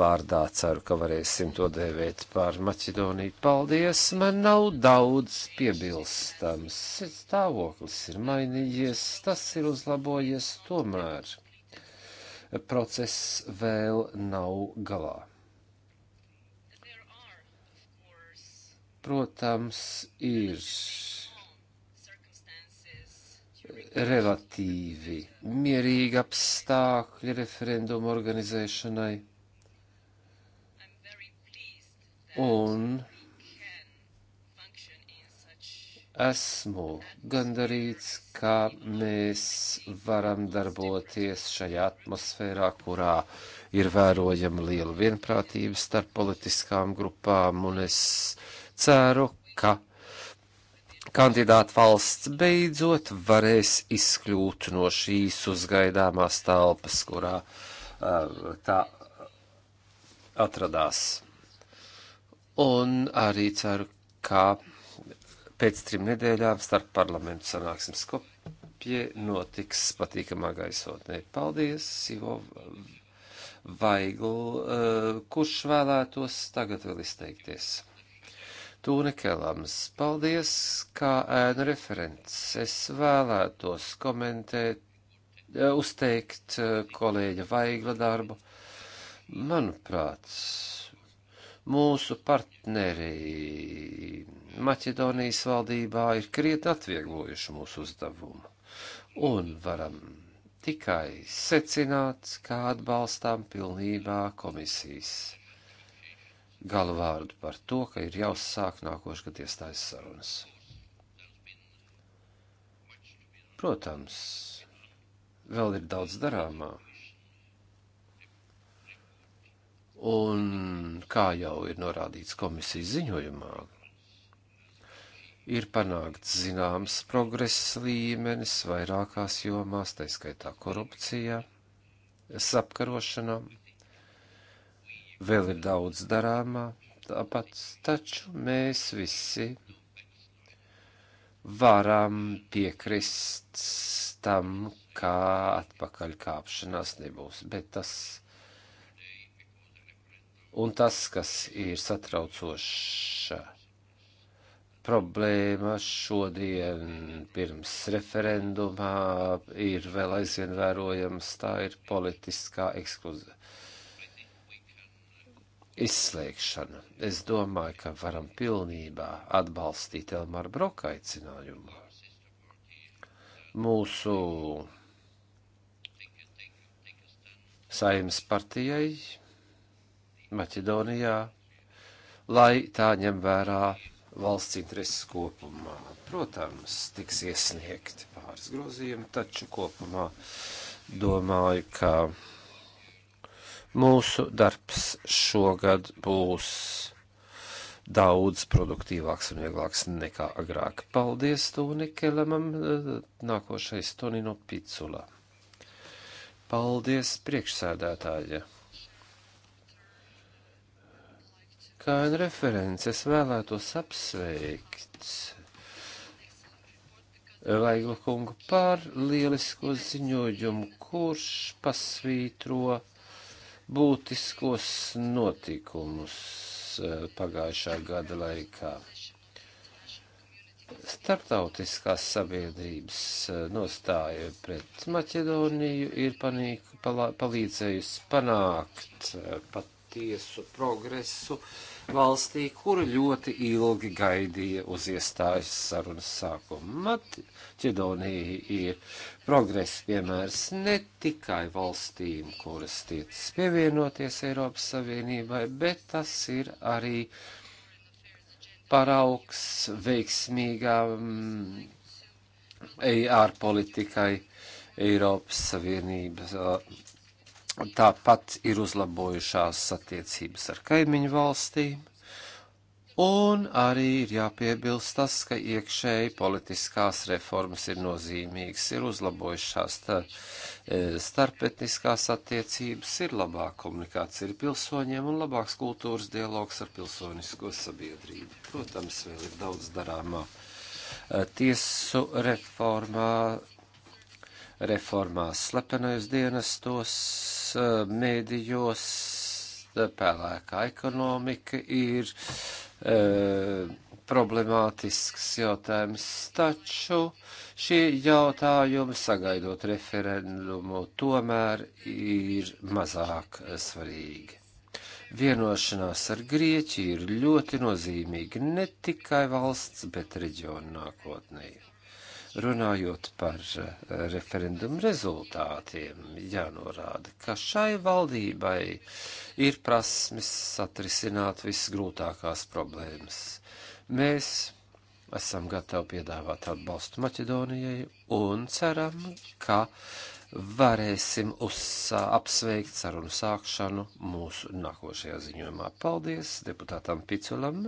vārdā ceru, ka varēsim to dēvēt par Maķedoniju. Paldies, man nav daudz piebilstams. Stāvoklis ir mainījies, tas ir uzlabojies, tomēr process vēl nav galā. protams, ir relatīvi mierīgi apstākļi referendumu organizēšanai. Un esmu gandarīts, ka mēs varam darboties šajā atmosfērā, kurā ir vērojama liela vienprātība starp politiskām grupām, un es uh, ceru, ka kandidāta valsts beidzot varēs izkļūt no šīs uzgaidāmās telpas, kurā uh, tā atradās. Un arī ceru, ka pēc trim nedēļām starp parlamentu sanāksim Skopje notiks patīkamā gaisotnē. Paldies, Ivo Vaigl, eh, kurš vēlētos tagad vēl izteikties. Tūne Kelams. Paldies, kā ēnu referents. Es vēlētos komentēt, eh, uzteikt eh, kolēģa Vaigla darbu. Manuprāt, mūsu partneri Maķedonijas valdībā ir krietni atvieglojuši mūsu uzdevumu. Un varam tikai secināt, kā atbalstām pilnībā komisijas galu vārdu par to, ka ir jāuzsāk nākošais gads iestājas sarunas. Protams, vēl ir daudz darāmā. Un kā jau ir norādīts komisijas ziņojumā, ir panākts zināms progress līmenis vairākās jomās, taiskaitā korupcijā, sapkarošanā vēl ir daudz darāmā, tāpat taču mēs visi varam piekrist tam, kā atpakaļ kāpšanās nebūs, bet tas un tas, kas ir satraucoša problēma šodien pirms referendumā ir vēl aizvien vērojams, tā ir politiskā ekskluzivitāte izslēgšana. Es domāju, ka varam pilnībā atbalstīt Elmar Broka aicinājumu. Mūsu saimas partijai Maķedonijā, lai tā ņem vērā valsts intereses kopumā. Protams, tiks iesniegti pāris grozījumi, taču kopumā domāju, ka Mūsu darbs šogad būs daudz produktīvāks un vieglāks nekā agrāk. Paldies Tūnikelemam, nākošais Tonino Picula. Paldies priekšsēdētāja. Kā un referents es vēlētos apsveikt Vaigla kungu par lielisko ziņojumu, kurš pasvītro būtiskos notikumus eh, pagājušā gada laikā. Startautiskās sabiedrības eh, nostāja pret Maķedoniju ir panīk, palā, palīdzējusi panākt eh, patiesu progresu uh, valstī, kuru ļoti ilgi gaidīja uz iestājas sarunas sākumu. Maķedonija ir progresa piemērs ne tikai valstīm, kuras tiecas pievienoties Eiropas Savienībai, bet tas ir arī paraugs veiksmīgām ER politikai Eiropas Savienības Tāpat ir uzlabojušās attiecības ar kaimiņu valstīm, un arī ir jāpiebilst tas, ka iekšēji politiskās reformas ir nozīmīgas, ir uzlabojušās e, starpetniskās attiecības, ir labāka komunikācija ar pilsoņiem un labāks kultūras dialogs ar pilsonisko sabiedrību. Protams, vēl ir daudz darāmā e, tiesu reformā reformās, slepenais dienestos, eh, mēdījos, pēlēkā ekonomika ir e, problemātisks jautājums, taču šie jautājumi, sagaidot referendumu, tomēr ir mazāk eh, svarīgi. Vienošanās ar Grieķiju ir ļoti nozīmīga ne tikai valsts, bet reģionu nākotnēji. Runājot par eh, referendumu rezultātiem, jānorāda, ka šai valdībai ir prasmes atrisināt visgrūtākās problēmas. Mēs esam gatavi piedāvāt atbalstu Maķedonijai un ceram, ka uh, varēsim uz, apsveikt sarunu sākšanu mūsu nākošajā ziņojumā. Paldies deputātam Piculam.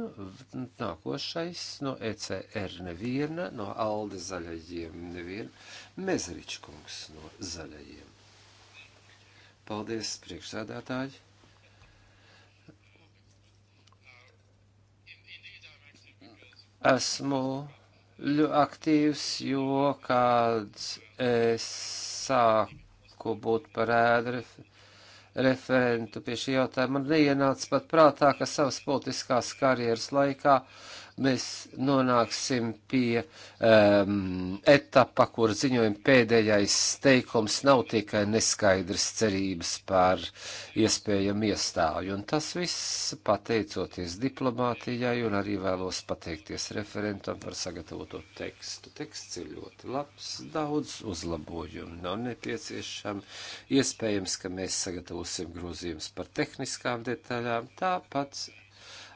Nākošais no ECR neviena, no Alde zaļajiem neviena, Mezričkungs no zaļajiem. Paldies, priekšsēdētāji. Esmu aktīvs, jo kāds es sāku būt par ēdu referentu pie šī jautājuma. Man neienāca pat prātā, ka savas politiskās karjeras laikā uh, mēs nonāksim pie um, etapa, kur ziņojuma pēdējais teikums nav tikai neskaidrs cerības par iespējamu iestāju. Un tas viss pateicoties diplomātijai un arī vēlos pateikties referentam par sagatavoto tekstu. Teksts ir ļoti labs, daudz uzlabojumu nav nepieciešama. Iespējams, ka mēs sagatavosim grozījumus par tehniskām detaļām. Tāpat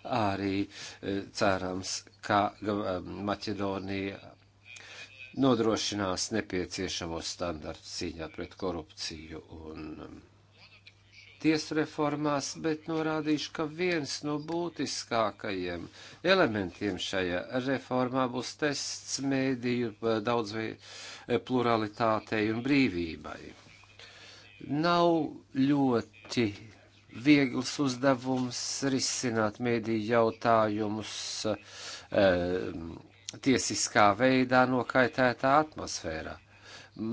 arī e, cerams, ka e, Maķedonija nodrošinās nepieciešamos standartus cīņā pret korupciju un um, tiesu reformās, bet norādīšu, ka viens no būtiskākajiem elementiem šajā reformā būs tests mēdīju e, daudzveidībai pluralitātei un brīvībai. Nav ļoti viegls uzdevums risināt mēdīju jautājumus e, tiesiskā veidā nokaitētā atmosfērā.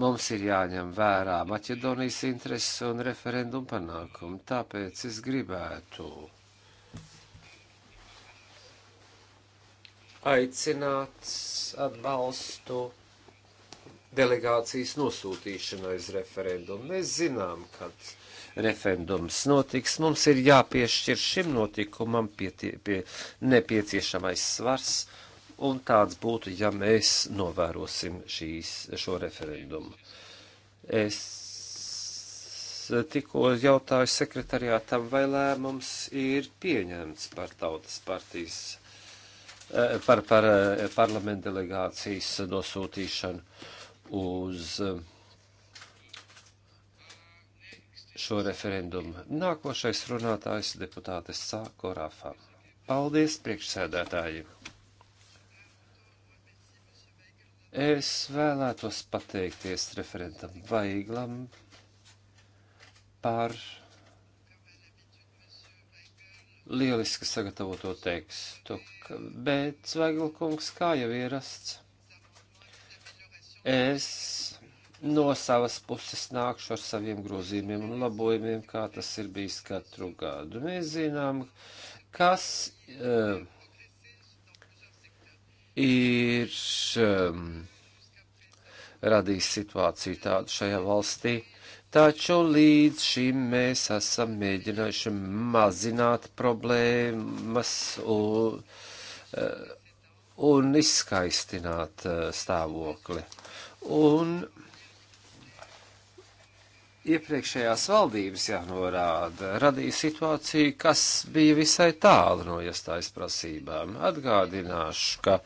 Mums ir jāņem vērā Maķedonijas intereses un referendumu panākumu, tāpēc es gribētu aicināt atbalstu delegācijas nosūtīšanai uz referendumu. Mēs zinām, ka referendums notiks, mums ir jāpiešķir šim notikumam pietie, pie, nepieciešamais svars, un tāds būtu, ja mēs novērosim šīs, šo referendumu. Es tikko jautāju sekretariātam, vai lēmums ir pieņemts par tautas partijas eh, par, par eh, parlamenta delegācijas nosūtīšanu uz eh, šo referendumu. Nākošais runātājs deputātes Sāko Rafā. Paldies, priekšsēdētāji! Es vēlētos pateikties referentam Vaiglam par lieliski sagatavoto tekstu, bet Svaigla kungs kā jau ierasts, es no savas puses nākšu ar saviem grozījumiem un labojumiem, kā tas ir bijis katru gadu. Mēs zinām, kas uh, ir um, radījis situāciju tādu šajā valstī. Taču līdz šim mēs esam mēģinājuši mazināt problēmas un, uh, eh, un izskaistināt uh, stāvokli. Un iepriekšējās valdības, jānorāda, radīja situāciju, kas bija visai tālu no iestājas prasībām. Atgādināšu, ka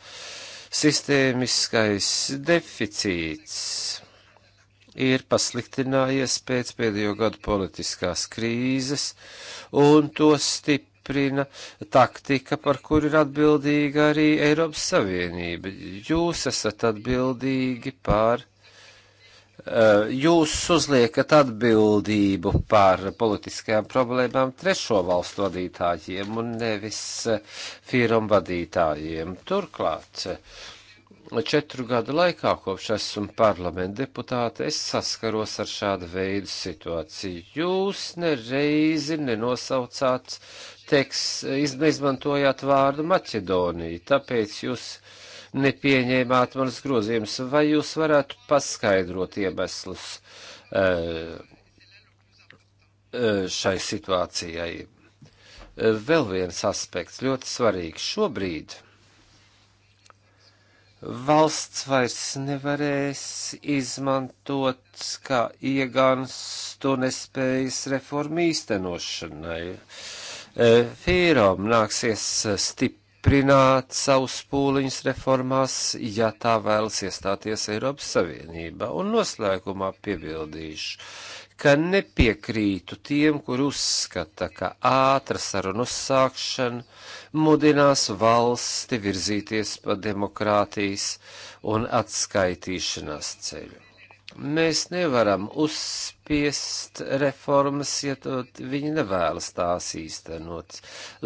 sistēmiskais deficīts ir pasliktinājies pēc pēdējo gadu politiskās krīzes, un to stiprina taktika, par kur ir atbildīga arī Eiropas Savienība. Jūs esat atbildīgi par Eh, jūs uzliekat atbildību par politiskajām problēmām trešo valstu vadītājiem un nevis eh, firmu vadītājiem. Turklāt, eh, četru gadu laikā, kopš esmu parlamenta deputāte, es saskaros ar šādu veidu situāciju. Jūs nereizi nenosaucāt teksts, izmantojāt vārdu Maķedonija, tāpēc jūs. Uh, nepieņēmāt manas grozījumus. Vai jūs varētu paskaidrot iemeslus e, e, šai situācijai? E, vēl viens aspekts ļoti svarīgs. Šobrīd valsts vairs nevarēs izmantot kā iegānstu nespējas reformu īstenošanai. Fīrom nāksies stiprināt stiprināt savus pūliņus reformās, ja tā vēlas iestāties Eiropas Savienībā. Un noslēgumā piebildīšu, ka nepiekrītu tiem, kur uzskata, ka ātra saruna uzsākšana mudinās valsti virzīties pa demokrātijas un atskaitīšanās ceļu. Mēs nevaram uzspēlēt piespiest reformas, ja to viņi nevēlas tās īstenot.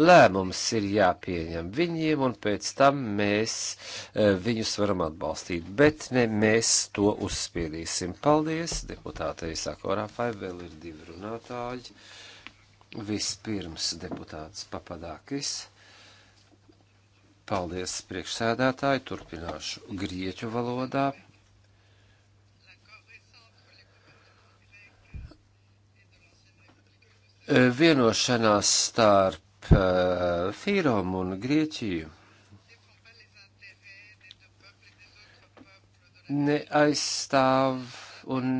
Lēmums ir jāpieņem viņiem, un pēc tam mēs e, viņus varam atbalstīt, bet ne mēs to uzspiedīsim. Paldies, deputātei Sakorāfai, vēl ir divi runātāji. Vispirms deputāts Papadākis. Paldies, priekšsēdētāji, turpināšu grieķu valodā. vienošanās starp eh, Fīrom un Grieķiju neaizstāv un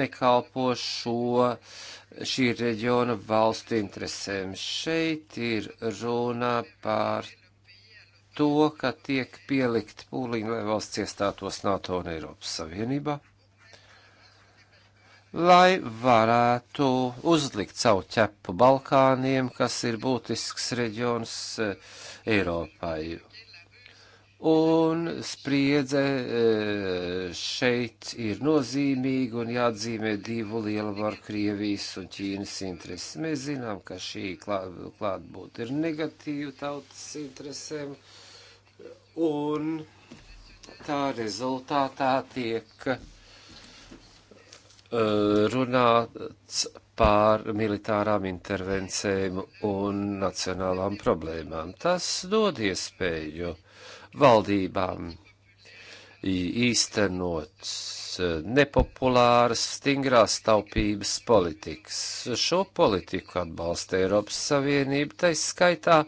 nekalpo šo šī reģiona valstu interesēm. Šeit ir runa par to, ka tiek pielikt pūliņi, lai valsts iestātos NATO un Eiropas Savienībā lai varētu uzlikt savu ķepu Balkāniem, kas ir būtisks reģions eh, Eiropai. Un spriedze eh, šeit ir nozīmīga un jāatzīmē divu lielvaru Krievijas un Ķīnas intereses. Mēs zinām, ka šī klātbūt ir negatīva tautas interesēm un tā rezultātā tiek runāts pār militārām intervencēm un nacionālām problēmām. Tas dod iespēju valdībām īstenot nepopulāras, stingrās taupības politikas. Šo politiku atbalsta Eiropas Savienība, tai skaitā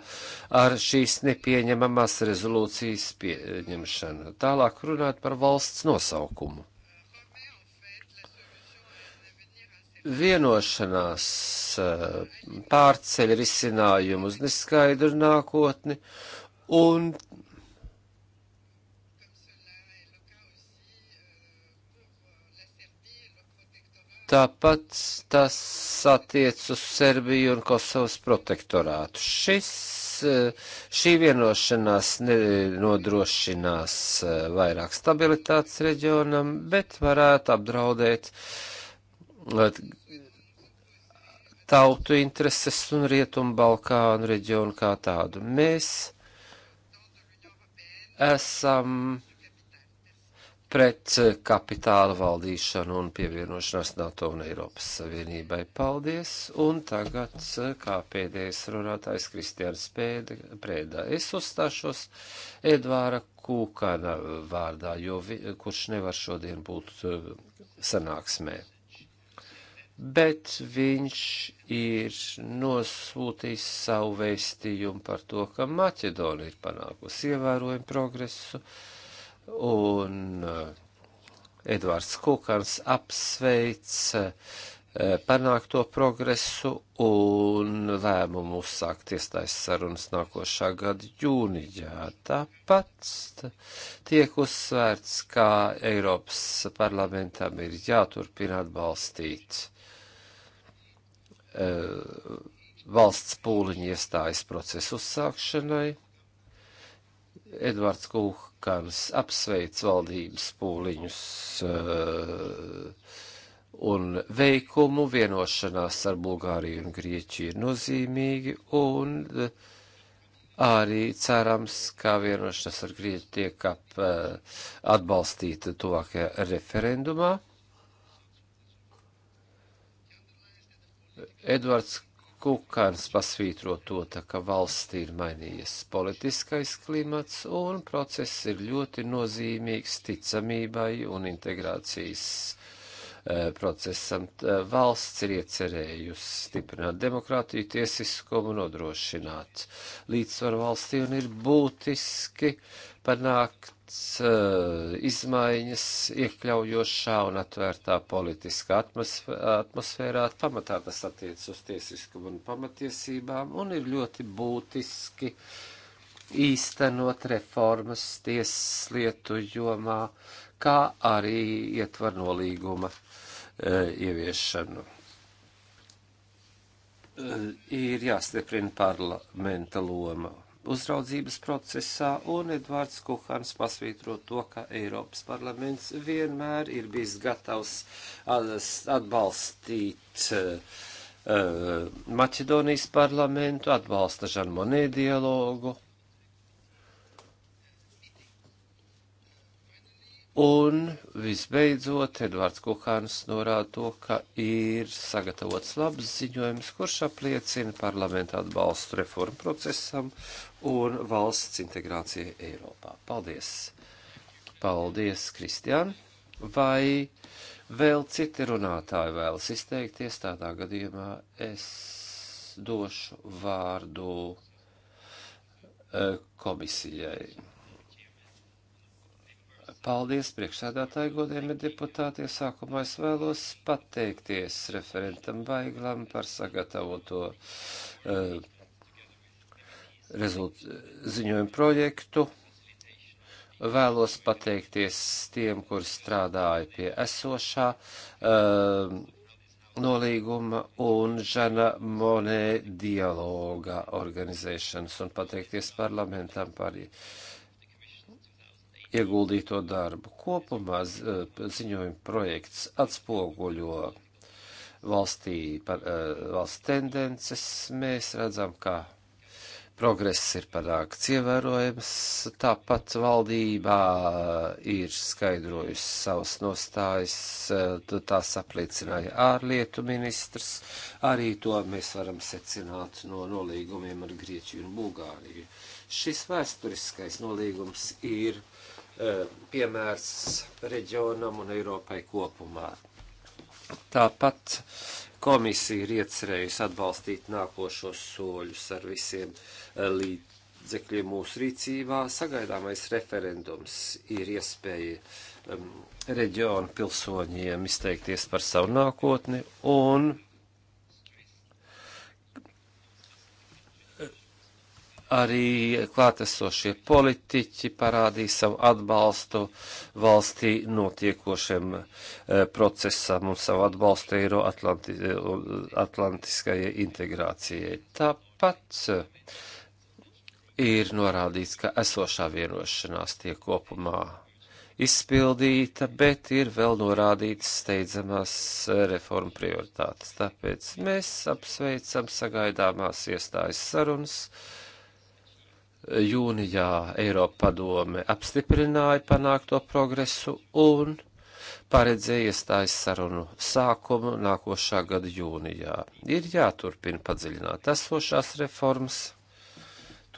ar šīs nepieņemamās rezolūcijas pieņemšanu. Tālāk runāt par valsts nosaukumu. vienošanās eh, pārceļ risinājumu uz neskaidru nākotni un Tāpat tas attiec uz Serbiju un Kosovas protektorātu. Šis, eh, šī vienošanās nodrošinās eh, vairāk stabilitātes reģionam, bet varētu apdraudēt uh, tautu intereses un Rietumu Balkānu reģionu kā tādu. Mēs esam pret kapitāla valdīšanu un pievienošanās NATO un Eiropas Savienībai. Paldies! Un tagad, kā pēdējais runātājs, Kristians Prēdā, es uzstāšos Edvāra Kūkana vārdā, jo vi, kurš nevar šodien būt eh, sanāksmē bet viņš ir nosūtījis savu vēstījumu par to, ka Maķedonija ir panākusi ievērojumu progresu, un eh, Edvards Kukans apsveic eh, panākto progresu un lēmumu uzsākt iestājas sarunas nākošā gada jūnijā. Tāpat tiek uzsvērts, kā Eiropas parlamentam ir jāturpina atbalstīt Eh, valsts pūliņi iestājas procesu uzsākšanai. Edvards Kūkans apsveic valdības pūliņus uh, un veikumu vienošanās ar Bulgāriju un Grieķiju ir nozīmīgi, un eh, arī cerams, ka vienošanās ar Grieķiju tiek ap, uh, atbalstīta tuvākajā referendumā. Edvards Kukans pasvītro to, tā, ka valstī ir mainījies politiskais klimats un process ir ļoti nozīmīgs ticamībai un integrācijas uh, procesam. Uh, valsts ir iecerējusi stiprināt demokrātiju, tiesiskumu, nodrošināt līdzsvaru valstī un ir būtiski uh, panākts uh, izmaiņas iekļaujošā un atvērtā politiskā atmosfērā. Pamatā tas attiecas uz tiesiskumu un pamatiesībām un ir ļoti būtiski īstenot reformas tieslietu jomā, kā arī ietver nolīguma uh, ieviešanu eh, ir jāstiprina parlamenta loma uzraudzības procesā, un Edvards Kuhans pasvītro to, ka Eiropas parlaments vienmēr ir bijis gatavs atbalstīt uh, Maķedonijas parlamentu, atbalsta Žanmonē dialogu. Un visbeidzot, Edvards Kukāns norāda to, ka ir sagatavots labs ziņojums, kurš apliecina parlamentu atbalstu reformu procesam un valsts integrācija Eiropā. Paldies! Paldies, Kristian! Vai vēl citi runātāji vēlas izteikties? Tādā gadījumā es došu vārdu e, komisijai. Paldies priekšsēdātāji godējumi deputāti. Sākumā es vēlos pateikties referentam Baiglam par sagatavoto uh, rezult, ziņojumu projektu. Vēlos pateikties tiem, kur strādāja pie esošā uh, nolīguma un Žana Monē dialoga organizēšanas un pateikties parlamentam par ieguldīto darbu. Kopumā eh, ziņojuma projekts atspoguļo valstī par uh, valsts tendences. Mēs redzam, ka progress ir panākts ievērojams, tāpat valdībā ir skaidrojusi savas nostājas, tās apliecināja ārlietu ministrs, arī to mēs varam secināt no nolīgumiem ar Grieķiju un Bulgāriju. Šis vēsturiskais nolīgums ir uh, piemērs reģionam un Eiropai kopumā. Tāpat uh, Komisija ir iecerējusi atbalstīt nākošos soļus ar visiem eh, līdzekļiem mūsu rīcībā. Sagaidāmais referendums ir iespēja um, reģionu pilsoņiem izteikties par savu nākotni un Arī klātesošie politiķi parādīja savu atbalstu valstī notiekošiem eh, procesam un savu atbalstu Eiro Atlanti, Atlantiskajai integrācijai. Tāpat eh, ir norādīts, ka esošā vienošanās tiek kopumā izpildīta, bet ir vēl norādītas steidzamās eh, reformu prioritātes. Tāpēc mēs apsveicam sagaidāmās iestājas sarunas Jūnijā Eiropa padome apstiprināja panākto progresu un paredzēja iestājas sarunu sākumu nākošā gada jūnijā. Ir jāturpina padziļināt esošās reformas.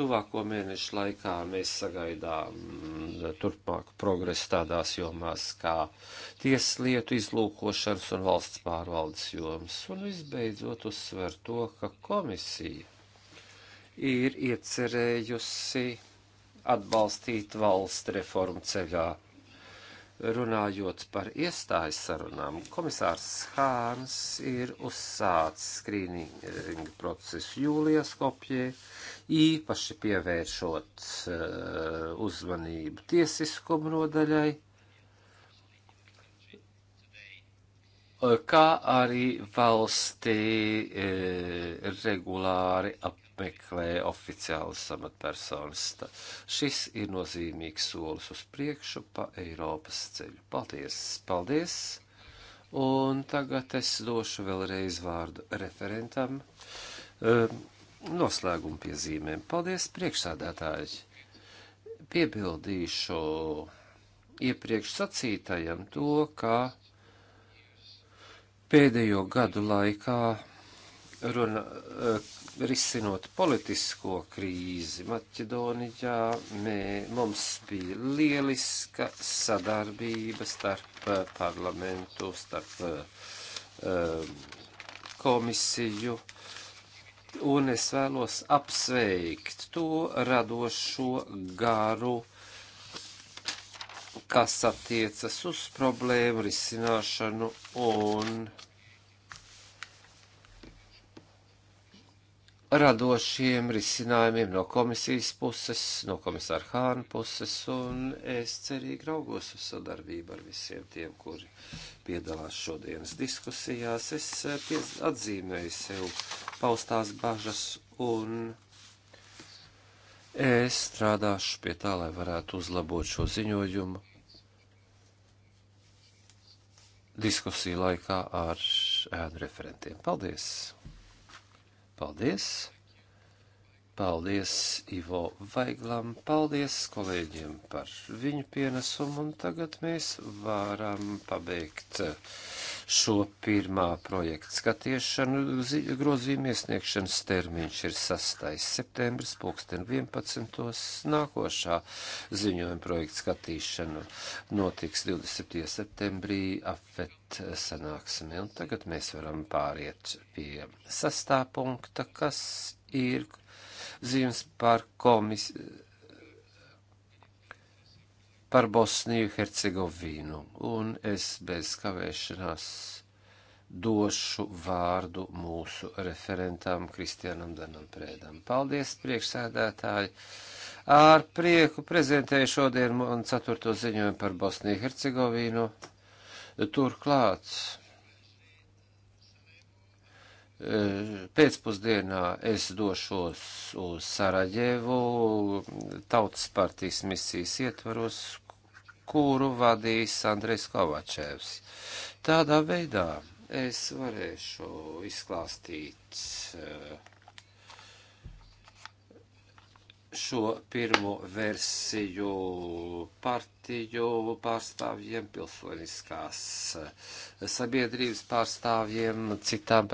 Tuvāko mēnešu laikā mēs sagaidām mm, turpmāku progresu tādās jomās kā tieslietu izlūkošanas un valsts pārvaldes jomas. Un visbeidzot uzsver to, ka komisija ir iecerējusi atbalstīt valsts reformu ceļā. Runājot par iestājas sarunām, komisārs Hāns ir uzsācis skrīningu procesu jūlijas kopjē, īpaši pievēršot uh, uzmanību tiesiskumu nodaļai, eh, kā arī valstī e, regulāri ap jāapmeklē oficiālas amatpersonas. Šis ir nozīmīgs solis uz priekšu pa Eiropas ceļu. Paldies! Paldies! Un tagad es došu vēlreiz vārdu referentam. Um, eh, noslēguma piezīmēm. Paldies, priekšsādātāji! Piebildīšu iepriekš sacītajam to, ka pēdējo gadu laikā runa, eh, risinot politisko krīzi Maķedonijā, mē, mums bija lieliska sadarbība starp eh, parlamentu, starp um, komisiju, un es vēlos apsveikt to radošo garu, kas attiecas uz problēmu risināšanu un radošiem risinājumiem no komisijas puses, no komisāra Hāna puses, un es cerīgi raugos uz sadarbību ar visiem tiem, kuri piedalās šodienas diskusijās. Es eh, atzīmēju sev paustās bažas, un es strādāšu pie tā, lai varētu uzlabot šo ziņojumu diskusiju laikā ar ēnu referentiem. Paldies! Paldies! Paldies Ivo Vaiglam, paldies kolēģiem par viņu pienesumu, un tagad mēs varam pabeigt šo pirmā projekta skatīšanu. Grozījuma iesniegšanas termiņš ir 6. septembris, pulksten 11. Nākošā ziņojuma projekta skatīšana notiks 27. septembrī afet sanāksmi. Un tagad mēs varam pāriet pie sastā punkta, kas ir zīmes par komis par Bosniju Hercegovīnu. Un es bez kavēšanās došu vārdu mūsu referentam Kristianam Danam Prēdam. Paldies, priekšsēdētāji! Ar prieku prezentēju šodien un ceturto ziņojumu par Bosniju Hercegovīnu. Turklāt e, pēcpusdienā es došos uz Sarajevu Tautas partijas misijas ietvaros, kuru vadīs Andrejs Kovačevs. Tādā veidā es varēšu izklāstīt uh, šo pirmo versiju partiju pārstāvjiem, pilsoniskās eh, sabiedrības pārstāvjiem, citām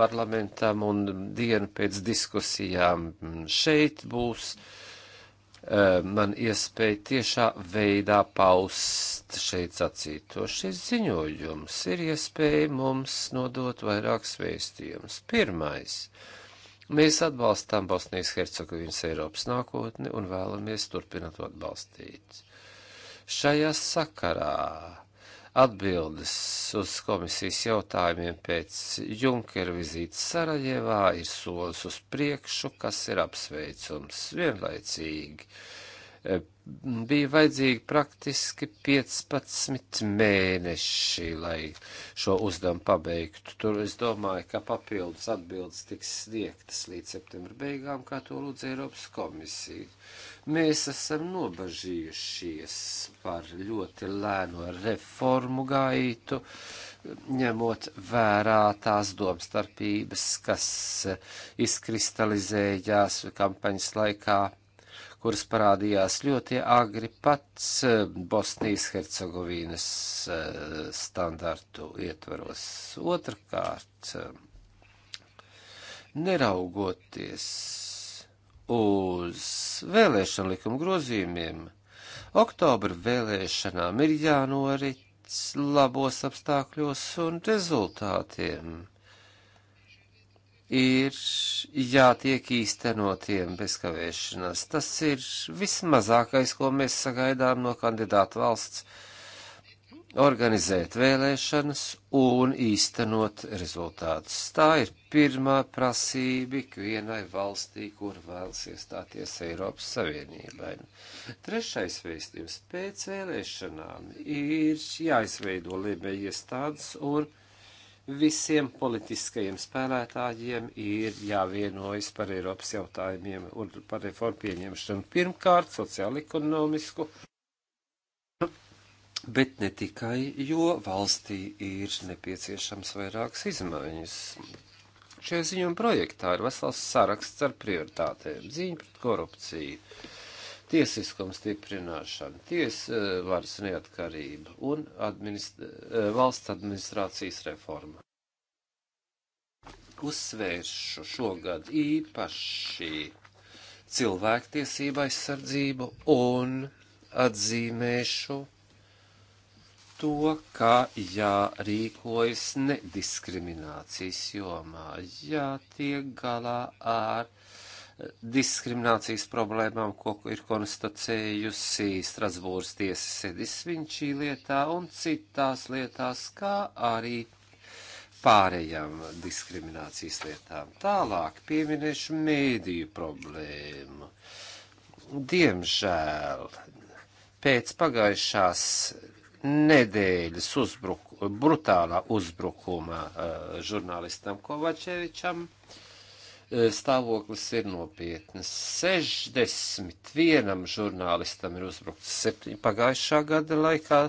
parlamentam un dienu pēc diskusijām šeit būs eh, man iespēja tiešā veidā paust šeit sacīto. Šis ziņojums ir iespēja mums nodot vairākas vēstījumus. Pirmais. Mēs atbalstām Bosnijas Hercegovinas Eiropas nākotni un vēlamies turpināt to atbalstīt. Šajā sakarā atbildes uz komisijas jautājumiem pēc Junkera vizītes Sarajevā ir solis uz priekšu, kas ir apsveicums vienlaicīgi bija vajadzīgi praktiski 15 mēneši, lai šo uzdevumu pabeigtu. Tur es domāju, ka papildus atbildes tiks sniegtas līdz septembra beigām, kā to lūdz Eiropas komisija. Mēs esam nobažījušies par ļoti lēno reformu gaitu, ņemot vērā tās domstarpības, kas izkristalizējās kampaņas laikā kuras parādījās ļoti agri pats eh, Bosnijas Hercegovīnas eh, standartu ietvaros. Otrakārt, eh, neraugoties uz vēlēšanu likuma grozījumiem, oktobra vēlēšanām ir jānorit labos apstākļos un rezultātiem ir jātiek īstenotiem bez kavēšanās. Tas ir vismazākais, ko mēs sagaidām no kandidātu valsts - organizēt vēlēšanas un īstenot rezultātus. Tā ir pirmā prasība ikvienai valstī, kur vēlas iestāties Eiropas Savienībai. Trešais vēstījums pēc vēlēšanām ir jāizveido lēmēji iestādes un visiem politiskajiem spēlētājiem ir jāvienojas par Eiropas jautājumiem un par reformu pieņemšanu. Pirmkārt, sociāli-ekonomisku, bet ne tikai, jo valstī ir nepieciešams vairākas izmaiņas. Šajā ziņojuma projektā ir vesels saraksts ar prioritātēm - ziņa pret korupciju tiesiskuma stiprināšana, tiesvaras e, neatkarība un administ e, valsts administrācijas reforma. Uzsvēršu šogad īpaši cilvēktiesība aizsardzību un atzīmēšu to, ka jārīkojas nediskriminācijas jomā, jātiek galā ar diskriminācijas problēmām, ko ir konstatējusi Strasbūras tiesas sedis Vinčī lietā un citās lietās, kā arī pārējām diskriminācijas lietām. Tālāk pieminēšu mēdīju problēmu. Diemžēl pēc pagājušās nedēļas uzbruku, brutālā uzbrukuma uh, žurnālistam Kovačevičam uh, Eh, stāvoklis ir nopietns. 61 žurnālistam ir uzbrukts septiņ, pagājušā gada laikā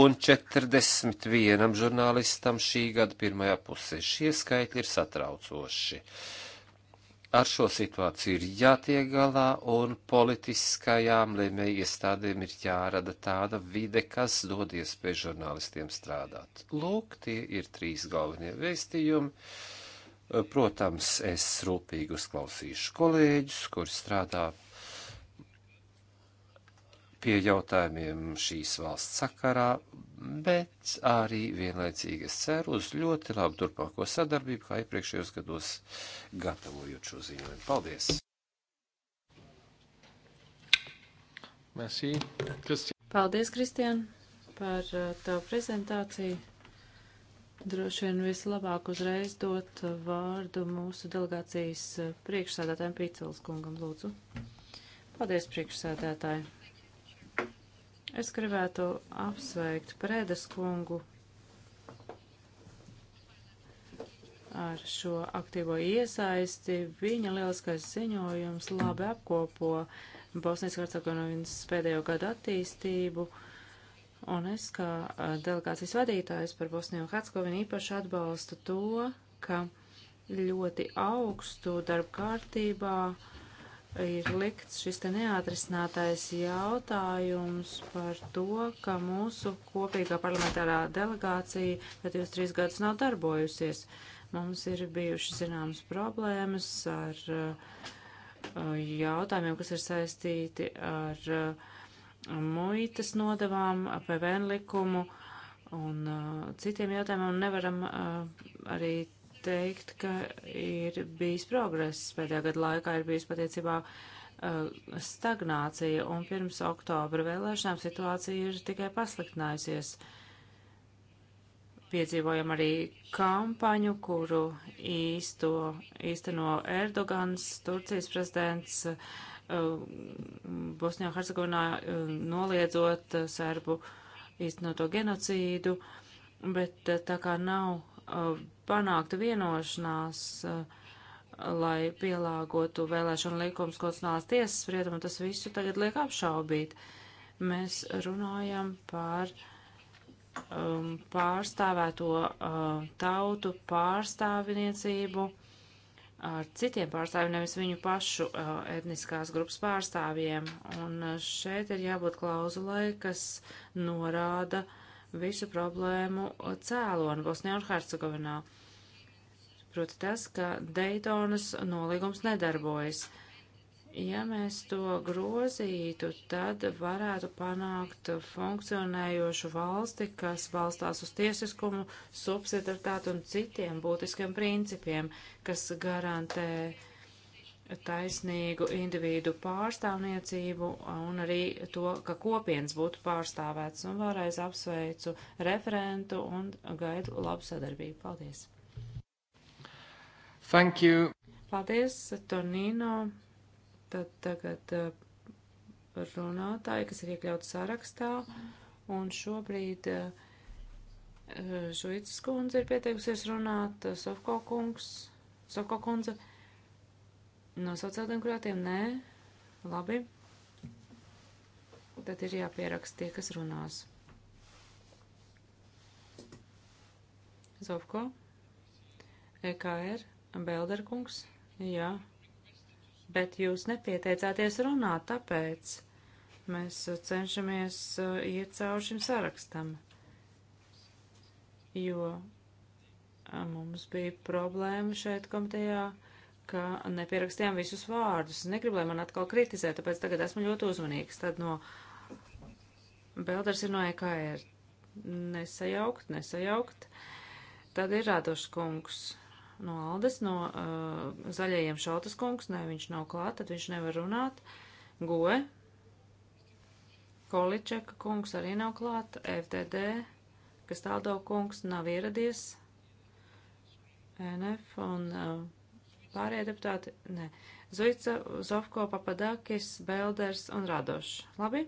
un 41 žurnālistam šī gada pirmajā pusē. Šie skaitļi ir satraucoši. Ar šo situāciju ir jātiek galā un politiskajām lēmēju iestādēm ir jārada tāda vide, kas dod iespēju žurnālistiem strādāt. Lūk, tie ir trīs galvenie vēstījumi Protams, es rūpīgi uzklausīšu kolēģus, kuri strādā pie jautājumiem šīs valsts sakarā, bet arī vienlaicīgi es ceru uz ļoti labu turpmāko sadarbību, kā iepriekšējos gados gatavojot šo ziņojumu. Paldies! Merci. Paldies, Kristian, par uh, tavu prezentāciju. Droši vien vislabāk uzreiz dot vārdu mūsu delegācijas priekšsēdētājiem Pīcels kungam, lūdzu. Paldies, priekšsēdētāji. Es gribētu apsveikt Prēdes kungu ar šo aktīvo iesaisti. Viņa lieliskais ziņojums labi apkopo Bosnijas Hercegovinas pēdējo gadu attīstību. Uh, Un es kā delegācijas vadītājs par Bosniju un Hercegovinu īpaši atbalstu to, ka ļoti augstu darba kārtībā ir likts šis te neatrisinātais jautājums par to, ka mūsu kopīgā parlamentārā delegācija pēdējos trīs gadus nav darbojusies. Mums ir bijuši zināmas problēmas ar jautājumiem, kas ir saistīti ar uh, muitas nodavām, PVN likumu un uh, citiem jautājumiem nevaram uh, arī teikt, ka ir bijis progress. Pēdējā gada laikā ir bijis patiecībā uh, stagnācija, un pirms oktobra vēlēšanām situācija ir tikai pasliktinājusies. Piedzīvojam arī kampaņu, kuru īsto, īsteno Erdogans, Turcijas prezidents. Uh, Um, Bosnijā un Hercegovinā um, noliedzot uh, serbu īstenoto genocīdu, bet uh, tā kā nav uh, panākta vienošanās, lai pielāgotu vēlēšanu likums konstitucionālās tiesas spriedumu, tas visu tagad liek apšaubīt. Mēs runājam par um, pārstāvēto uh, tautu pārstāvniecību ar citiem pārstāvjiem, nevis viņu pašu uh, etniskās grupas pārstāvjiem. Un uh, šeit ir jābūt klauzulai, kas norāda visu problēmu uh, cēloni Bosnijā un Hercegovinā. Proti tas, ka Daytonas nolīgums nedarbojas. Uh, Ja mēs to grozītu, tad varētu panākt funkcionējošu valsti, kas balstās uz tiesiskumu, subsidiaritātu un citiem būtiskiem principiem, kas garantē taisnīgu individu pārstāvniecību un arī to, ka kopiens būtu pārstāvēts. Un vēlreiz apsveicu referentu un gaidu labu sadarbību. Paldies! Thank you! Paldies, Tonino! Tad tagad eh, runātāji, kas ir iekļauts sarakstā, un šobrīd eh, Šuicas kundze ir pieteikusies runāt, Sofko kungs, Sofko kundze, no sociāldemokrātiem nē, labi. Tad ir jāpierakst tie, kas runās. Zovko, EKR, er? Belderkungs, jā, bet jūs nepieteicāties runāt, tāpēc mēs cenšamies uh, iet cauri šim sarakstam, jo uh, mums bija problēma šeit komitejā, ka nepierakstījām visus vārdus. Negribu, lai man atkal kritizē, tāpēc tagad esmu ļoti uzmanīgs. Tad no Belders ir no EKR. Nesajaukt, nesajaukt. Tad ir Rādošs kungs no Aldes, no uh, zaļajiem šautas kungs, nē, viņš nav klāt, tad viņš nevar runāt. Goe, Količeka kungs arī nav klāt, FDD, kas tādo kungs nav ieradies, NF un uh, pārējie deputāti, nē, Zuica, Zofko, Papadakis, Belders un Radošs. Labi?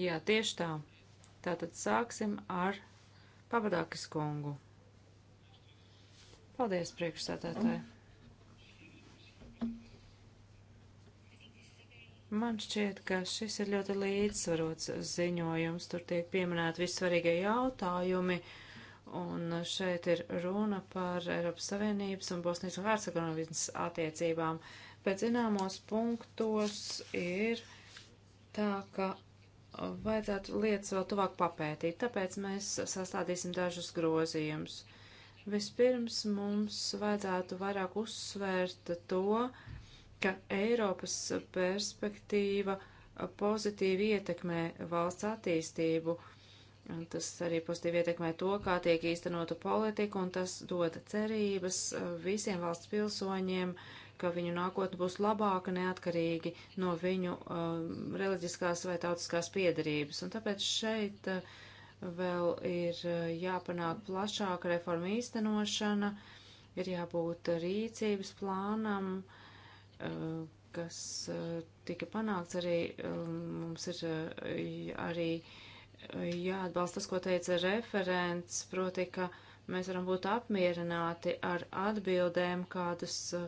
Jā, tieši tā. Tātad sāksim ar Pavadākis kungu. Paldies, priekšsēdētāji. Man šķiet, ka šis ir ļoti līdzsvarots ziņojums. Tur tiek pieminēti vissvarīgie jautājumi, un šeit ir runa par Eiropas Savienības un Bosnijas un Hercegovinas attiecībām. Pēc zināmos punktos ir tā, ka vajadzētu lietas vēl tuvāk papētīt, tāpēc mēs sastādīsim dažus grozījumus. Vispirms mums vajadzētu vairāk uzsvērt to, ka Eiropas perspektīva pozitīvi ietekmē valsts attīstību. Tas arī pozitīvi ietekmē to, kā tiek īstenota politika, un tas dod cerības visiem valsts pilsoņiem, uh, ka viņu nākotne būs labāka neatkarīgi no viņu um, reliģiskās vai tautiskās piedarības. Un tāpēc šeit uh, vēl ir uh, jāpanāk plašāka reforma īstenošana, ir jābūt rīcības plānam, uh, kas uh, tika panākts arī, um, mums ir uh, arī uh, jāatbalsta tas, ko teica referents, proti, ka mēs varam būt apmierināti ar atbildēm, kādas uh,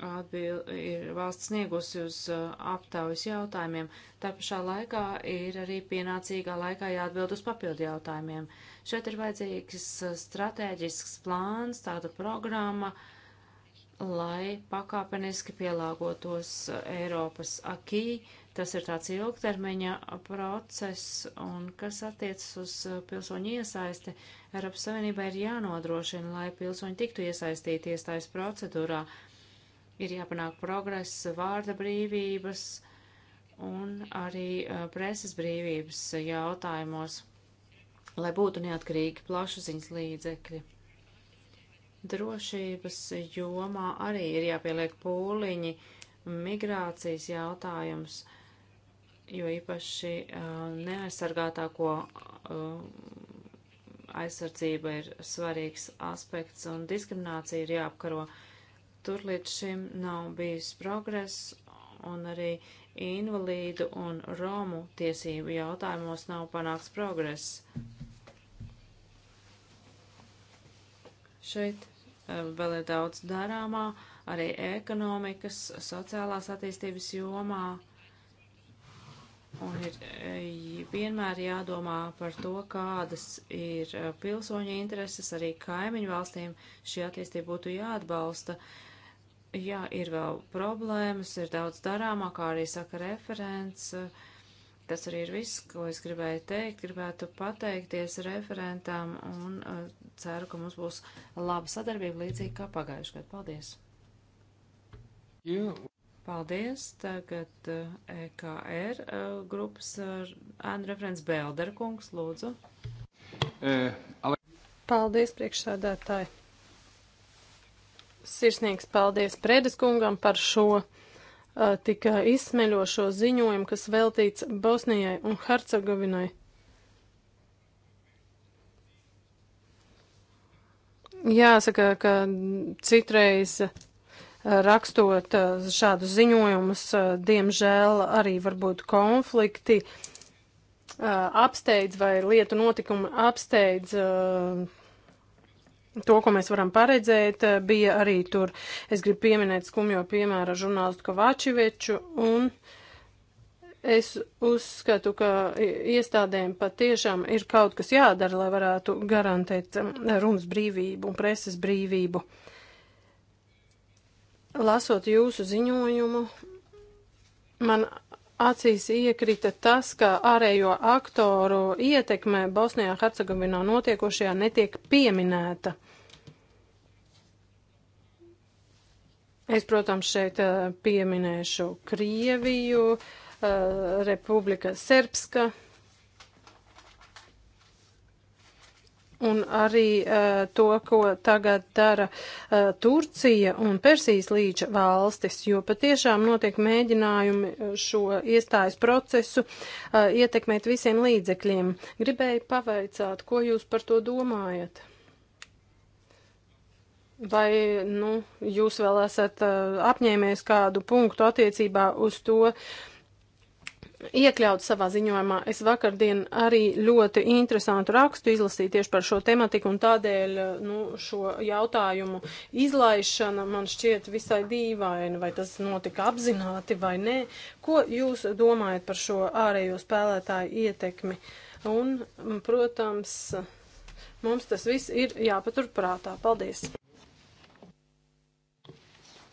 atbil, ir valsts sniegusi uz uh, aptaujas jautājumiem. Tā pašā laikā ir arī pienācīgā laikā jāatbild uz papildu jautājumiem. Šeit ir vajadzīgs uh, strateģisks plāns, tāda programma, lai pakāpeniski pielāgotos uh, Eiropas akī. Tas ir tāds ilgtermiņa process, un kas attiecas uz pilsoņu iesaisti, Eiropas Savienībai ir jānodrošina, lai pilsoņi tiktu iesaistīti iestājas procedūrā Ir jāpanāk progress vārda brīvības un arī preses brīvības jautājumos, lai būtu neatkarīgi plašsaziņas līdzekļi. Drošības jomā arī ir jāpieliek pūliņi migrācijas jautājums, jo īpaši neaizsargātāko aizsardzība ir svarīgs aspekts un diskriminācija ir jāapkaro. Tur līdz šim nav bijis progress un arī invalīdu un romu tiesību jautājumos nav panāks progress. Šeit eh, vēl ir daudz darāmā, arī ekonomikas, sociālās attīstības jomā. Un ir eh, vienmēr jādomā par to, kādas ir eh, pilsoņu intereses, arī kaimiņu valstīm šī attīstība būtu jāatbalsta. Uh, jā, ir vēl problēmas, ir daudz darāmā, kā arī saka referents. Tas arī ir viss, ko es gribēju teikt. Gribētu pateikties referentām un uh, ceru, ka mums būs laba sadarbība līdzīgi kā pagājušajā gadā. Paldies! Jū. Paldies! Tagad uh, eh, EKR uh, eh, grupas ēnu referents Bēlderkungs, lūdzu. Paldies, priekšsēdētāji! Sirsnīgs paldies Prēdes kungam par šo tik izsmeļošo ziņojumu, kas veltīts Bosnijai un Hercegovinai. Jāsaka, ka citreiz rakstot šādus ziņojumus, diemžēl arī varbūt konflikti apsteidz vai lietu notikumi apsteidz to, ko mēs varam paredzēt, eh, bija arī tur. Es gribu pieminēt skumjo piemēra žurnālistu Kovačeveču un es uzskatu, ka iestādēm patiešām ir kaut kas jādara, lai varētu garantēt mm, runas brīvību un preses brīvību. Lasot jūsu ziņojumu, man acīs iekrita tas, ka ārējo aktoru ietekme Bosnijā Hercegovinā notiekošajā netiek pieminēta. Es, protams, šeit eh, pieminēšu Krieviju, eh, Republika Serbska un arī eh, to, ko tagad dara Turcija un Persijas līča valstis, jo patiešām notiek mēģinājumi šo iestājas procesu ietekmēt visiem līdzekļiem. Gribēju pavaicāt, ko jūs par to domājat? Vai nu, jūs vēl esat uh, apņēmies kādu punktu attiecībā uz to iekļaut savā ziņojumā? Es vakardien arī ļoti interesantu rakstu izlasīju tieši par šo tematiku un tādēļ uh, nu, šo jautājumu izlaišana man šķiet visai dīvaina, vai tas notika apzināti vai nē. Ko jūs domājat par šo ārējo spēlētāju ietekmi? Un, protams, mums tas viss ir jāpatur prātā. Paldies!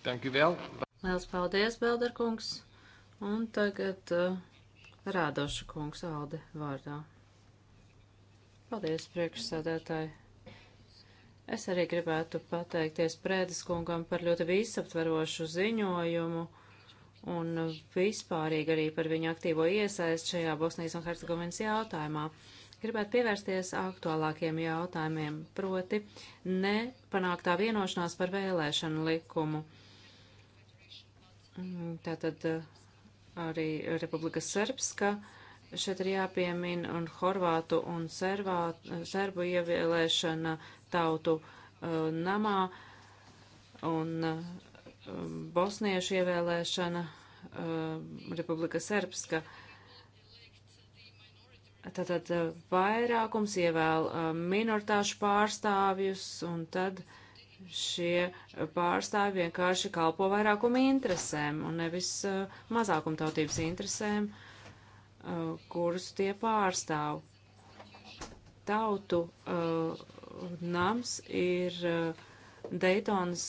Danku vēl. Liels paldies, Belderkungs. Un tagad uh, Rādoša kungs Alde vārdā. Paldies, priekšsādētāji. Es arī gribētu pateikties Prēdes kungam par ļoti visaptverošu ziņojumu un vispārīgi arī par viņu aktīvo iesaist šajā Bosnijas un Hercegovinas jautājumā gribētu pievērsties aktuālākiem jautājumiem, proti nepanāktā vienošanās par vēlēšanu likumu. Mm, tātad eh, arī Republika Serbska šeit ir jāpiemina un Horvātu un Servā, eh, Serbu ievēlēšana tautu uh, namā un uh, Bosniešu ievēlēšana uh, Republika Serbska. Tātad vairākums ievēl minoritāšu pārstāvjus un tad uh, šie pārstāvi vienkārši kalpo vairākuma interesēm un nevis uh, mazākumtautības interesēm, uh, kurus tie pārstāv. Tautu uh, nams ir Daytonas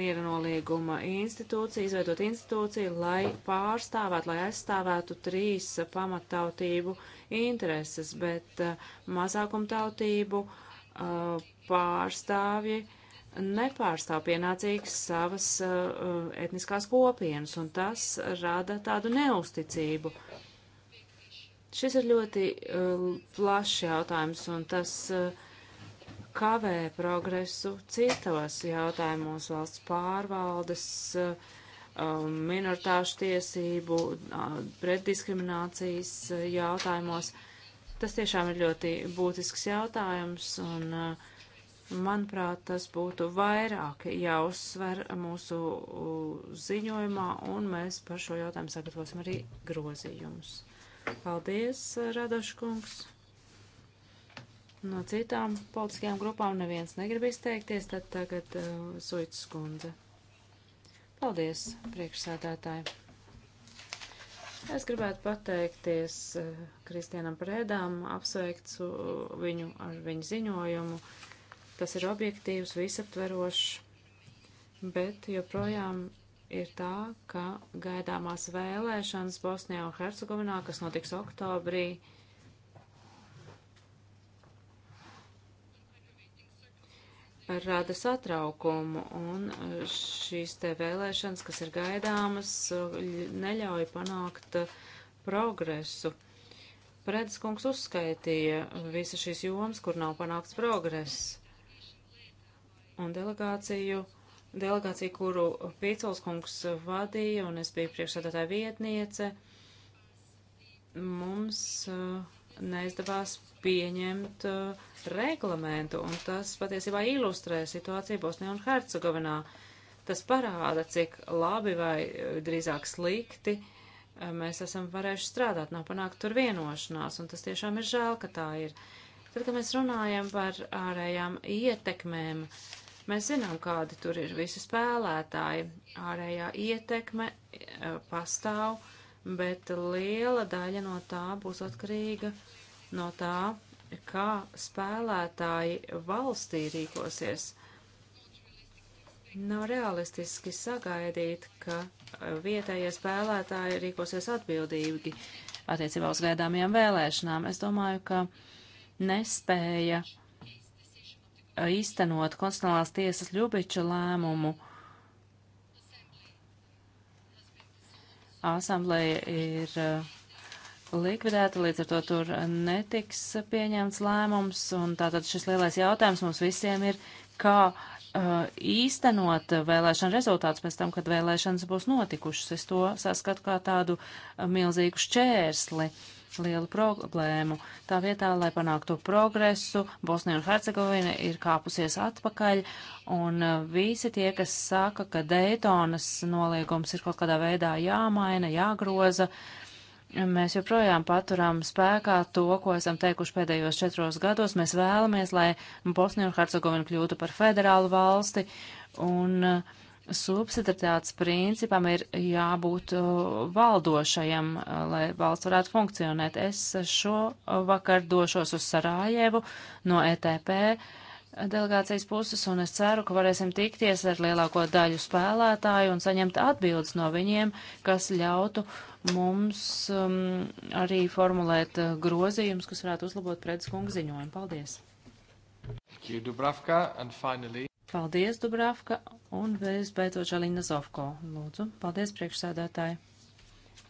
miera nolīguma institūcija, izveidot institūciju, lai pārstāvētu, lai aizstāvētu trīs pamattautību intereses, bet mazākumtautību pārstāvji uh, nepārstāv pienācīgas savas uh, etniskās kopienas, un tas rada tādu neusticību. Šis ir ļoti uh, plašs jautājums, un tas uh, kavē progresu citos jautājumos valsts pārvaldes, uh, minoritāšu tiesību, uh, pretdiskriminācijas uh, jautājumos. Tas tiešām ir ļoti būtisks jautājums, un uh, Manuprāt, tas būtu vairāk jāuzsver mūsu ziņojumā, un mēs par šo jautājumu sagatavosim arī grozījumus. Paldies, Radoškungs! No citām politiskajām grupām neviens negrib izteikties, tad tagad uh, Suits skundze. Paldies, priekšsādātāji! Es gribētu pateikties uh, Kristianam Prēdām, apsveicu viņu ar viņu ziņojumu. Uh, Tas ir objektīvs, visaptverošs, bet joprojām ir tā, ka gaidāmās vēlēšanas Bosnijā un Hercegovinā, kas notiks oktobrī, rada satraukumu, un šīs te vēlēšanas, kas ir gaidāmas, neļauj panākt progresu. Predeskungs uzskaitīja visas šīs jomas, kur nav panākts progress un delegāciju, delegāciju, kuru Pīcols kungs vadīja, un es biju priekšsēdētāja vietniece, mums uh, neizdevās pieņemt uh, reglamentu, un tas patiesībā ilustrē situāciju Bosnijā un Hercegovinā. Tas parāda, cik labi vai uh, drīzāk slikti mēs esam varējuši strādāt, nav panākt tur vienošanās, un tas tiešām ir žēl, ka tā ir. Tad, kad mēs runājam par ārējām ietekmēm, uh, Mēs zinām, kādi tur ir visi spēlētāji. Ārējā ietekme e, pastāv, bet liela daļa no tā būs atkarīga no tā, kā spēlētāji valstī rīkosies. Nav realistiski sagaidīt, ka vietējie spēlētāji rīkosies atbildīgi attiecībā uz gaidāmajām vēlēšanām. Es domāju, ka nespēja uh, īstenot konstitucionālās tiesas Ļubiča lēmumu. Asambleja ir uh, likvidēta, līdz ar to tur netiks pieņemts lēmums, un tātad šis lielais jautājums mums visiem ir, kā uh, īstenot vēlēšana rezultātus pēc tam, kad vēlēšanas būs notikušas. Es to saskatu kā tādu uh, milzīgu šķērsli. Uh, lielu problēmu. Tā vietā, lai panāktu progresu, Bosnija un Hercegovina ir kāpusies atpakaļ, un uh, visi tie, kas saka, ka Daytonas noliegums ir kaut kādā veidā jāmaina, jāgroza, Mēs joprojām paturam spēkā to, ko esam teikuši pēdējos četros gados. Mēs vēlamies, lai Bosnija un Hercegovina kļūtu par federālu valsti, un uh, subsidaritātes principam ir jābūt uh, valdošajam, uh, lai valsts varētu funkcionēt. Es šo uh, vakar došos uz Sarājevu no ETP delegācijas puses, un es ceru, ka varēsim tikties ar lielāko daļu spēlētāju un saņemt atbildes no viņiem, kas ļautu mums um, arī formulēt grozījumus, kas varētu uzlabot predskunga ziņojumu. Paldies! Thank you, Dubravka, and finally... Paldies, Dubrāfka, un visbeidzot Žalina Zovko. Lūdzu, paldies, priekšsēdētāji.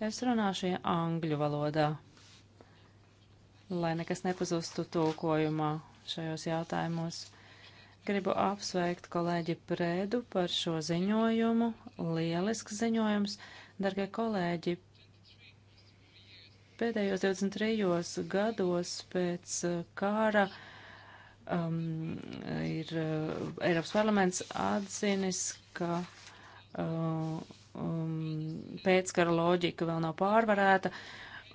Es runāšu angļu valodā, lai nekas nepazustu tulkojumā šajos jautājumos. Gribu apsveikt kolēģi Prēdu par šo ziņojumu. Lielisks ziņojums, darbie kolēģi. Pēdējos 23 gados pēc kara uh, um, ir uh, Eiropas parlaments atzinis, ka uh, um, pēckara loģika vēl nav pārvarēta. Uh,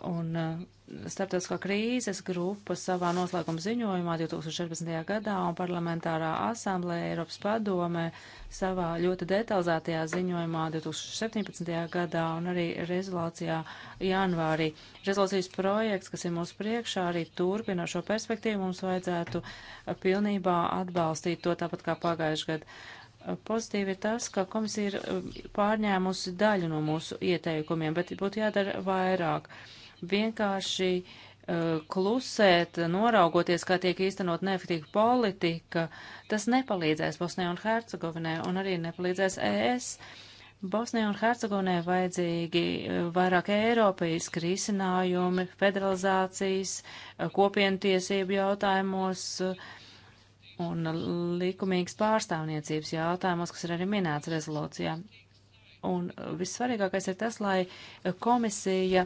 Un uh, starptautiskā krīzes grupa savā noslēguma ziņojumā 2014. gadā un parlamentārā asamblēja Eiropas padomē savā ļoti detalizētajā ziņojumā 2017. gadā un arī rezolācijā janvārī. Rezolācijas projekts, kas ir mūsu priekšā, arī turpina šo perspektīvu. Mums vajadzētu eh, pilnībā atbalstīt to tāpat kā pagājušajā gadā. Eh, pozitīvi ir tas, ka komisija ir pārņēmusi daļu no mūsu ieteikumiem, bet būtu jādara vairāk. Uh, vienkārši eh, klusēt, noraugoties, kā tiek īstenot neefektīva politika, tas nepalīdzēs Bosnijai un Hercegovinai un arī nepalīdzēs ES. Bosnijai un Hercegovinai vajadzīgi eh, vairāk Eiropeiski risinājumi, federalizācijas, eh, kopientiesību jautājumos un likumīgas pārstāvniecības jautājumos, kas ir arī minēts rezolūcijā. Un uh, vissvarīgākais ir tas, lai uh, komisija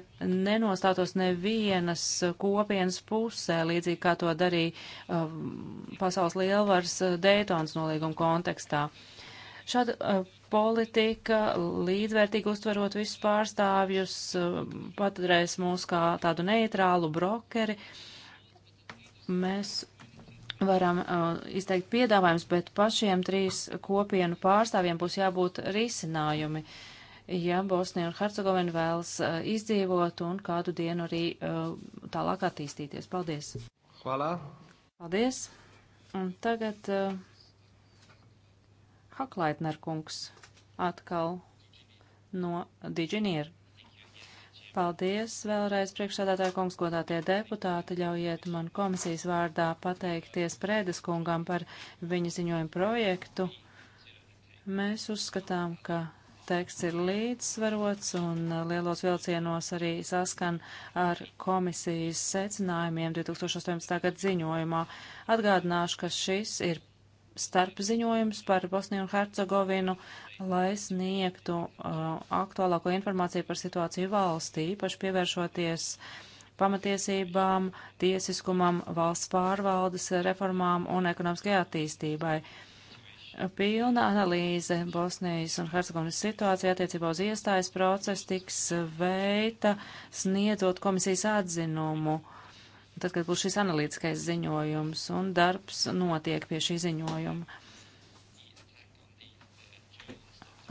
nenostātos nevienas uh, kopienas pusē, līdzīgi kā to darīja uh, pasaules lielvars uh, Daytonas nolīguma kontekstā. Šāda uh, politika, līdzvērtīgi uztverot visus pārstāvjus, paturēs mūs kā tādu neitrālu brokeri. Mēs varam uh, izteikt piedāvājums, bet pašiem trīs kopienu pārstāvjiem būs jābūt risinājumi, ja Bosnija un Hercegovina vēlas uh, izdzīvot un kādu dienu arī uh, tālāk attīstīties. Paldies! Hvala! Paldies! Un tagad uh, Haklaitner kungs atkal no Diginieru Paldies vēlreiz priekšsādātāja kungs, godātie deputāti, ļaujiet man komisijas vārdā pateikties Prēdes kungam par viņa ziņojumu projektu. Mēs uzskatām, ka teksts ir līdzsvarots un lielos vilcienos arī saskan ar komisijas secinājumiem 2018. gada ziņojumā. Atgādināšu, ka šis ir starpziņojums par Bosniju un Hercegovinu, lai sniegtu uh, aktuālāko informāciju par situāciju valstī, īpaši pievēršoties pamatiesībām, tiesiskumam, valsts pārvaldes reformām un ekonomiskai attīstībai. Pilna analīze Bosnijas un Hercegovinas situācija attiecībā uz iestājas procesu tiks veita sniedzot komisijas atzinumu uh, tad, kad būs šis analītiskais ziņojums, un darbs notiek pie šī ziņojuma.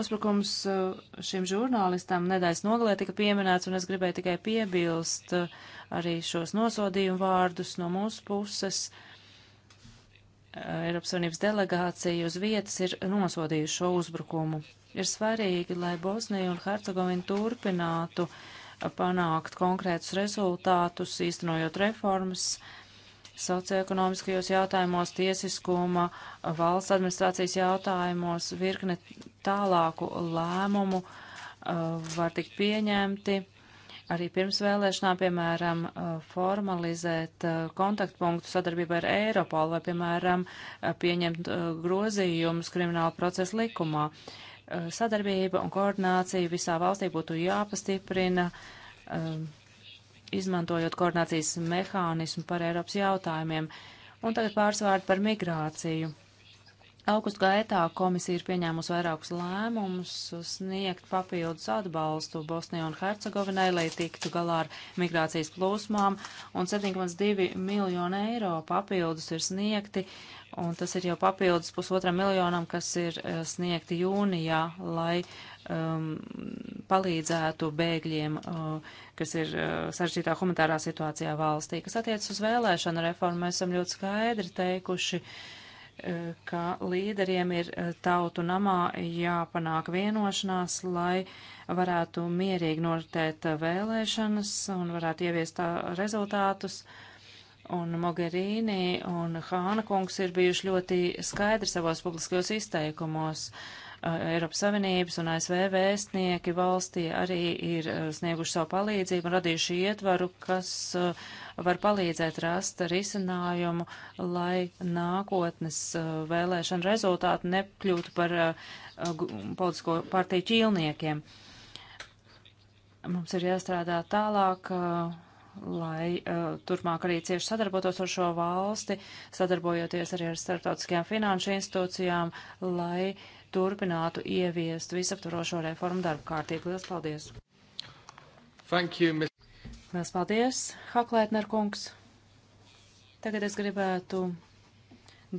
Uzbrukums uh, šim žurnālistam nedēļas nogalē tika pieminēts, un es gribēju tikai piebilst uh, arī šos nosodījumu vārdus no mūsu puses. Uh, Eiropas Savienības delegācija uz vietas ir nosodījuši šo uzbrukumu. Ir svarīgi, lai Bosnija un Hercegovina turpinātu uh, panākt konkrētus rezultātus, īstenojot reformas socioekonomiskajos jautājumos, tiesiskuma, valsts administrācijas jautājumos, virkne tālāku lēmumu uh, var tikt pieņemti. Arī pirms vēlēšanām, piemēram, uh, formalizēt uh, kontaktpunktu sadarbību ar Eiropolu vai, piemēram, pieņemt grozījumus krimināla procesa likumā. Eh, sadarbība un koordinācija visā valstī būtu jāpastiprina, um, izmantojot koordinācijas mehānismu par Eiropas jautājumiem. Un tagad pāris vārdi par migrāciju. August gaitā komisija ir pieņēmusi vairākus lēmumus sniegt papildus atbalstu Bosnijai un Hercegovinai, lai tiktu galā ar migrācijas plūsmām, un 7,2 miljonu eiro papildus ir sniegti, un tas ir jau papildus pusotram miljonam, kas ir eh, sniegti jūnijā, lai um, palīdzētu bēgļiem, uh, kas ir uh, sarežģītā humanitārā situācijā valstī. Kas attiecas uz vēlēšanu reformu, mēs esam ļoti skaidri teikuši, uh, ka līderiem ir eh, tautu namā jāpanāk vienošanās, lai varētu mierīgi noritēt vēlēšanas un varētu ieviest tā rezultātus. Un Mogherīni un Hāna kungs ir bijuši ļoti skaidri savos publiskajos izteikumos. Uh, Eiropas Savienības un ASV vēstnieki valstī arī ir eh, snieguši savu palīdzību un radījuši ietvaru, kas eh, var palīdzēt rast risinājumu, lai nākotnes eh, vēlēšana rezultāti nekļūtu par politisko partiju ķīlniekiem. Mums ir jāstrādā tālāk lai uh, turpmāk arī cieši sadarbotos ar šo valsti, sadarbojoties arī ar starptautiskajām finanšu institūcijām, lai turpinātu ieviest visaptvarošo reformu darba kārtību. Lielas paldies! Thank you, Ms. Lielas paldies, Haklētner kungs! Tagad es gribētu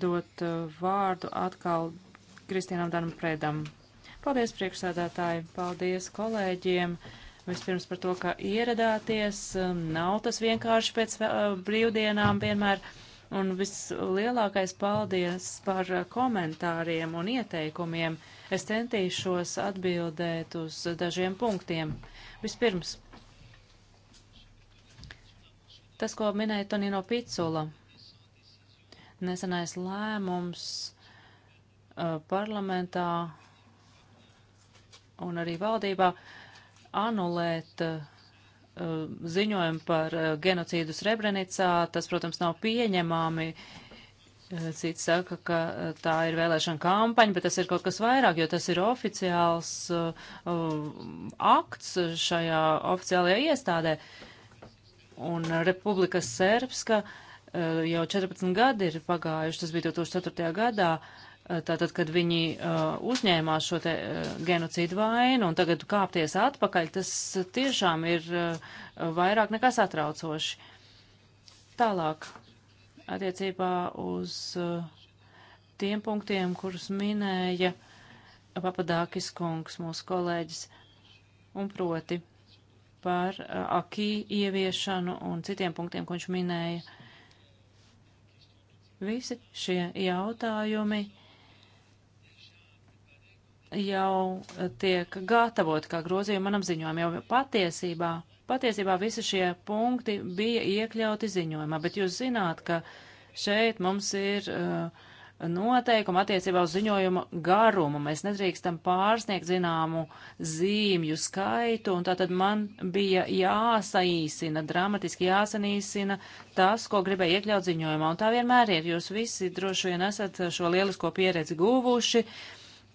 dot uh, vārdu atkal Kristianam Danam Predam. Paldies, priekšsādātāji! Paldies kolēģiem! Vispirms par to, ka ieradāties. Nav tas vienkārši pēc uh, brīvdienām vienmēr. Uh, Un vislielākais paldies par komentāriem un ieteikumiem. Es centīšos atbildēt uz dažiem punktiem. Vispirms, tas, ko minēja Tonino Picula, nesenais lēmums uh, parlamentā un arī valdībā anulēt uh, Eh, ziņojumu par eh, genocīdu Srebrenicā. Tas, protams, nav pieņemami. Eh, Citi saka, ka tā ir vēlēšana kampaņa, bet tas ir kaut kas vairāk, jo tas ir oficiāls akts šajā oficiālajā iestādē. Un Republika Serbska jau 14 gadi ir pagājuši, tas bija 2004. gadā. Uh, Eh, tātad, kad viņi uh, uzņēmās šo te uh, genocīdu vainu un tagad kāpties atpakaļ, tas tiešām ir uh, vairāk nekā satraucoši. Tālāk, attiecībā uz uh, tiem punktiem, kurus minēja Papadākis kungs, mūsu kolēģis, un proti par uh, akī ieviešanu un citiem punktiem, ko viņš minēja. Visi šie jautājumi jau tiek gatavot kā grozījumi manam ziņojumam, jo patiesībā, patiesībā visi šie punkti bija iekļauti ziņojumā, bet jūs zināt, ka šeit mums ir uh, noteikumi attiecībā uz ziņojuma garumu. Mēs nedrīkstam pārsniegt zināmu zīmju skaitu, un tātad man bija jāsaīsina, dramatiski jāsanīsina tas, ko gribēju iekļaut ziņojumā. Un tā vienmēr ir. Jūs visi droši vien esat šo lielisko pieredzi guvuši,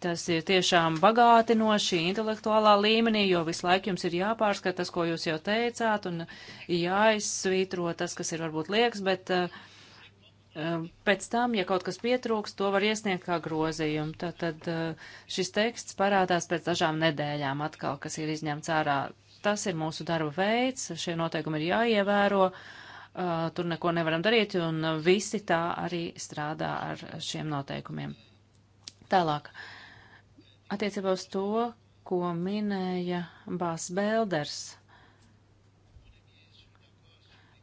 Tas ir tiešām bagātinoši intelektuālā līmenī, jo visu laiku jums ir jāpārskata tas, ko jūs jau teicāt, un jāizsvītro tas, kas ir varbūt liekas, bet uh, pēc tam, ja kaut kas pietrūks, to var iesniegt kā grozījumu. Tātad uh, eh, šis teksts parādās pēc dažām nedēļām atkal, kas ir izņemts ārā. Tas ir mūsu darba veids, šie noteikumi ir jāievēro, uh, tur neko nevaram darīt, un visi tā arī strādā ar šiem noteikumiem. Tālāk. Uh, attiecībā uz to, ko minēja Bās Bēlders.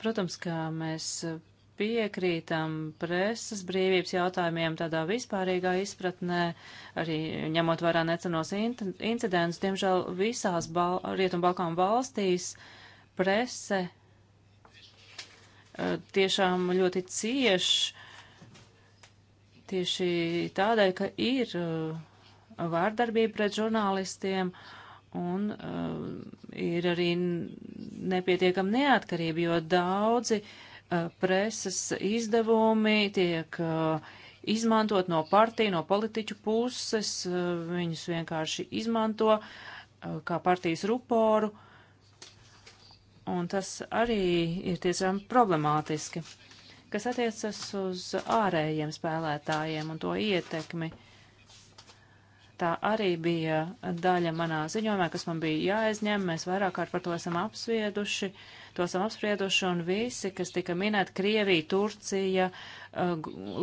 Protams, kā mēs piekrītam preses brīvības jautājumiem tādā vispārīgā izpratnē, arī ņemot vērā necenos incidentus, diemžēl visās Bal Rietumbalkānu valstīs prese eh, tiešām ļoti cieši tieši tādēļ, ka ir uh, vārdarbību pret žurnālistiem, un uh, ir arī nepietiekama neatkarība, jo daudzi uh, preses izdevumi tiek uh, izmantot no partiju, no politiķu puses, uh, viņus vienkārši izmanto uh, kā partijas ruporu, un tas arī ir tiešām problemātiski kas attiecas uz ārējiem spēlētājiem un to ietekmi. Uh, Tā arī bija daļa manā ziņojumā, kas man bija jāaizņem. Mēs vairāk kārt par to esam apsvieduši, to esam apsprieduši, un visi, kas tika minēti, Krievija, Turcija,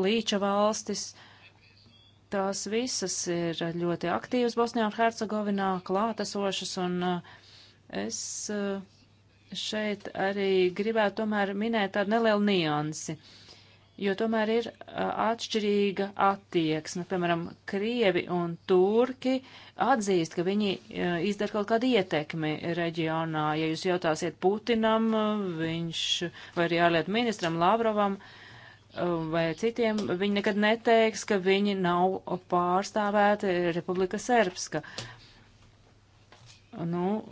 Līča valstis, tās visas ir ļoti aktīvas Bosnijā un Hercegovinā, klātesošas, un es šeit arī gribētu tomēr minēt tādu nelielu niansi. Uh, jo tomēr ir atšķirīga attieksme. Piemēram, Krievi un Turki atzīst, ka viņi izdara kaut kādu ietekmi reģionā. Ja jūs jautāsiet Putinam, viņš vai arī ārlietu ministram Lavrovam vai citiem, viņi nekad neteiks, ka viņi nav pārstāvēti Republika Serbska. Uh, Nu,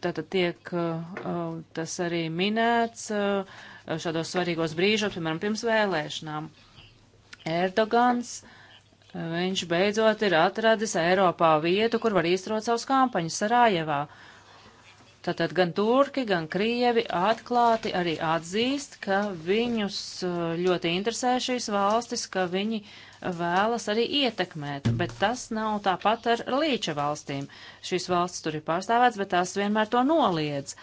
tātad tiek uh, tas arī minēts uh, šādos svarīgos brīžos, piemēram, pirms vēlēšanām. Erdogans, viņš beidzot ir atradis Eiropā vietu, kur var īstenot savus kampaņas Sarajevā. Tātad gan turki, gan krievi atklāti arī atzīst, ka viņus uh, ļoti interesē šīs valstis, ka viņi uh, vēlas arī ietekmēt, bet tas nav tāpat ar līča valstīm. Šīs valsts tur ir pārstāvēts, bet tās vienmēr to noliedz.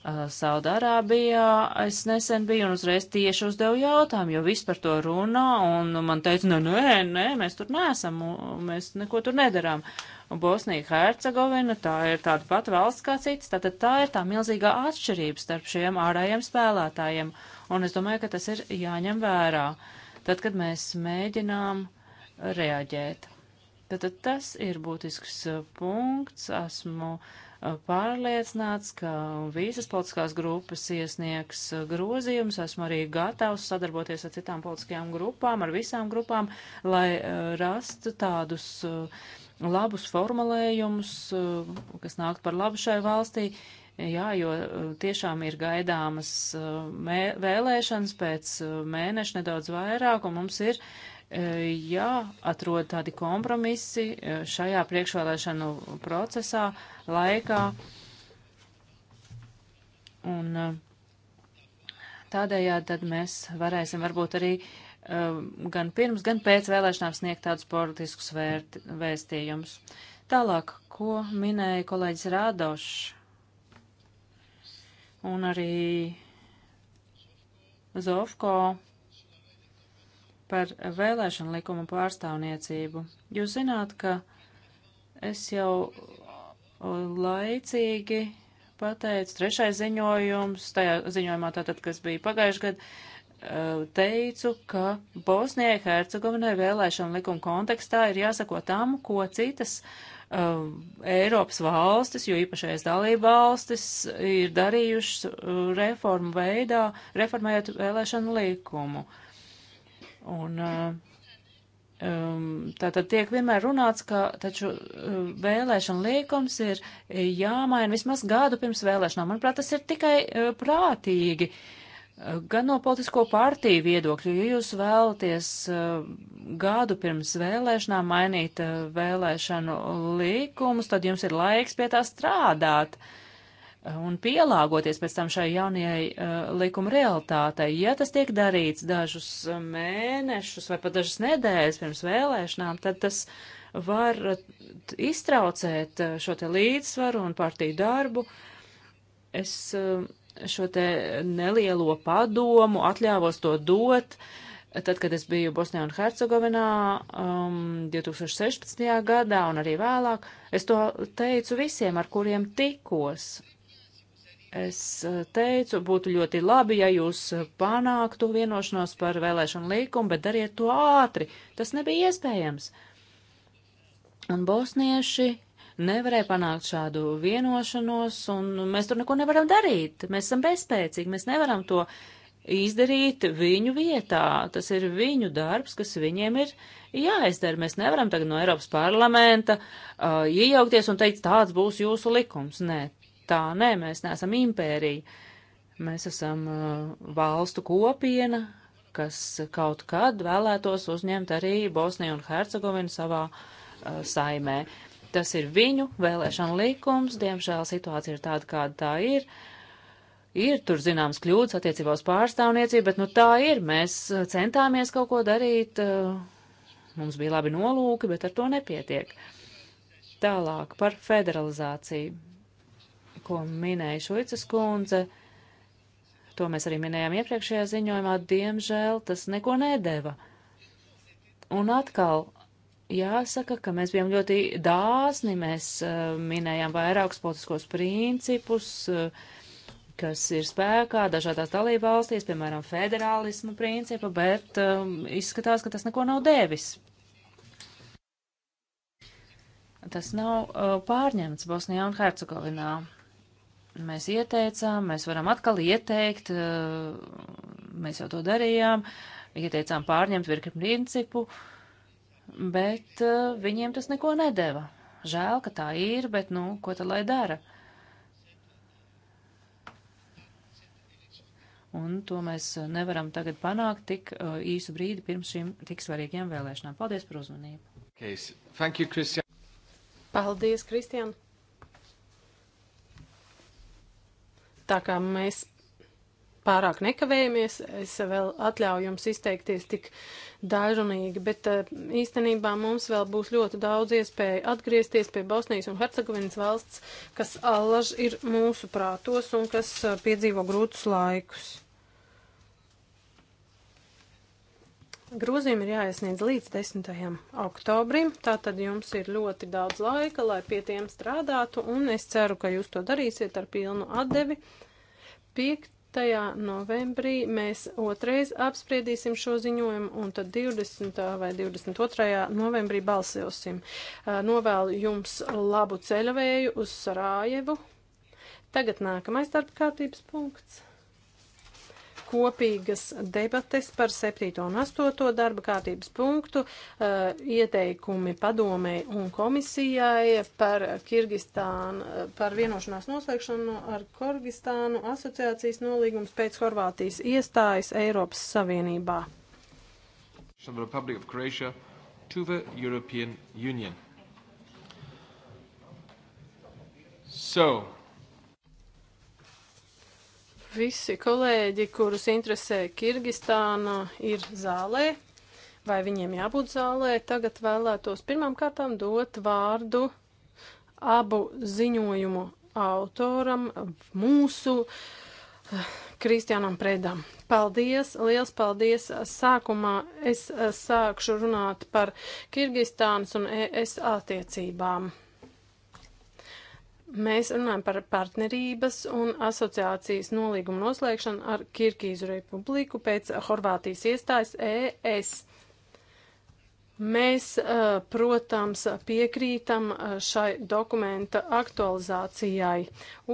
Uh, Saudārābijā es nesen biju un uzreiz tieši uzdevu jautājumu, jo viss par to runā, un man teica, nē, nu, nē, nē, mēs tur neesam, mēs neko tur nedarām. Un Bosnija Hercegovina, tā ir tāda pat valsts kā cits, tātad tā ir tā milzīgā atšķirība starp šiem ārējiem spēlētājiem, un es domāju, ka tas ir jāņem vērā. Uh, tad, kad mēs mēģinām reaģēt. Tātad tas ir būtisks uh, punkts. Esmu uh, pārliecināts, ka visas politiskās grupas iesniegs uh, grozījumus. Esmu arī gatavs sadarboties ar citām politiskajām grupām, ar visām grupām, lai rastu tādus labus formulējumus, kas nākt par labu šai valstī, Jā, jo uh, tiešām ir gaidāmas uh, vēlēšanas pēc uh, mēneša nedaudz vairāk, un mums ir jāatrod tādi kompromisi šajā priekšvēlēšanu procesā, laikā. Un tādējādi tad mēs varēsim varbūt arī gan pirms, gan pēc vēlēšanām sniegt tādus politiskus vēstījumus. Tālāk, ko minēja kolēģis Rādošs un arī Zofko par vēlēšanu likuma pārstāvniecību. Jūs zināt, ka es jau laicīgi pateicu, trešais ziņojums, tajā ziņojumā tātad, kas bija pagājuši gadu, eh, teicu, ka Bosnijai Hercegovinai vēlēšanu likuma kontekstā ir jāsako tam, ko citas uh, um, Eiropas valstis, jo īpašais dalība valstis, ir darījušas uh, reformu veidā, reformējot vēlēšanu likumu. Un, uh, um, tātad tiek vienmēr runāts, ka taču uh, vēlēšana līkums ir jāmaina vismaz gadu pirms vēlēšanām. Manuprāt, tas ir tikai prātīgi. Uh, Gan no politisko partiju viedokļu, ja jūs vēlaties uh, gadu pirms vēlēšanām mainīt uh, vēlēšanu līkumus, tad jums ir laiks pie tā strādāt uh, un pielāgoties pēc tam šai jaunajai uh, likuma realitātei. Ja tas tiek darīts dažus mēnešus vai pat dažas nedēļas pirms vēlēšanām, tad tas var iztraucēt šo te līdzsvaru un partiju darbu. Es uh, šo te nelielo padomu, atļāvos to dot. Tad, kad es biju Bosnijā un Hercegovinā um, 2016. gadā un arī vēlāk, es to teicu visiem, ar kuriem tikos. Es uh, teicu, būtu ļoti labi, ja jūs panāktu vienošanos par vēlēšanu līkumu, bet dariet to ātri. Tas nebija iespējams. Un bosnieši nevarēja panākt šādu vienošanos, un mēs tur neko nevaram darīt. Mēs esam bezspēcīgi, mēs nevaram to izdarīt viņu vietā. Tas ir viņu darbs, kas viņiem ir jāizdara. Mēs nevaram tagad no Eiropas parlamenta uh, iejaukties un teikt, tāds būs jūsu likums. Nē, tā nē, mēs neesam impērija. Mēs esam uh, valstu kopiena, kas kaut kad vēlētos uzņemt arī Bosniju un Hercegovinu savā uh, saimē. Tas ir viņu vēlēšana likums, diemžēl situācija ir tāda, kāda tā ir. Ir tur zināms kļūdas attiecībā uz pārstāvniecību, bet nu tā ir. Mēs uh, centāmies kaut ko darīt, uh, mums bija labi nolūki, bet ar to nepietiek. Tālāk par federalizāciju, ko minēja Šuicas kundze. To mēs arī minējām iepriekšējā ziņojumā. Diemžēl tas neko nedēva. Un atkal jāsaka, ka mēs bijām ļoti dāsni, mēs uh, minējām vairākus politiskos principus, uh, kas ir spēkā dažādās dalībvalstīs, piemēram, federālismu principu, bet um, izskatās, ka tas neko nav devis. Tas nav uh, pārņemts Bosnijā un Hercegovinā. Mēs ieteicām, mēs varam atkal ieteikt, uh, mēs jau to darījām, ieteicām pārņemt virkni principu, uh, bet uh, viņiem tas neko nedeva. Žēl, ka tā ir, bet, nu, ko tad lai dara? Un to mēs eh, nevaram tagad panākt tik uh, īsu brīdi pirms šīm tik svarīgiem vēlēšanām. Paldies par uzmanību. Case. Thank you, Christian. Paldies, Kristian. Tā kā mēs pārāk nekavējamies. Es vēl atļauju jums izteikties tik dažunīgi, bet eh, īstenībā mums vēl būs ļoti daudz iespēju atgriezties pie Bosnijas un Hercegovinas valsts, kas allaž ir mūsu prātos un kas eh, piedzīvo grūtus laikus. Grūzījumi ir jāiesniedz līdz 10. oktobrim, tātad jums ir ļoti daudz laika, lai pie tiem strādātu, un es ceru, ka jūs to darīsiet ar pilnu atdevi. 5 novembrī mēs otrais apspriedīsim šo ziņojumu un tad 20. vai 22. novembrī balsosim. Novēlu jums labu ceļavēju uz Sarājevu. Tagad nākamais darba kārtības punkts kopīgas debates par 7. un 8. darba kārtības punktu, eh, ieteikumi padomēji un komisijai par Kirgistānu, eh, par vienošanās noslēgšanu ar Kirgistānu asociācijas nolīgums pēc Horvātijas iestājas Eiropas Savienībā. Republic of Croatia to the European Union. So, Visi kolēģi, kurus interesē Kirgistāna, ir zālē. Vai viņiem jābūt zālē? Tagad vēlētos pirmām kārtām dot vārdu abu ziņojumu autoram, mūsu eh, Kristiānam Predam. Paldies, liels paldies. Sākumā es eh, sākšu runāt par Kirgistānas un ES attiecībām. Mēs runājam par partnerības un asociācijas nolīgumu noslēgšanu ar Kirgīzu republiku pēc Horvātijas iestājas ES. Mēs, eh, protams, piekrītam eh, šai dokumenta aktualizācijai.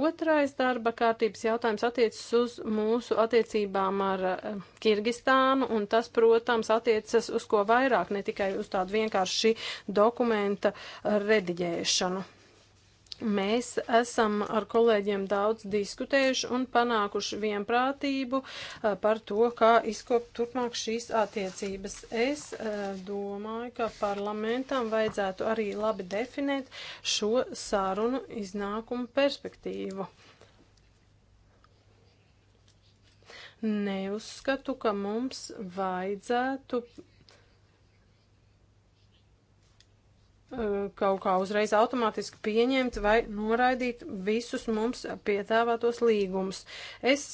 Otrais darba kārtības jautājums attiecas uz mūsu attiecībām ar eh, Kirgistānu, un tas, protams, attiecas uz ko vairāk, ne tikai uz tādu vienkārši dokumenta rediģēšanu. Mēs esam ar kolēģiem daudz diskutējuši un panākuši vienprātību eh, par to, kā izkopt turpmāk šīs attiecības. Es eh, domāju, ka parlamentam vajadzētu arī labi definēt šo sārunu iznākumu perspektīvu. Neuzskatu, ka mums vajadzētu kaut kā uzreiz automātiski pieņemt vai noraidīt visus mums piedāvātos līgumus. Es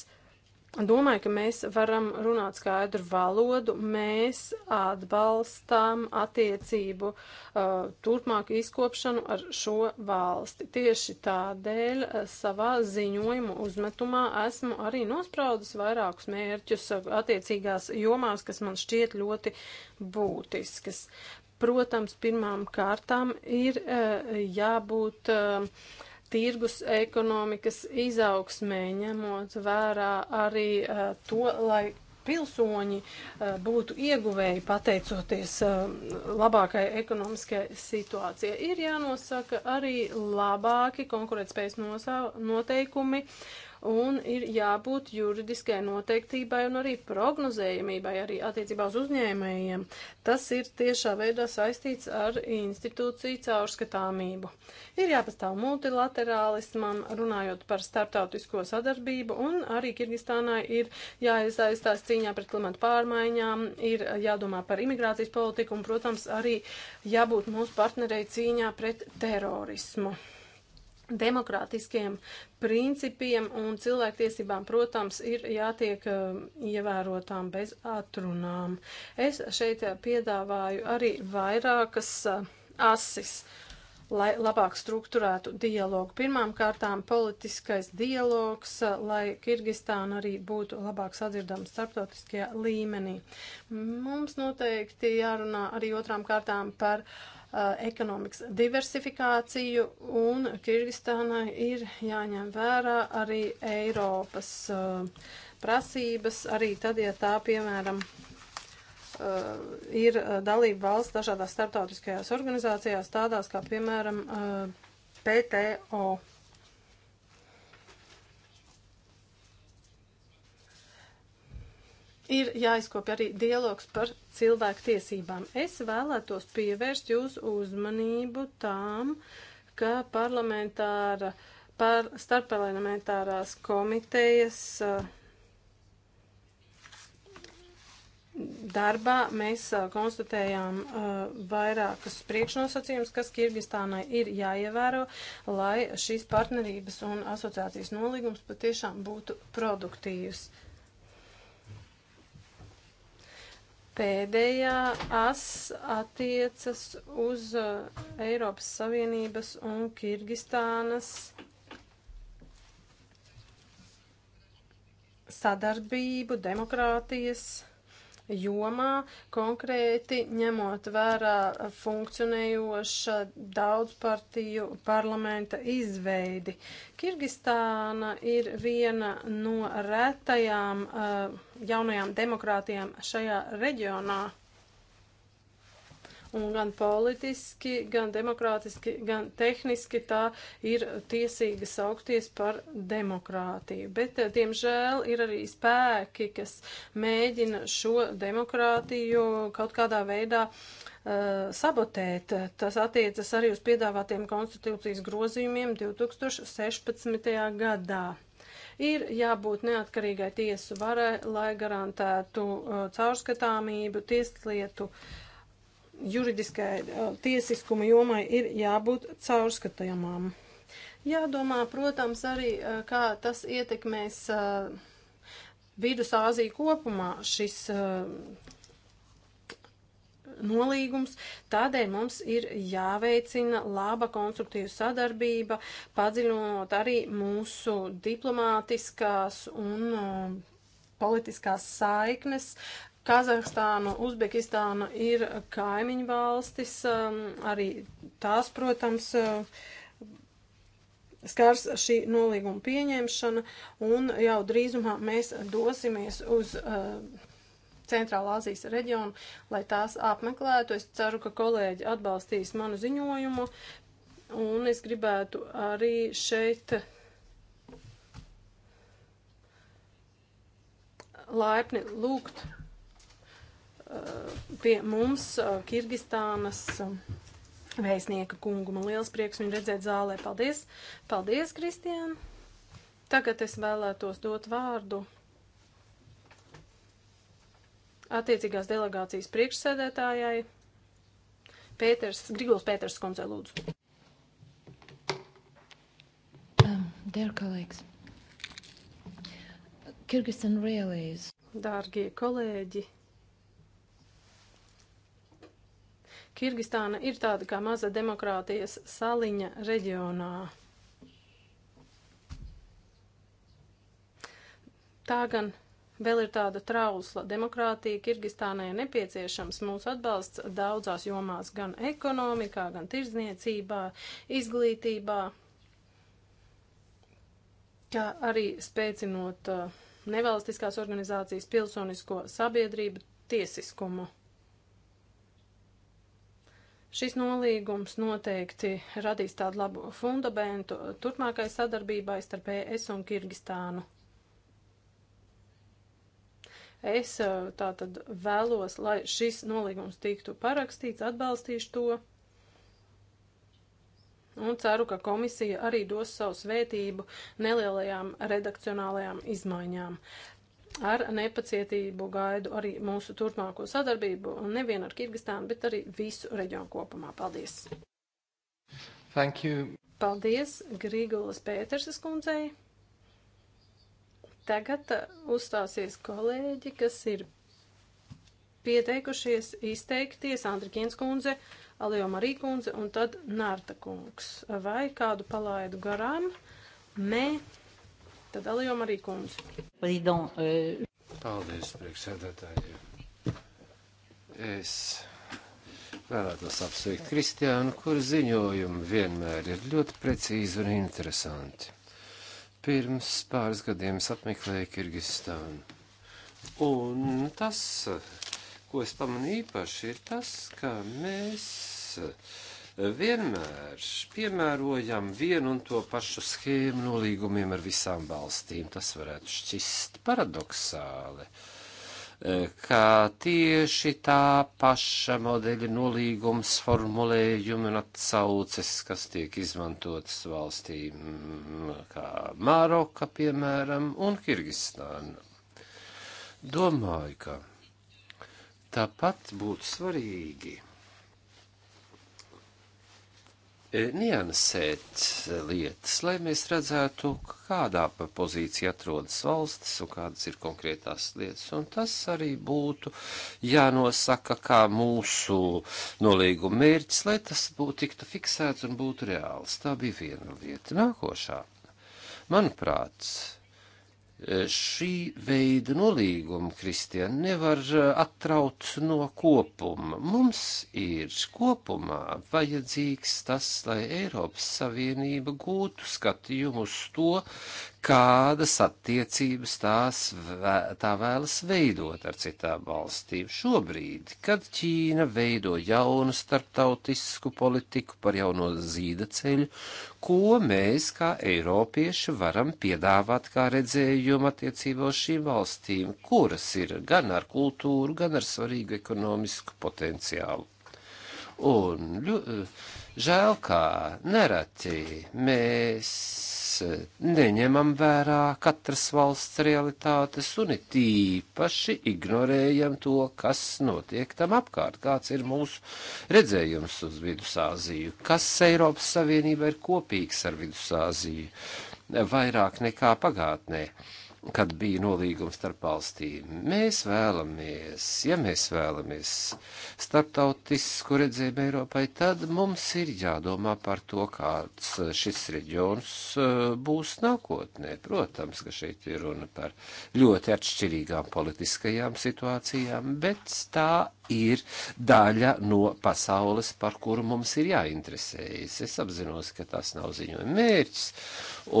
Domāju, ka mēs varam runāt skaidru valodu, mēs atbalstām attiecību uh, turpmāku izkopšanu ar šo valsti. Tieši tādēļ uh, savā ziņojumu uzmetumā esmu arī nospraudis vairākus mērķus uh, attiecīgās jomās, kas man šķiet ļoti būtiskas. Protams, pirmām kārtām ir eh, jābūt eh, tirgus ekonomikas izaugsmē, ņemot vērā arī eh, to, lai pilsoņi būtu ieguvēji pateicoties labākai ekonomiskai situācijai. Ir jānosaka arī labāki konkurētspējas noteikumi un ir jābūt juridiskai noteiktībai un arī prognozējumībai arī attiecībā uz uzņēmējiem. Tas ir tiešā veidā saistīts ar institūciju caurskatāmību. Ir jāpastāv multilaterālismam, runājot par starptautisko sadarbību, un arī Kirgistānai ir jāiesaistās cīņā pret klimatu pārmaiņām, ir jādomā par imigrācijas politiku un, protams, arī jābūt mūsu partnerei cīņā pret terorismu demokrātiskiem principiem un cilvēktiesībām, protams, ir jātiek eh, ievērotām bez atrunām. Es šeit piedāvāju arī vairākas eh, asis, lai labāk struktūrētu dialogu. Pirmām kārtām politiskais dialogs, eh, lai Kirgistāna arī būtu labāk sadzirdama starptautiskajā līmenī. Mums noteikti jārunā arī otrām kārtām par uh, Uh, ekonomikas diversifikāciju, un Kirgistānai ir jāņem vērā arī Eiropas uh, prasības, arī tad, ja tā, piemēram, uh, ir uh, dalība valsts dažādās starptautiskajās organizācijās, tādās kā, piemēram, uh, PTO. ir jāizkopja arī dialogs par cilvēku tiesībām. Es vēlētos pievērst jūsu uzmanību tām, ka parlamentāra, par starpparlamentārās komitejas uh, darbā mēs uh, konstatējām uh, vairākas priekšnosacījumus, kas Kirgistānai ir jāievēro, lai šīs partnerības un asociācijas nolīgums patiešām būtu produktīvs. Pēdējā as attiecas uz uh, Eiropas Savienības un Kirgistānas sadarbību, demokrātijas jomā, konkrēti ņemot vērā funkcionējoša daudzpartiju parlamenta izveidi. Kirgistāna ir viena no retajām uh, jaunajām demokrātijām šajā reģionā un gan politiski, gan demokrātiski, gan tehniski tā ir tiesīga saukties par demokrātiju. Bet, eh, diemžēl, ir arī spēki, kas mēģina šo demokrātiju kaut kādā veidā uh, sabotēt. Tas attiecas arī uz piedāvātiem konstitūcijas grozījumiem 2016. gadā. Ir jābūt neatkarīgai tiesu varai, lai garantētu uh, caurskatāmību, tieslietu uh, juridiskai eh, tiesiskuma jomai ir jābūt caurskatāmām. Jādomā, protams, arī, eh, kā tas ietekmēs eh, Vidusāziju kopumā šis nolīgums. Tādēļ mums ir jāveicina laba konstruktīva sadarbība, padziļinot arī mūsu diplomātiskās un politiskās saiknes, Kazahstāna, Uzbekistāna ir kaimiņu valstis, um, arī tās, protams, uh, skars šī nolīguma pieņemšana, un jau drīzumā mēs dosimies uz uh, Centrālā Azijas reģionu, lai tās apmeklētu. Es ceru, ka kolēģi atbalstīs manu ziņojumu, un es gribētu arī šeit laipni lūgt Eh, pie mums eh, Kirgistānas eh, vēstnieka kungu. Man liels prieks viņu redzēt zālē. Paldies! Paldies, Kristiāna! Tagad es vēlētos dot vārdu attiecīgās delegācijas priekšsēdētājai Pēters, Grigols Pēters kundzei lūdzu. Um, dear colleagues, Kyrgyzstan really is. Dārgie kolēģi, Kirgistāna ir tāda kā maza demokrātijas saliņa reģionā. Tā gan vēl ir tāda trausla demokrātija. Kirgistānai ir nepieciešams mūsu atbalsts daudzās jomās, gan ekonomikā, gan tirdzniecībā, izglītībā, kā arī spēcinot uh, nevalstiskās organizācijas pilsonisko sabiedrību tiesiskumu. Šis nolīgums noteikti radīs tādu labu fundamentu turpmākai sadarbībai starp ES un Kirgistānu. Es tātad vēlos, lai šis nolīgums tiktu parakstīts, atbalstīšu to un ceru, ka komisija arī dos savu svētību nelielajām redakcionālajām izmaiņām. Uh, Ar nepacietību gaidu arī mūsu turpmāko sadarbību, un nevien ar Kirgistānu, bet arī visu reģionu kopumā. Paldies! Thank you! Paldies Grīgulas Pētersas kundzei! Tagad uh, uzstāsies kolēģi, kas ir pieteikušies izteikties Andrikienas kundze, Alio Marī kundze un tad Nārta kungs. Vai kādu palaidu garām? Mē. Ne... Tad Alijom arī kundze. Euh, Paldies, priekšsēdētāji. Es vēlētos apsveikt Kristiānu, kur ziņojumi vienmēr ir ļoti precīzi un interesanti. Pirms pāris gadiem es apmeklēju Kirgistānu. Un tas, ko es pamanīju īpaši, ir tas, ka mēs vienmēr piemērojam vienu un to pašu schēmu nolīgumiem ar visām valstīm. Tas varētu šķist paradoxāli, e, kā tieši tā paša modeļa nolīgums formulējumi un atsauces, kas tiek izmantotas valstīm kā Māroka, piemēram, un Kirgistāna. Domāju, ka tāpat būtu svarīgi E, niansēt e, lietas, lai mēs redzētu, kādā pozīcijā atrodas valstis un kādas ir konkrētās lietas. Un tas arī būtu jānosaka kā mūsu nolīguma mērķis, lai tas būtu tiktu fiksēts un būtu reāls. Tā bija viena lieta. Nākošā. Manuprāt, šī veida nolīgumu, Kristian, nevar eh, atraut no kopuma. Mums ir kopumā vajadzīgs tas, lai Eiropas Savienība gūtu skatījumu uz to, kādas attiecības tās vē, tā vēlas veidot ar citām valstīm. Šobrīd, kad Ķīna veido jaunu starptautisku politiku par jauno zīda ceļu, ko mēs kā eiropieši varam piedāvāt kā redzējumu attiecībā uz šīm valstīm, kuras ir gan ar kultūru, gan ar svarīgu ekonomisku potenciālu. Un ļu, žēl kā nereti mēs neņemam vērā katras valsts realitātes un it īpaši ignorējam to, kas notiek tam apkārt, kāds ir mūsu redzējums uz Vidusāziju, kas Eiropas Savienība ir kopīgs ar Vidusāziju, vairāk nekā pagātnē. Ne kad bija nolīgums starp valstīm. Mēs vēlamies, ja mēs vēlamies starptautisku redzējumu Eiropai, tad mums ir jādomā par to, kāds šis reģions uh, būs nākotnē. Protams, ka šeit ir runa par ļoti atšķirīgām politiskajām situācijām, bet tā ir daļa no pasaules, par kuru mums ir jāinteresējas. Es apzinos, ka tas nav ziņojuma mērķis,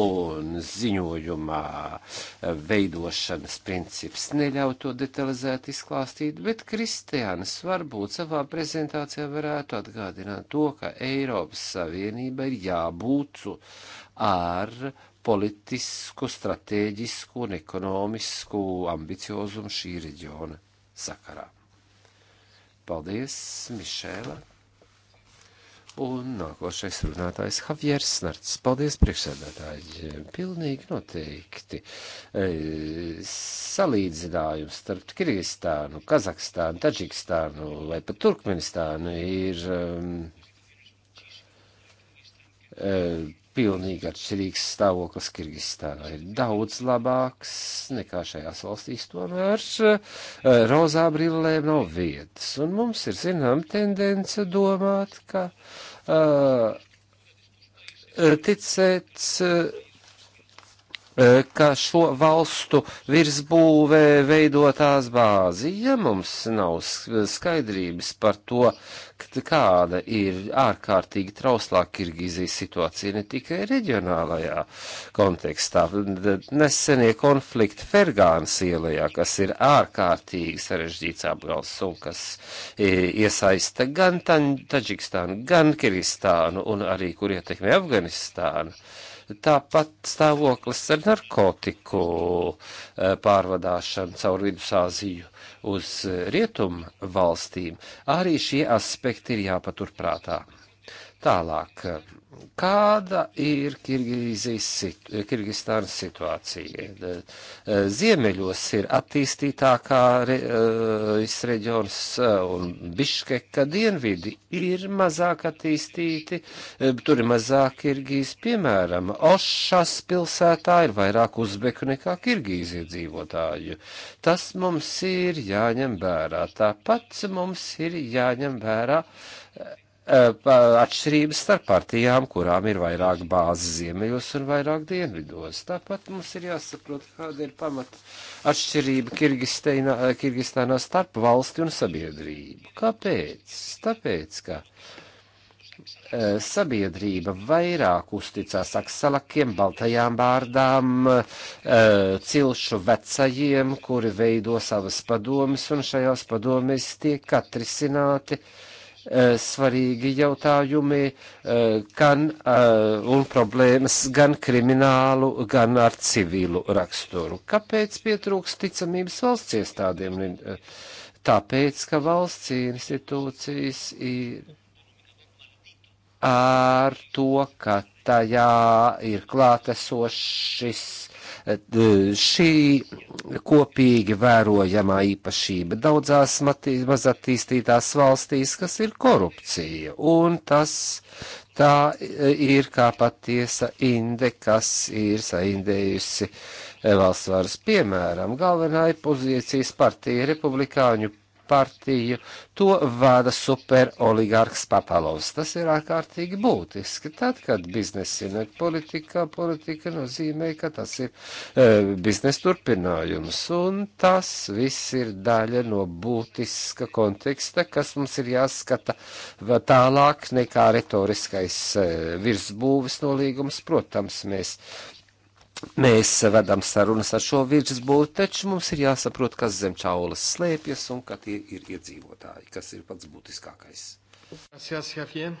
un ziņojumā veidošanas princips neļauj to detalizēt izklāstīt, bet Kristiāns varbūt savā prezentācijā varētu atgādināt to, ka Eiropas Savienība ir jābūt ar politisku, stratēģisku un ekonomisku ambiciozumu šī reģiona sakarā. Paldies, Mišēla! Un nākošais runātājs Javieris Snarts. Paldies, priekšsēdētāji. Pilnīgi noteikti. E, salīdzinājums starp Kirgistānu, Kazahstānu, Taģikstānu vai pat Turkmenistānu ir. Um, e, pilnīgi atšķirīgs stāvoklis Kirgistānā. Ir daudz labāks nekā šajās valstīs, tomēr eh, rozā brillēm nav vietas. Un mums ir, zinām, tendence domāt, ka uh, ticēt. Uh, ka šo valstu virsbūvē veidotās bāzi. Ja mums nav skaidrības par to, pateikt, kāda ir ārkārtīgi trauslā Kirgīzijas situācija ne tikai reģionālajā kontekstā. Nesenie konflikti Fergānas ielajā, kas ir ārkārtīgi sarežģīts apgals un kas e, iesaista gan Taģikstānu, gan Kirgistānu un arī, kur ietekmē Afganistānu. Uh, Tāpat stāvoklis ar narkotiku eh, pārvadāšanu caur Vidusāziju uz eh, rietumu valstīm. Arī šie aspekti ir jāpaturprātā. Tālāk eh, Kāda ir Kirgistānas situācija? Ziemeļos ir attīstītākā re, reģions un Biškeka dienvidi ir mazāk attīstīti, tur ir mazāk Kirgīs, piemēram, Ošas pilsētā ir vairāk uzbeku nekā Kirgīs iedzīvotāju. Tas mums ir jāņem vērā, tāpat mums ir jāņem vērā. Uh, atšķirības starp partijām, kurām ir vairāk bāzes ziemeļos un vairāk dienvidos. Tāpat mums ir jāsaprot, kāda ir pamata atšķirība Kirgistānā starp valsti un sabiedrību. Kāpēc? Tāpēc, ka e, sabiedrība vairāk uzticās aksalakiem, baltajām bārdām, e, cilšu vecajiem, kuri veido savas padomis, un šajās padomis tiek atrisināti uh, Eh, svarīgi jautājumi eh, gan, eh, un problēmas gan kriminālu, gan ar civilu raksturu. Kāpēc pietrūks ticamības valsts iestādēm? Tāpēc, ka valsts institūcijas ir ar to, ka tajā ir klātesošs E, šī kopīgi vērojamā īpašība daudzās mazattīstītās valstīs, kas ir korupcija, un tas tā ir kā patiesa inde, kas ir saindējusi e, valsts varas piemēram. Galvenā opozīcijas partija republikāņu partiju, to vada superoligārks Papalovs. Tas ir ārkārtīgi būtiski. Tad, kad biznesa ir politikā, politika nozīmē, ka tas ir e, biznesa turpinājums. Un tas viss ir daļa no būtiska konteksta, kas mums ir jāskata tālāk nekā retoriskais e, virsbūves nolīgums. Protams, mēs Mēs vedam sarunas ar šo virsbūvi, taču mums ir jāsaprot, kas zem čaulas slēpjas un ka tie ir iedzīvotāji, kas ir pats būtiskākais. Paldies, Javier.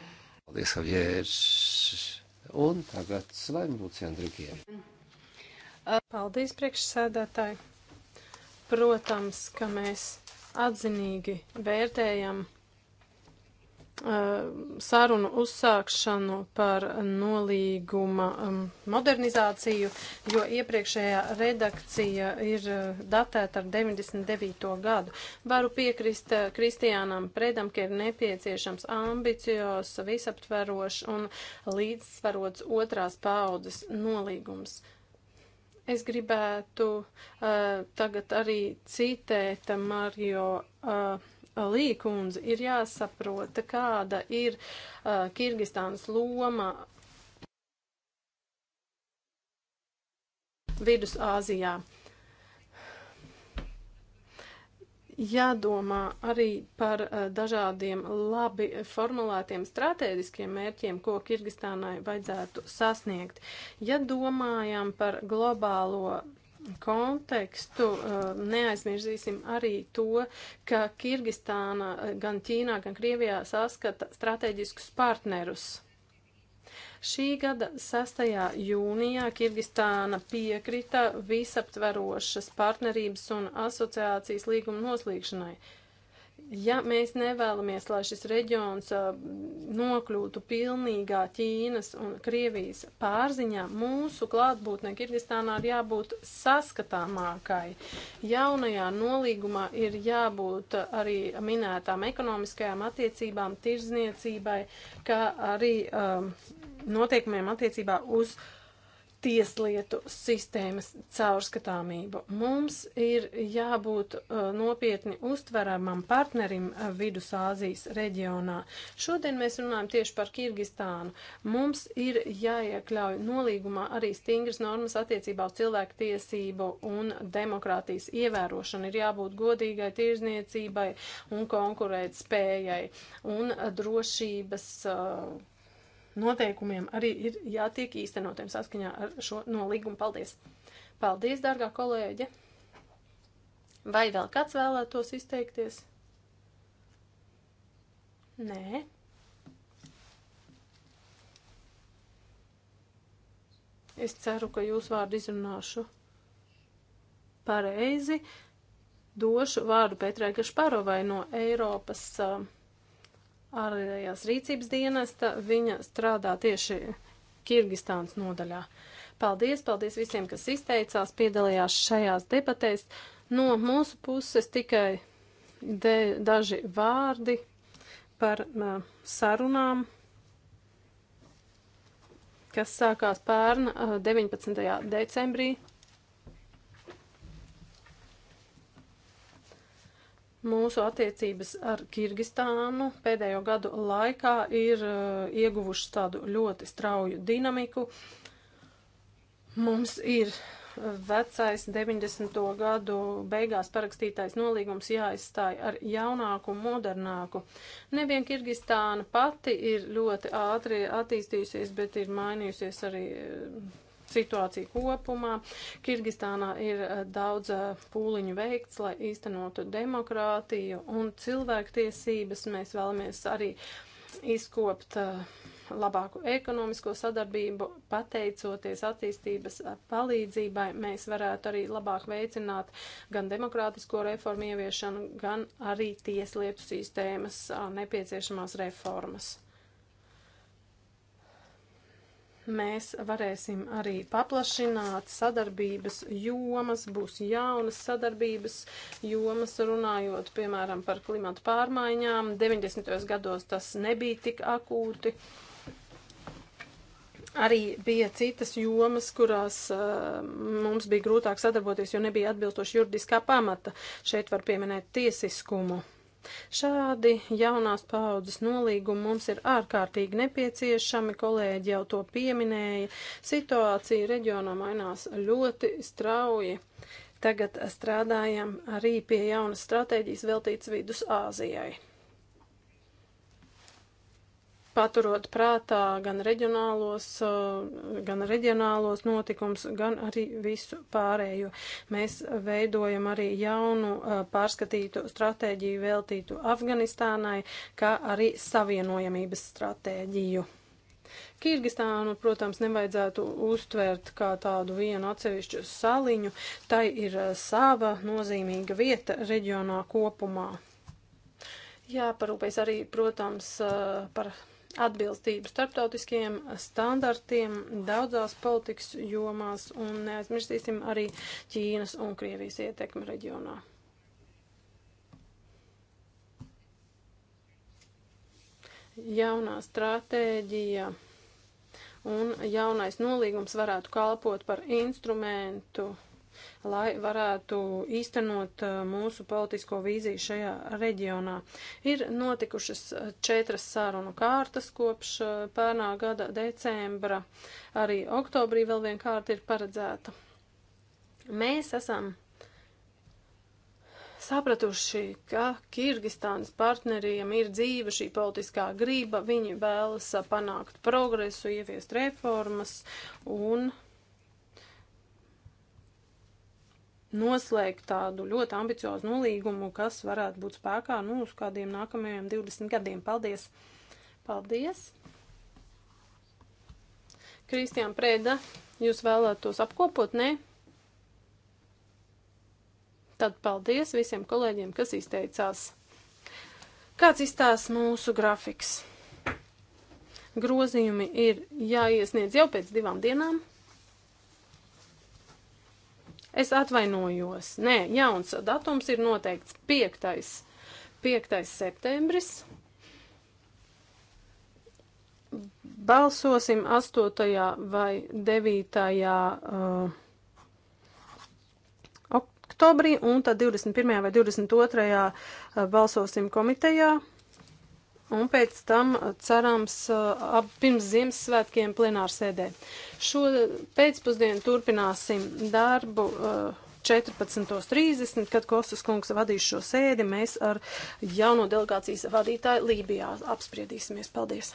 Paldies, Javier. Un tagad slēm Lūcija Andrikiem. Paldies, priekšsēdētāji. Protams, ka mēs atzinīgi vērtējam Eh, sarunu uzsākšanu par nolīguma modernizāciju, jo iepriekšējā redakcija ir eh, datēta ar 99. gadu. Varu piekrist eh, Kristiānam Predam, ka ir nepieciešams ambicios, visaptverošs un līdzsvarots otrās paudzes nolīgums. Es gribētu uh, tagad arī citēt Mario uh, Līkundze ir jāsaprota, kāda ir uh, Kirgistānas loma Vidusāzijā. Jādomā arī par uh, dažādiem labi formulētiem strateģiskiem mērķiem, ko Kirgistānai vajadzētu sasniegt. Ja domājam par globālo kontekstu uh, neaizmirsīsim arī to, ka Kirgistāna uh, gan Ķīnā, gan Krievijā saskata strateģiskus partnerus. Šī gada 6. jūnijā Kirgistāna piekrita visaptverošas partnerības un asociācijas līguma noslīgšanai. Ja mēs nevēlamies, lai šis reģions nokļūtu pilnīgā Ķīnas un Krievijas pārziņā, mūsu klātbūtnē Kirgistānā ir jābūt saskatāmākai. Jaunajā nolīgumā ir jābūt arī minētām ekonomiskajām attiecībām, tirzniecībai, kā arī um, noteikumiem attiecībā uz uh, tieslietu sistēmas caurskatāmību. Mums ir jābūt uh, nopietni uztveramam partnerim uh, Vidusāzijas reģionā. Šodien mēs runājam tieši par Kirgistānu. Mums ir jāiekļauj nolīgumā arī stingras normas attiecībā uz cilvēku tiesību un demokrātijas ievērošanu. Ir jābūt godīgai tirzniecībai un konkurēt spējai un drošības. Uh, noteikumiem arī ir jātiek īstenotiem saskaņā ar šo nolīgumu. Paldies! Paldies, dārgā kolēģe! Vai vēl kāds vēlētos izteikties? Nē. Es ceru, ka jūs vārdu izrunāšu pareizi. Došu vārdu Petrai Gašparovai no Eiropas uh, ārējās rīcības dienesta. Viņa strādā tieši Kirgistānas nodaļā. Paldies, paldies visiem, kas izteicās, piedalījās šajās debatēs. No mūsu puses tikai de, daži vārdi par uh, sarunām kas sākās pērn 19. Uh, decembrī Mūsu attiecības ar Kirgistānu pēdējo gadu laikā ir eh, ieguvušas tādu ļoti strauju dinamiku. Mums ir eh, vecais 90. gadu beigās parakstītais nolīgums jāizstāja ar jaunāku, modernāku. Nevien Kirgistāna pati ir ļoti ātri attīstījusies, bet ir mainījusies arī eh, situāciju kopumā. Kirgistānā ir eh, daudz eh, pūliņu veikts, lai īstenotu demokrātiju un cilvēktiesības. Mēs vēlamies arī izkopt eh, labāku ekonomisko sadarbību, pateicoties attīstības palīdzībai, mēs varētu arī labāk veicināt gan demokrātisko reformu ieviešanu, gan arī tieslietu sistēmas nepieciešamās reformas mēs varēsim arī paplašināt sadarbības jomas, būs jaunas sadarbības jomas, runājot, piemēram, par klimatu pārmaiņām. 90. gados tas nebija tik akūti. Arī bija citas jomas, kurās uh, mums bija grūtāk sadarboties, jo nebija atbilstoši juridiskā pamata. Šeit var pieminēt tiesiskumu. Šādi jaunās paaudzes nolīgumi mums ir ārkārtīgi nepieciešami, kolēģi jau to pieminēja. Situācija reģionā mainās ļoti strauji. Tagad strādājam arī pie jaunas stratēģijas veltīts vidus Āzijai paturot prātā gan reģionālos, eh, gan reģionālos notikums, gan arī visu pārējo. Mēs veidojam arī jaunu eh, pārskatītu stratēģiju veltītu Afganistānai, kā arī savienojamības stratēģiju. Kirgistānu, protams, nevajadzētu uztvert kā tādu vienu atsevišķu saliņu, tai ir eh, sava nozīmīga vieta reģionā kopumā. Jāparūpēs arī, protams, par atbilstību starptautiskiem standartiem daudzās politikas jomās un neaizmirstīsim arī Ķīnas un Krievijas ietekmi reģionā. Jaunā stratēģija un jaunais nolīgums varētu kalpot par instrumentu lai varētu īstenot uh, mūsu politisko vīziju šajā reģionā. Ir notikušas uh, četras sārunu kārtas kopš uh, pērnā gada decembra, arī oktobrī vēl viena kārta ir paredzēta. Mēs esam sapratuši, ka Kirgistānas partneriem ir dzīva šī politiskā grība, viņi vēlas panākt progresu, ieviest reformas un noslēgt tādu ļoti ambiciozu nolīgumu, kas varētu būt spēkā nu, uz kādiem nākamajiem 20 gadiem. Paldies! Paldies! Kristiāna Prēda, jūs vēlētos apkopot, ne? Tad paldies visiem kolēģiem, kas izteicās. Kāds izstās mūsu grafiks? Grozījumi ir jāiesniedz jau pēc divām dienām. Es atvainojos. Nē, jauns datums ir noteikts 5. 5. septembris. Balsosim 8. vai 9. Uh, oktobrī un tad 21. vai 22. Uh, balsosim komitejā un pēc tam cerams ap pirms Ziemassvētkiem plenārsēdē. Šo pēcpusdienu turpināsim darbu. 14.30, kad Kostas kungs vadīs šo sēdi, mēs ar jauno delegācijas vadītāju Lībijā apspriedīsimies. Paldies!